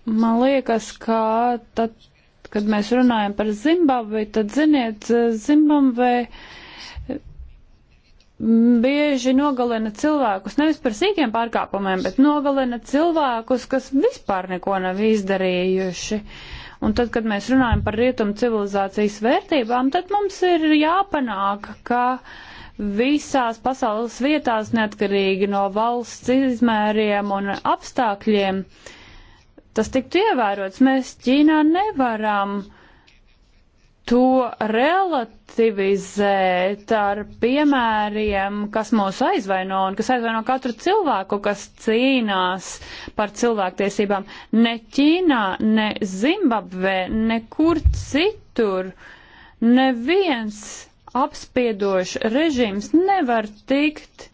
S5: Man liekas, ka tad, kad mēs runājam par Zimbabvi, tad ziniet, Zimbabvē bieži nogalina cilvēkus, nevis par sīkiem pārkāpumiem, bet nogalina cilvēkus, kas vispār neko nav izdarījuši. Uh, Un tad, kad mēs runājam par rietumu civilizācijas vērtībām, tad mums ir jāpanāk, ka visās pasaules vietās, neatkarīgi no valsts izmēriem un apstākļiem, tas tiktu ievērots. Mēs Ķīnā nevaram uh, to relativizēt ar piemēriem, kas mūs aizvaino un kas aizvaino katru cilvēku, kas cīnās par cilvēktiesībām. Ne Ķīnā, ne Zimbabvē, nekur citur neviens apspiedošs režīms nevar tikt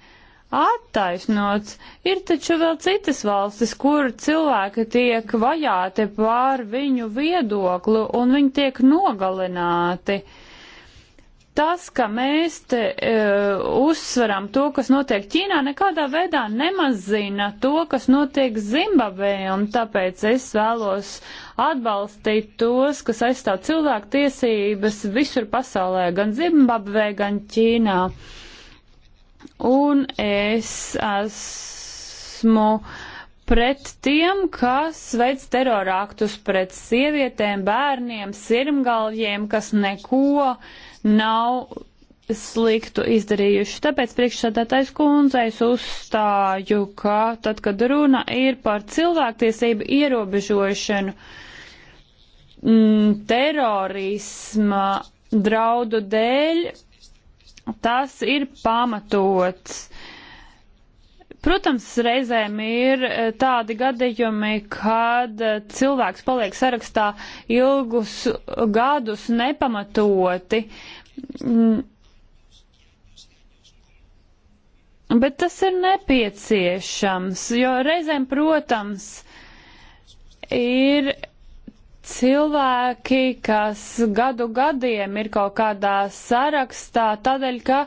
S5: attaisnots. Ir taču vēl citas valstis, kur cilvēki tiek vajāti pār viņu viedokli un viņi tiek nogalināti. Tas, ka mēs te e, uzsveram to, kas notiek Ķīnā, nekādā veidā nemazina to, kas notiek Zimbabvē, un tāpēc es vēlos atbalstīt tos, kas aizstāv cilvēku tiesības visur pasaulē, gan Zimbabvē, gan Ķīnā. Uh, un es esmu pret tiem, kas veic terorāktus pret sievietēm, bērniem, sirmgalviem, kas neko nav sliktu izdarījuši. Tāpēc priekšsādātais kundzais uzstāju, ka tad, kad runa ir par cilvēktiesību ierobežošanu, m, mm, terorisma draudu dēļ, tas ir pamatots. Protams, reizēm ir e, tādi gadījumi, kad e, cilvēks paliek sarakstā ilgus gadus nepamatoti, mm. bet tas ir nepieciešams, jo reizēm, protams, ir cilvēki, kas gadu gadiem ir kaut kādā sarakstā, tādēļ, ka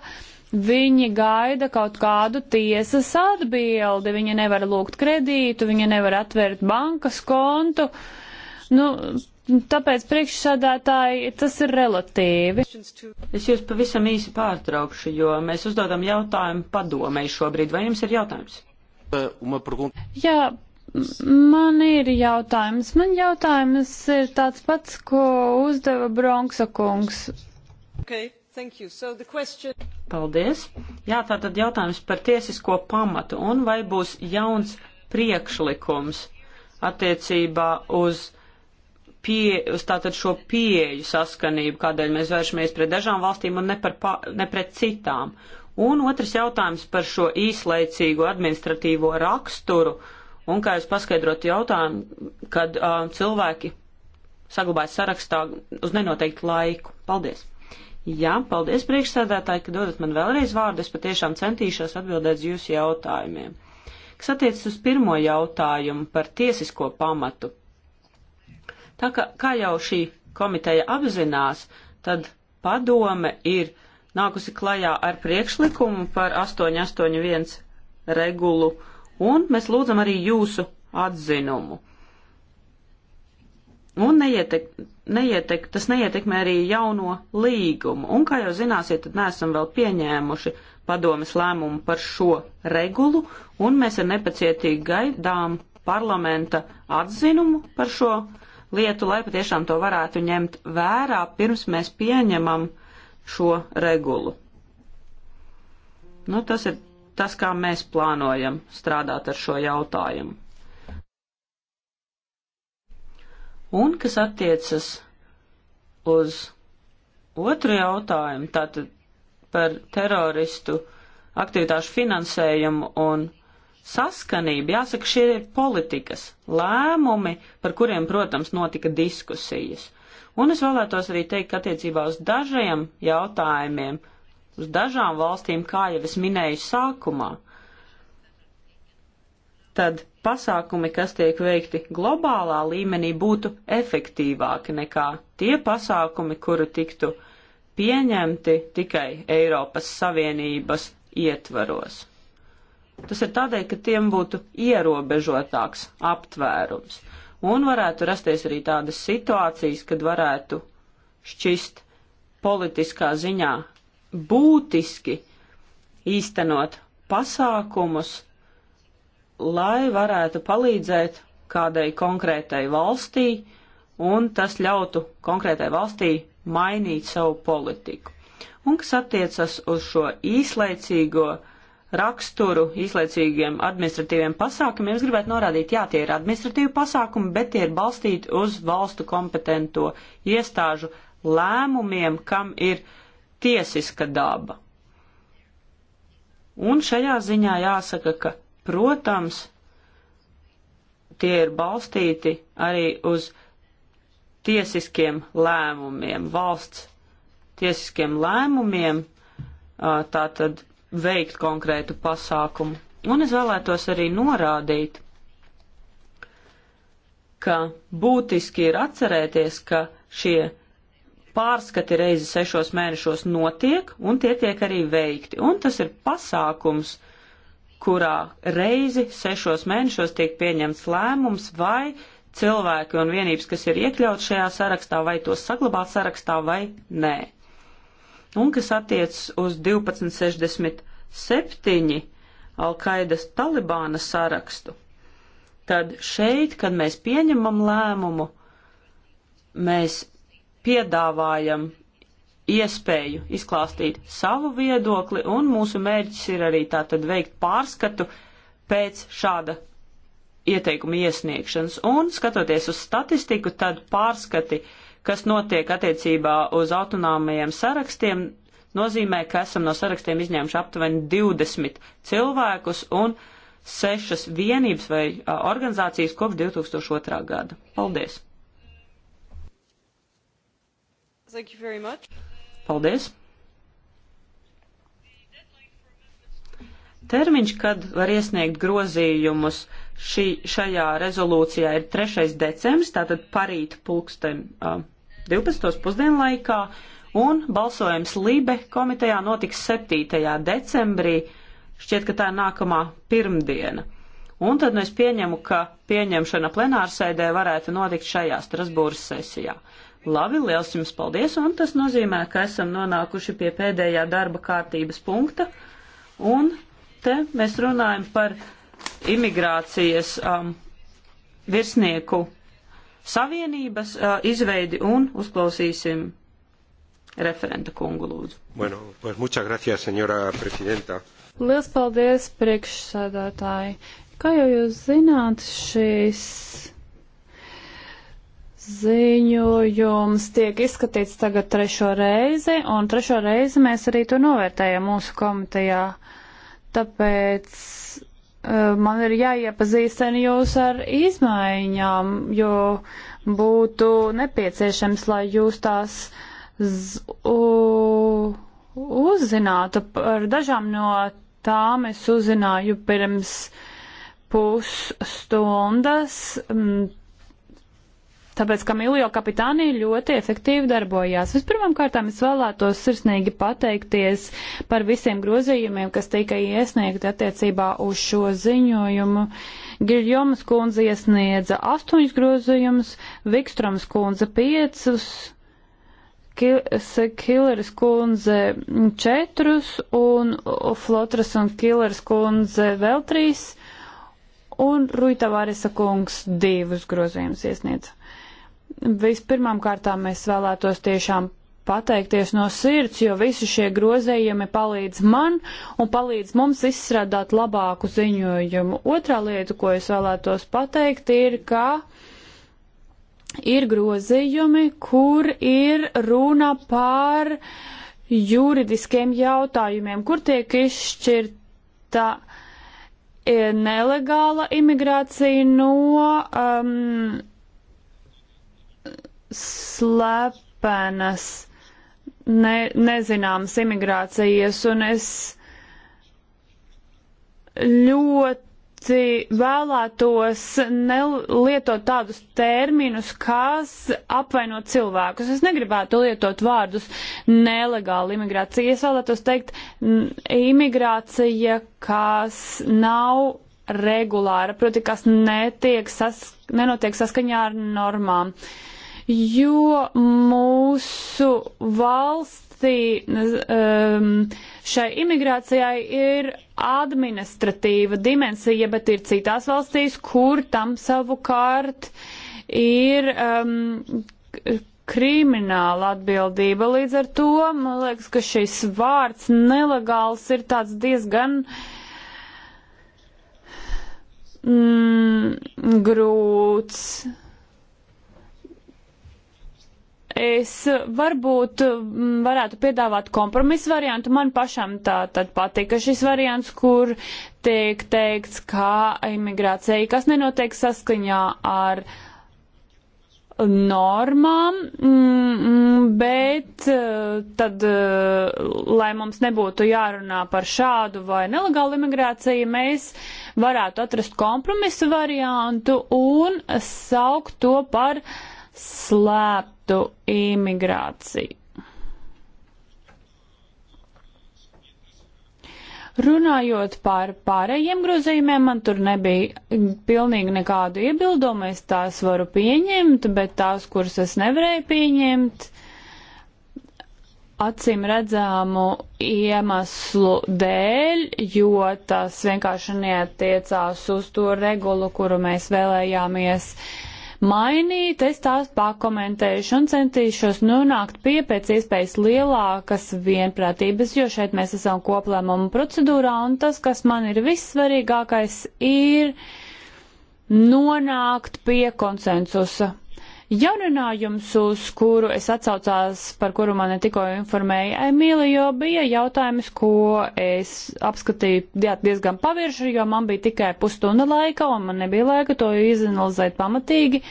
S5: viņi gaida kaut kādu tiesas atbildi, viņi nevar lūgt kredītu, viņi nevar atvērt bankas kontu. Nu, tāpēc priekšsādātāji tas ir relatīvi.
S1: Es jūs pavisam īsi pārtraukšu, jo mēs uzdodam jautājumu padomēji šobrīd. Vai jums ir jautājums?
S5: Jā, Man ir jautājums. Man jautājums ir tāds pats, ko uzdeva Bronksa kungs.
S1: Okay, so question... Paldies. Jā, tātad jautājums par tiesisko pamatu un vai būs jauns priekšlikums attiecībā uz, pie, uz tātad šo pieeju saskanību, kādēļ mēs vēršamies pret dažām valstīm un ne, par, pa, ne pret citām. Un otrs jautājums par šo īslaicīgo administratīvo raksturu Un kā jūs paskaidrot jautājumu, kad uh, cilvēki saglabājas sarakstā uz nenoteiktu laiku? Paldies! Jā, paldies priekšsēdētāji, ka dodat man vēlreiz vārdu. Es patiešām centīšos atbildēt uz jūsu jautājumiem. Kas attiecas uz pirmo jautājumu par tiesisko pamatu? Tā kā, kā jau šī komiteja apzinās, tad padome ir nākusi klajā ar priekšlikumu par 881 regulu uh, un mēs lūdzam arī jūsu atzinumu. Un neietek, neietek, tas neietekmē arī jauno līgumu. Un, kā jau zināsiet, tad neesam vēl pieņēmuši padomes lēmumu par šo regulu, un mēs ar nepacietīgi gaidām parlamenta atzinumu par šo lietu, lai patiešām to varētu ņemt vērā, pirms mēs pieņemam šo regulu. Nu, tas ir tas, kā mēs plānojam strādāt ar šo jautājumu. Un kas attiecas uz otru jautājumu, tātad par teroristu aktivitāšu finansējumu un saskanību, jāsaka, šie ir politikas lēmumi, par kuriem, protams, notika diskusijas. Un es vēlētos arī teikt, ka attiecībā uz dažiem jautājumiem uz dažām valstīm, kā jau es minēju sākumā, tad pasākumi, kas tiek veikti globālā līmenī, būtu efektīvāki nekā tie pasākumi, kuri tiktu pieņemti tikai Eiropas Savienības ietvaros. Tas ir tādēļ, ka tiem būtu ierobežotāks aptvērums, un varētu rasties arī tādas situācijas, kad varētu šķist politiskā ziņā būtiski īstenot pasākumus, lai varētu palīdzēt kādai konkrētai valstī, un tas ļautu konkrētai valstī mainīt savu politiku. Un kas attiecas uz šo īslaicīgo raksturu, īslaicīgiem administratīviem pasākumiem, es gribētu norādīt, jā, tie ir administratīvi pasākumi, bet tie ir balstīti uz valstu kompetento iestāžu lēmumiem, kam ir uh, tiesiska daba. Un šajā ziņā jāsaka, ka, protams, tie ir balstīti arī uz tiesiskiem lēmumiem, valsts tiesiskiem lēmumiem, tātad veikt konkrētu pasākumu. Un es vēlētos arī norādīt, ka būtiski ir atcerēties, ka šie pārskati reizi sešos mēnešos notiek, un tie tiek arī veikti. Un tas ir pasākums, kurā reizi sešos mēnešos tiek pieņemts lēmums, vai cilvēki un vienības, kas ir iekļauts šajā sarakstā, vai tos saglabāt sarakstā, vai nē. Un kas attiec uz 1267 Alkaidas Talibāna sarakstu, tad šeit, kad mēs pieņemam lēmumu, mēs piedāvājam iespēju izklāstīt savu viedokli, un mūsu mērķis ir arī tātad veikt pārskatu pēc šāda ieteikuma iesniegšanas. Un skatoties uz statistiku, tad pārskati, kas notiek attiecībā uz autonomajiem sarakstiem, nozīmē, ka esam no sarakstiem izņēmuši aptuveni 20 cilvēkus un sešas vienības vai organizācijas kopš 2002. gada. Paldies!
S2: Thank you very much.
S1: Paldies! Termiņš, kad var iesniegt grozījumus šī, šajā rezolūcijā, ir 3. decembris, tātad parīt pulksten uh, 12. pusdienlaikā, un balsojums Lībe komitejā notiks 7. decembrī, šķiet, ka tā ir nākamā pirmdiena. Un tad nu es pieņemu, ka pieņemšana plenārsēdē varētu notikt šajā Strasbūras sesijā. Labi, liels jums paldies, un tas nozīmē, ka esam nonākuši pie pēdējā darba kārtības punkta, un te mēs runājam par imigrācijas um, virsnieku savienības uh, izveidi un uzklausīsim referenta kungu lūdzu.
S3: Bueno, pues muchas
S2: gracias, señora presidenta.
S1: Liels paldies, priekšsēdētāji. Kā
S5: jau jūs zināt, šīs ziņojums tiek izskatīts tagad trešo reizi, un trešo reizi mēs arī to novērtējam mūsu komitejā. Tāpēc uh, man ir jāiepazīstina jūs ar izmaiņām, jo būtu nepieciešams, lai jūs tās uzzinātu. Par dažām no tām es uzzināju pirms pusstundas. M, tāpēc, ka Miljo kapitāni ļoti efektīvi darbojās. Vispirmām kārtām es vēlētos sirsnīgi pateikties par visiem grozījumiem, kas tika iesniegti attiecībā uz šo ziņojumu. Giljomas kundze iesniedza astoņus grozījumus, Vikstroms kundze piecus, Killeris kundze četrus un Flotras un Killeris kundze vēl trīs un Ruitavārisa kungs divus grozījumus iesniedza. Vispirmām kārtām mēs vēlētos tiešām pateikties no sirds, jo visi šie grozējumi palīdz man un palīdz mums izstrādāt labāku ziņojumu. Otrā lieta, ko es vēlētos pateikt, ir, ka ir grozījumi, kur ir runa par juridiskiem jautājumiem, kur tiek izšķirta eh, nelegāla imigrācija no um, slepenas, ne, nezināmas imigrācijas, un es ļoti vēlētos nelietot tādus terminus, kas apvaino cilvēkus. Es negribētu lietot vārdus nelegāla imigrācija. Es vēlētos teikt imigrācija, kas nav regulāra, proti, kas netiek sas, nenotiek saskaņā ar normām. Uh, jo mūsu valstī um, šai imigrācijai ir administratīva dimensija, bet ir citās valstīs, kur tam savukārt ir. Um, krimināla atbildība. Līdz ar to man liekas, ka šis vārds nelegāls ir tāds diezgan mm, grūts. Es varbūt mm, varētu piedāvāt kompromisu variantu. Man pašam tā tad patika šis variants, kur tiek teikts, ka imigrācija, kas nenotiek saskaņā ar normām, mm, bet eh, tad, eh, lai mums nebūtu jārunā par šādu vai nelegālu imigrāciju, mēs varētu atrast kompromisu variantu un saukt to par slēp apdraudētu imigrāciju. Runājot par pārējiem grozījumiem, man tur nebija pilnīgi nekādu iebildumu, es tās varu pieņemt, bet tās, kuras es nevarēju pieņemt, acīm redzāmu iemeslu dēļ, jo tas vienkārši neatiecās uz to regulu, kuru mēs vēlējāmies uh, mainīt, es tās pakomentēšu un centīšos nonākt pie pēc iespējas lielākas vienprātības, jo šeit mēs esam koplēmumu procedūrā un tas, kas man ir vissvarīgākais, ir nonākt pie konsensusa Jauninājums, uz kuru es atcaucās, par kuru mani tikko informēja Emīlija, bija jautājums, ko es apskatīju jā, diezgan pavirši, jo man bija tikai pusstunda laika un man nebija laika to izanalizēt pamatīgi.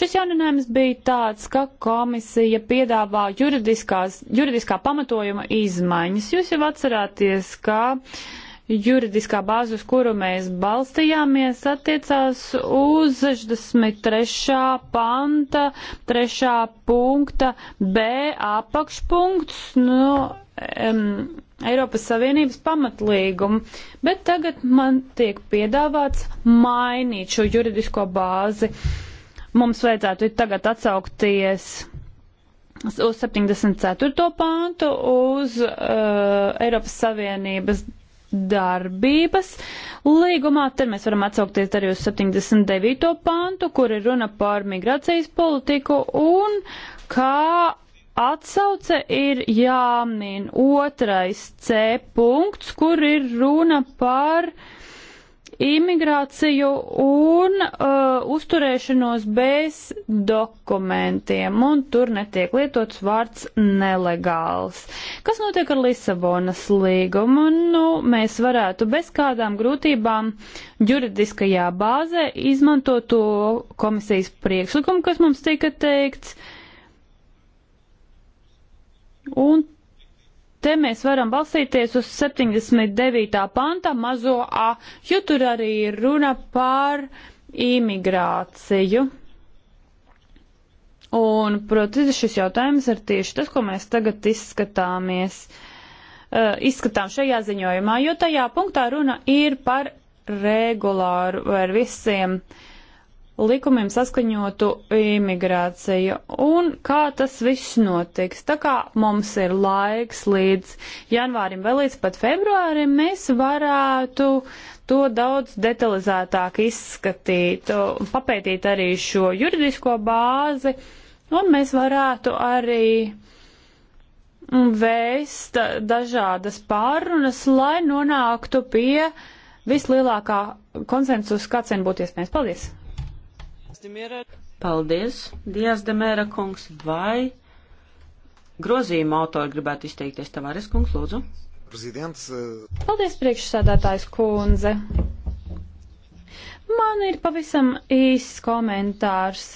S5: Šis jauninājums bija tāds, ka komisija piedāvā juridiskā pamatojuma izmaiņas. Jūs jau atcerāties, ka. Uh, juridiskā bāze, uz kuru mēs balstījāmies, attiecās uz 63. panta, 3. punkta B apakšpunkts no um, Eiropas Savienības pamatlīguma. Bet tagad man tiek piedāvāts mainīt šo juridisko bāzi. Mums vajadzētu tagad atsaukties uz 74. pāntu, uz uh, Eiropas Savienības darbības līgumā. Te mēs varam atsaukties arī uz 79. pantu, kur ir runa par migrācijas politiku un kā atsauce ir jāmin otrais C punkts, kur ir runa par uh, imigrāciju un uh, uzturēšanos bez dokumentiem, un tur netiek lietots vārds nelegāls. Kas notiek ar Lisabonas līgumu? Nu, mēs varētu bez kādām grūtībām juridiskajā bāzē izmantot to komisijas priekšlikumu, kas mums tika teikts. Un Te mēs varam balstīties uz 79. panta mazo A, jo tur arī ir runa par imigrāciju. Un, protams, šis jautājums ir tieši tas, ko mēs tagad izskatāmies, uh, izskatām šajā ziņojumā, jo tajā punktā runa ir par regulāru vai ar visiem uh, likumiem saskaņotu imigrāciju un kā tas viss notiks. Tā kā mums ir laiks līdz janvārim vai līdz pat februārim, mēs varētu to daudz detalizētāk izskatīt, papētīt arī šo juridisko bāzi un mēs varētu arī vēst dažādas pārunas, lai nonāktu pie vislielākā konsensus, kāds vien būtu iespējams. Paldies!
S1: Paldies, Dijas Demēra kungs, vai grozījuma autori gribētu izteikties Tavares kungs, lūdzu?
S3: Prezidents. Eh,
S5: Paldies, priekšsēdētājs kundze. Man ir pavisam īsts komentārs.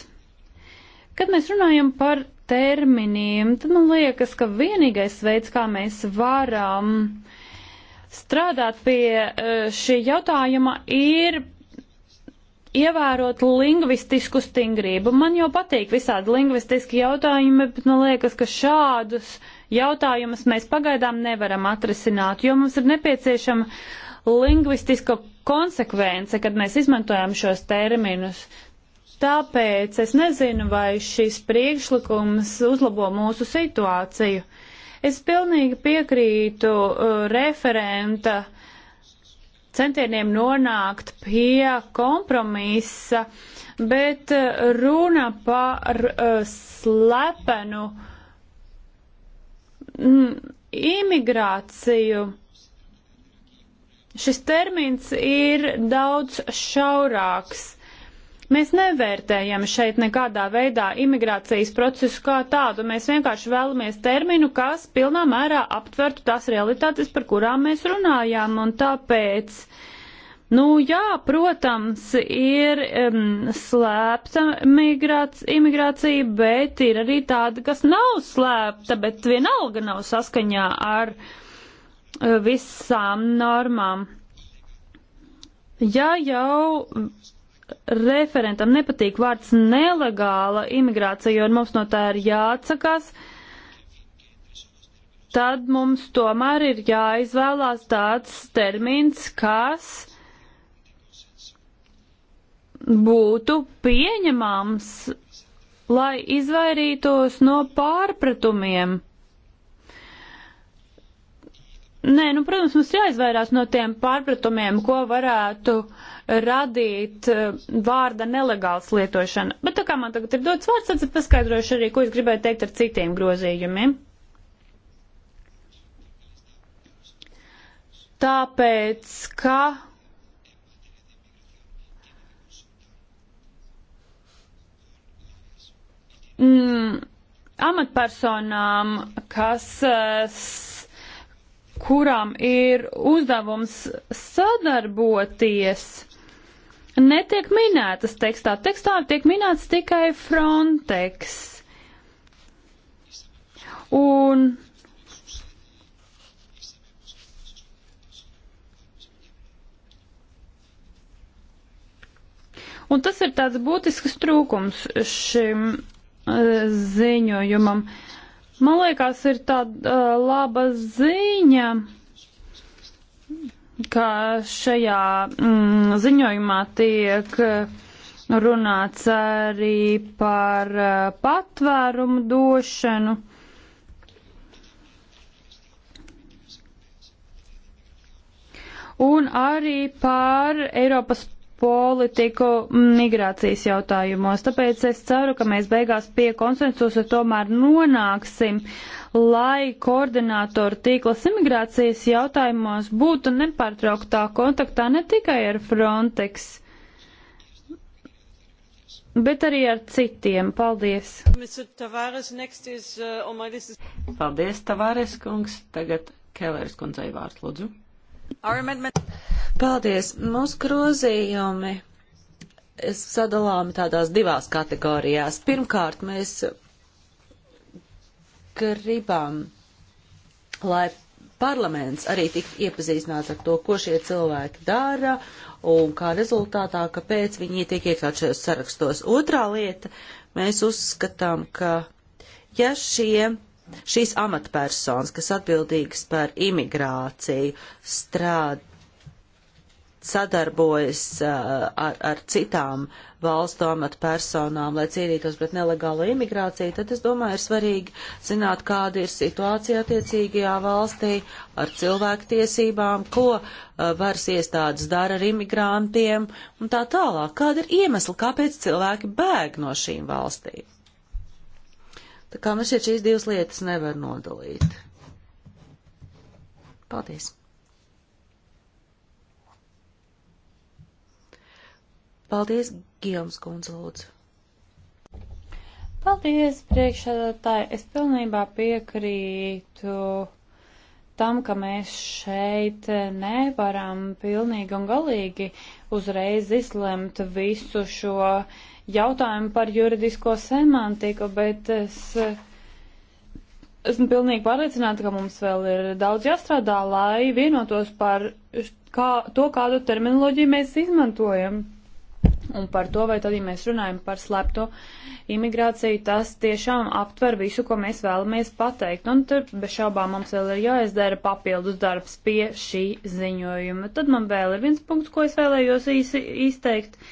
S5: Kad mēs runājam par terminiem, tad man liekas, ka vienīgais veids, kā mēs varam strādāt pie eh, šī jautājuma, ir ievērot lingvistisku stingrību. Man jau patīk visādi lingvistiski jautājumi, bet man liekas, ka šādus jautājumus mēs pagaidām nevaram atrisināt, jo mums ir nepieciešama lingvistiska konsekvence, kad mēs izmantojam šos terminus. Tāpēc es nezinu, vai šis priekšlikums uzlabo mūsu situāciju. Es pilnīgi piekrītu uh, referenta uh, centieniem nonākt pie kompromisa, bet runa par uh, slepenu mm, imigrāciju. Šis termins ir daudz šaurāks. Mēs nevērtējam šeit nekādā veidā imigrācijas procesu kā tādu. Mēs vienkārši vēlamies terminu, kas pilnā mērā aptvertu tās realitātes, par kurām mēs runājām. Un tāpēc, nu jā, protams, ir um, slēpta migrāc, imigrācija, bet ir arī tāda, kas nav slēpta, bet vienalga nav saskaņā ar uh, visām normām. Ja jau referentam nepatīk vārds nelegāla imigrācija, un mums no tā ir jāatsakās, tad mums tomēr ir jāizvēlās tāds termins, kas būtu pieņemams, lai izvairītos no pārpratumiem. Nē, nu, protams, mums jāizvairās no tiem pārpratumiem, ko varētu radīt eh, vārda nelegāls lietošana. Bet tā kā man tagad ir dots vārds, tad paskaidrošu arī, ko es gribēju teikt ar citiem grozījumiem. Tāpēc, ka mm, amatpersonām, kas eh, kuram ir uzdevums sadarboties, netiek minētas tekstā. Tekstā tiek minēts tikai Frontex. Un Un tas ir tāds būtisks trūkums šim eh, ziņojumam. Uh, Man liekas, ir tāda uh, laba ziņa, ka šajā mm, ziņojumā tiek runāts arī par uh, patvērumu došanu. un arī par Eiropas politiku migrācijas jautājumos. Tāpēc es ceru, ka mēs beigās pie konsensusa tomēr nonāksim, lai koordinātoru tīklas imigrācijas jautājumos būtu nepārtrauktā kontaktā ne tikai ar Frontex, bet arī ar citiem. Paldies!
S1: Uh, Paldies, Tavares kungs! Tagad Kēlērs kundzei vārds lūdzu. Paldies. Mūsu grozījumi
S2: sadalāmi tādās divās kategorijās. Pirmkārt, mēs gribam, lai parlaments arī tiktu iepazīstināts ar to, ko šie cilvēki dara un kā rezultātā, kāpēc viņi tiek iekļaut šajos sarakstos. Otrā lieta, mēs uzskatām, ka ja šie šīs amatpersonas, kas atbildīgas par imigrāciju, strād, sadarbojas uh, ar, ar citām valstu amatpersonām, lai cīnītos pret nelegālo imigrāciju, tad es domāju, ir svarīgi zināt, kāda ir situācija attiecīgajā valstī ar cilvēktiesībām, ko uh, varas iestādes dara ar imigrantiem un tā tālāk. Kāda ir iemesla, kāpēc cilvēki bēg no šīm valstīm? Tā kā man šķiet šīs divas lietas nevar
S1: nodalīt.
S2: Paldies! Paldies, Gijoms kundze, lūdzu.
S5: Paldies, priekšsēdētāji. Es pilnībā piekrītu tam, ka mēs šeit nevaram pilnīgi un galīgi uzreiz izlemt visu šo uh, jautājumu par juridisko semantiku, bet es esmu pilnīgi pārliecināta, ka mums vēl ir daudz jāstrādā, lai vienotos par kā, to, kādu terminoloģiju mēs izmantojam. Un par to, vai tad, ja mēs runājam par slēpto imigrāciju, tas tiešām aptver visu, ko mēs vēlamies pateikt. Un tur bez šaubām mums vēl ir jāizdara papildus darbs pie šī ziņojuma. Tad man vēl ir viens punkts, ko es vēlējos īsi izteikt. Uh,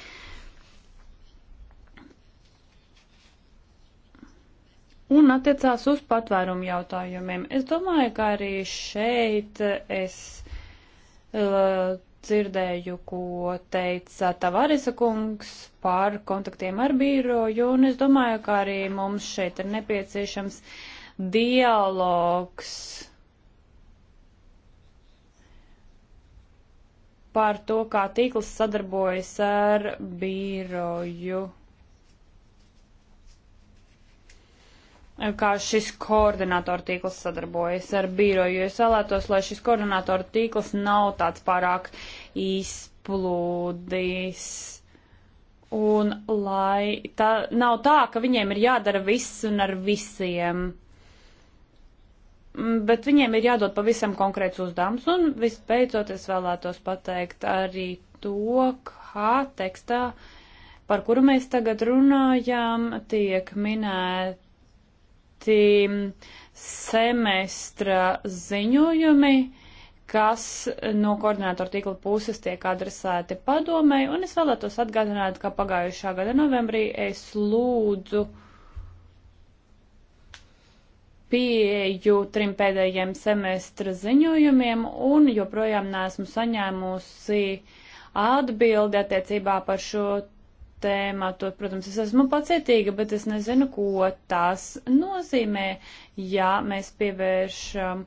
S5: un attiecās uz patvērumu jautājumiem. Es domāju, ka arī šeit es uh, dzirdēju, ko teica Tavarisa kungs par kontaktiem ar bīroju, un es domāju, ka arī mums šeit ir nepieciešams dialogs par to, kā tīkls sadarbojas ar bīroju. kā šis koordinātoru tīkls sadarbojas ar biroju, jo es vēlētos, lai šis koordinātoru tīkls nav tāds pārāk izplūdis. Un lai tā nav tā, ka viņiem ir jādara viss un ar visiem. Mm, bet viņiem ir jādod pavisam konkrēts uzdevums. Un visbeidzot, es vēlētos pateikt arī to, kā tekstā, par kuru mēs tagad runājām, tiek minēt pieņemti semestra ziņojumi, kas no koordinātora tīkla puses tiek adresēti padomēji, un es vēlētos atgādināt, ka pagājušā gada novembrī es lūdzu pieeju trim pēdējiem semestra ziņojumiem, un joprojām neesmu saņēmusi atbildi attiecībā par šo tēmatot. Protams, es esmu pacietīga, bet es nezinu, ko tas nozīmē, ja mēs pievēršam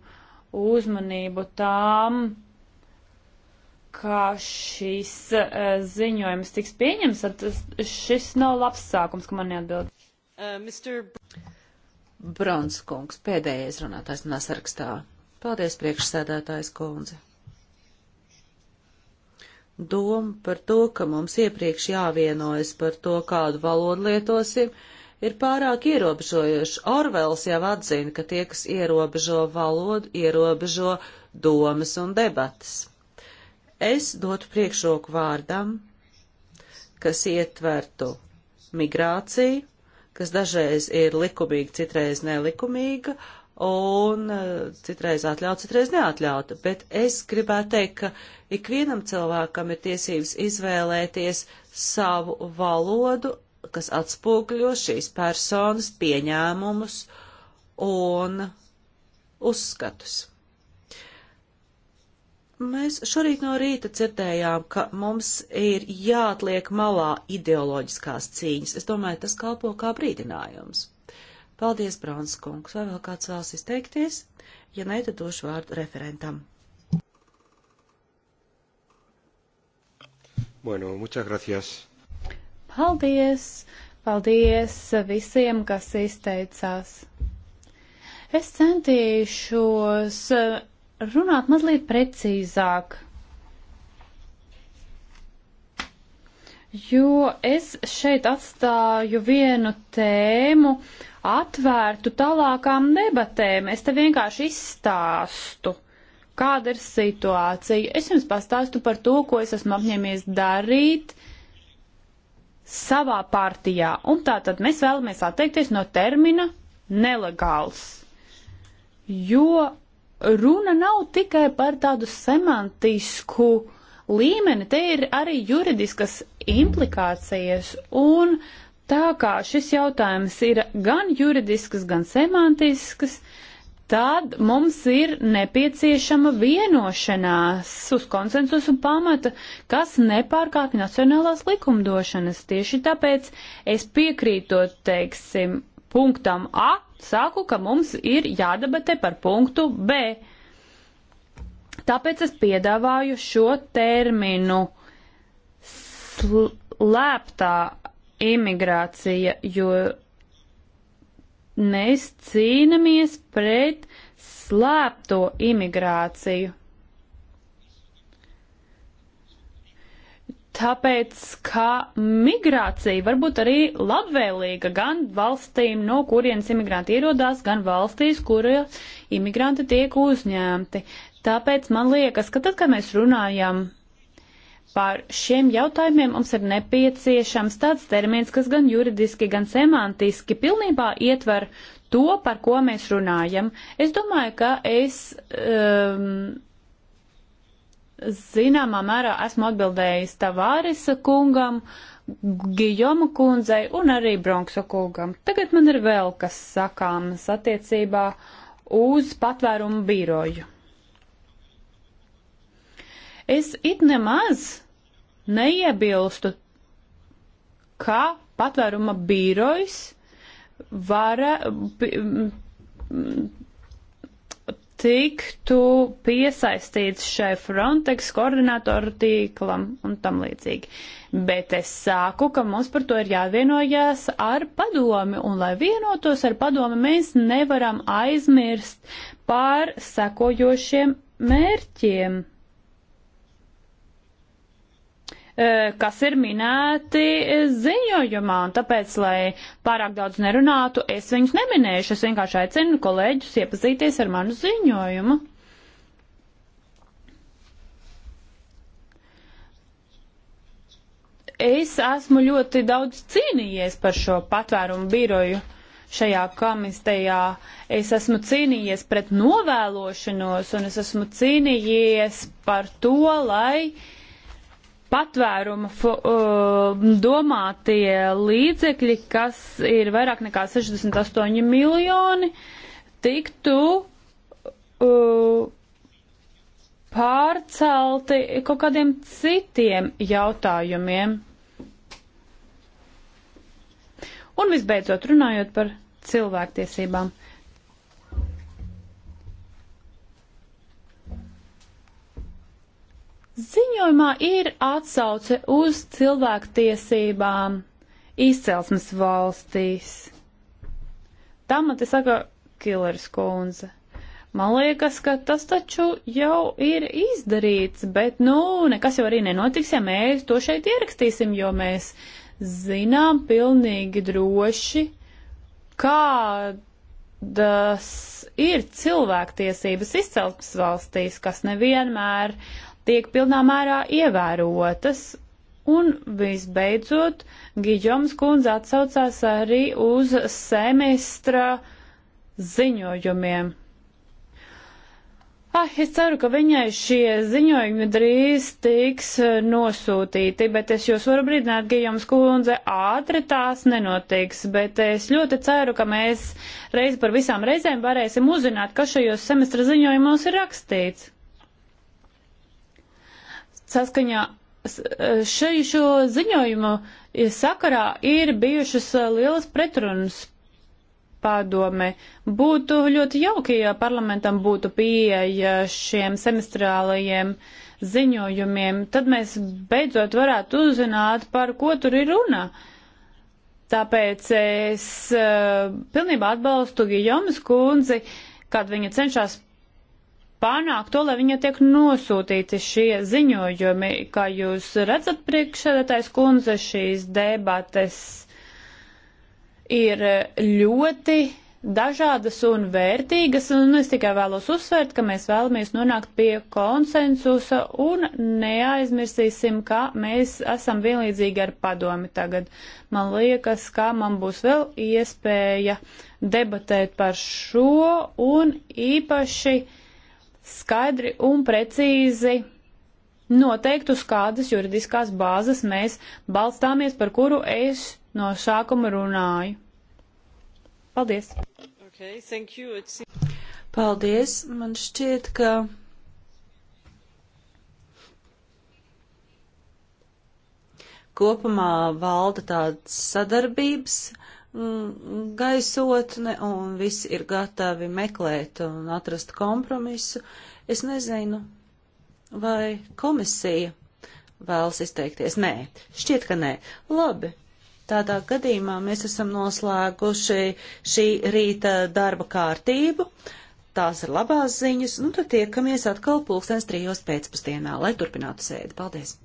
S5: uzmanību tām, kā šis uh, ziņojums tiks pieņems, tad tas, šis nav labs sākums, ka man neatbild.
S3: Uh, Mr.
S5: Bronskungs, pēdējais runātājs manā sarakstā. Paldies, priekšsēdētājs
S2: kundze doma par to, ka mums iepriekš jāvienojas par to, kādu valodu lietosim, ir pārāk ierobežojoši. Orvels jau atzina, ka tie, kas ierobežo valodu, ierobežo domas un debatas. Es dotu priekšroku vārdam, kas ietvertu migrāciju, kas dažreiz ir likumīga, citreiz nelikumīga, uh, un eh, citreiz atļaut, citreiz neatļaut. Bet es gribētu teikt, ka ikvienam cilvēkam ir tiesības izvēlēties savu valodu, kas atspūgļo šīs personas pieņēmumus un uzskatus. Mēs šorīt no rīta dzirdējām, ka mums ir jāatliek malā ideoloģiskās cīņas. Es domāju, tas kalpo kā brīdinājums. Paldies, Brauns kungs. Vai vēl kāds vēlas izteikties? Ja nē, tad došu vārdu referentam. Bueno, muchas gracias.
S5: Paldies! Paldies visiem, kas izteicās. Es centīšos eh, runāt mazliet precīzāk, jo es šeit atstāju vienu tēmu, atvērtu tālākām debatēm. Es te vienkārši izstāstu, kāda ir situācija. Es jums pastāstu par to, ko es esmu apņēmies darīt savā partijā. Un tātad mēs vēlamies atteikties no termina nelegāls. Jo runa nav tikai par tādu semantisku līmeni, te ir arī juridiskas implikācijas un uh, Tā kā šis jautājums ir gan juridisks, gan semantisks, tad mums ir nepieciešama vienošanās uz konsensusu pamata, kas nepārkāpj nacionālās likumdošanas. Tieši tāpēc es piekrītot, teiksim, punktam A, saku, ka mums ir jādabate par punktu B. Tāpēc es piedāvāju šo terminu slēptā imigrācija, jo mēs cīnamies pret slēpto imigrāciju. Tāpēc, ka migrācija var būt arī labvēlīga gan valstīm, no kurienes imigranti ierodās, gan valstīs, kuras imigranti tiek uzņemti. Tāpēc man liekas, ka tad, kad mēs runājam Par šiem jautājumiem mums ir nepieciešams tāds termins, kas gan juridiski, gan semantiski pilnībā ietver to, par ko mēs runājam. Es domāju, ka es um, zināmā mērā esmu atbildējis Tavārisa kungam, Gijoma kundzei un arī Bronksa kungam. Tagad man ir vēl kas sakāms attiecībā uz patvērumu biroju. Es it nemaz neiebilstu, ka patvēruma birojs var tiktu piesaistīts šai Frontex koordinatoru tīklam un tam līdzīgi. Bet es sāku, ka mums par to ir jāvienojās ar padomi, un lai vienotos ar padomi, mēs nevaram aizmirst pār sekojošiem mērķiem. Eh, kas ir minēti ziņojumā, un tāpēc, lai pārāk daudz nerunātu, es viņus neminēšu. Es vienkārši aicinu kolēģus iepazīties ar manu ziņojumu. Es esmu ļoti daudz cīnījies par šo patvērumu biroju šajā kamistejā. Es esmu cīnījies pret novēlošanos un es esmu cīnījies par to, lai uh, patvēruma uh, domātie līdzekļi, kas ir vairāk nekā 68 miljoni, tiktu uh, pārcelti kaut kādiem citiem jautājumiem. Un visbeidzot, runājot par cilvēktiesībām. Ziņojumā ir atsauce uz cilvēktiesībām izcelsmes valstīs. Tam te saka Kilers kundze. Man liekas, ka tas taču jau ir izdarīts, bet, nu, nekas jau arī nenotiks, ja mēs to šeit ierakstīsim, jo mēs zinām pilnīgi droši, kādas ir cilvēktiesības izcelsmes valstīs, kas nevienmēr tiek pilnā mērā ievērotas. Un visbeidzot, Giģoms kundze atsaucās arī uz semestra ziņojumiem. Ah, es ceru, ka viņai šie ziņojumi drīz tiks eh, nosūtīti, bet es jūs varu brīdināt, ka jums kundze ātri tās nenotiks, bet es ļoti ceru, ka mēs reiz par visām reizēm varēsim uzzināt, kas šajos semestra ziņojumos ir rakstīts saskaņā e, šai šo ziņojumu e, sakarā ir bijušas e, lielas pretrunas padome. Būtu ļoti jauki, ja parlamentam būtu pieeja šiem semestrālajiem ziņojumiem, tad mēs beidzot varētu uzzināt, par ko tur ir runa. Tāpēc es uh, pilnībā atbalstu Gijomas kundzi, kad viņa cenšas panākt to, lai viņai tiek nosūtīti šie ziņojumi. Kā jūs redzat, priekšsēdētājs kundze, šīs debates ir ļoti dažādas un vērtīgas, un es tikai vēlos uzsvērt, ka mēs vēlamies nonākt pie konsensusa un neaizmirsīsim, ka mēs esam vienlīdzīgi ar padomi tagad. Man liekas, ka man būs vēl iespēja debatēt par šo un īpaši uh, skaidri un precīzi noteikt, uz kādas juridiskās bāzes mēs balstāmies, par kuru es no sākuma runāju. Paldies!
S1: Okay,
S5: Paldies! Man šķiet, ka.
S2: Kopumā valda tāds sadarbības Mm, gaisotne un visi ir gatavi meklēt un atrast kompromisu. Es nezinu, vai komisija vēlas izteikties. Nē, šķiet, ka nē. Labi. Tādā gadījumā mēs esam noslēguši šī rīta darba kārtību. Tās ir labās ziņas. Nu, tad tiekamies atkal pulkstens trijos pēcpusdienā, lai turpinātu sēdi. Paldies!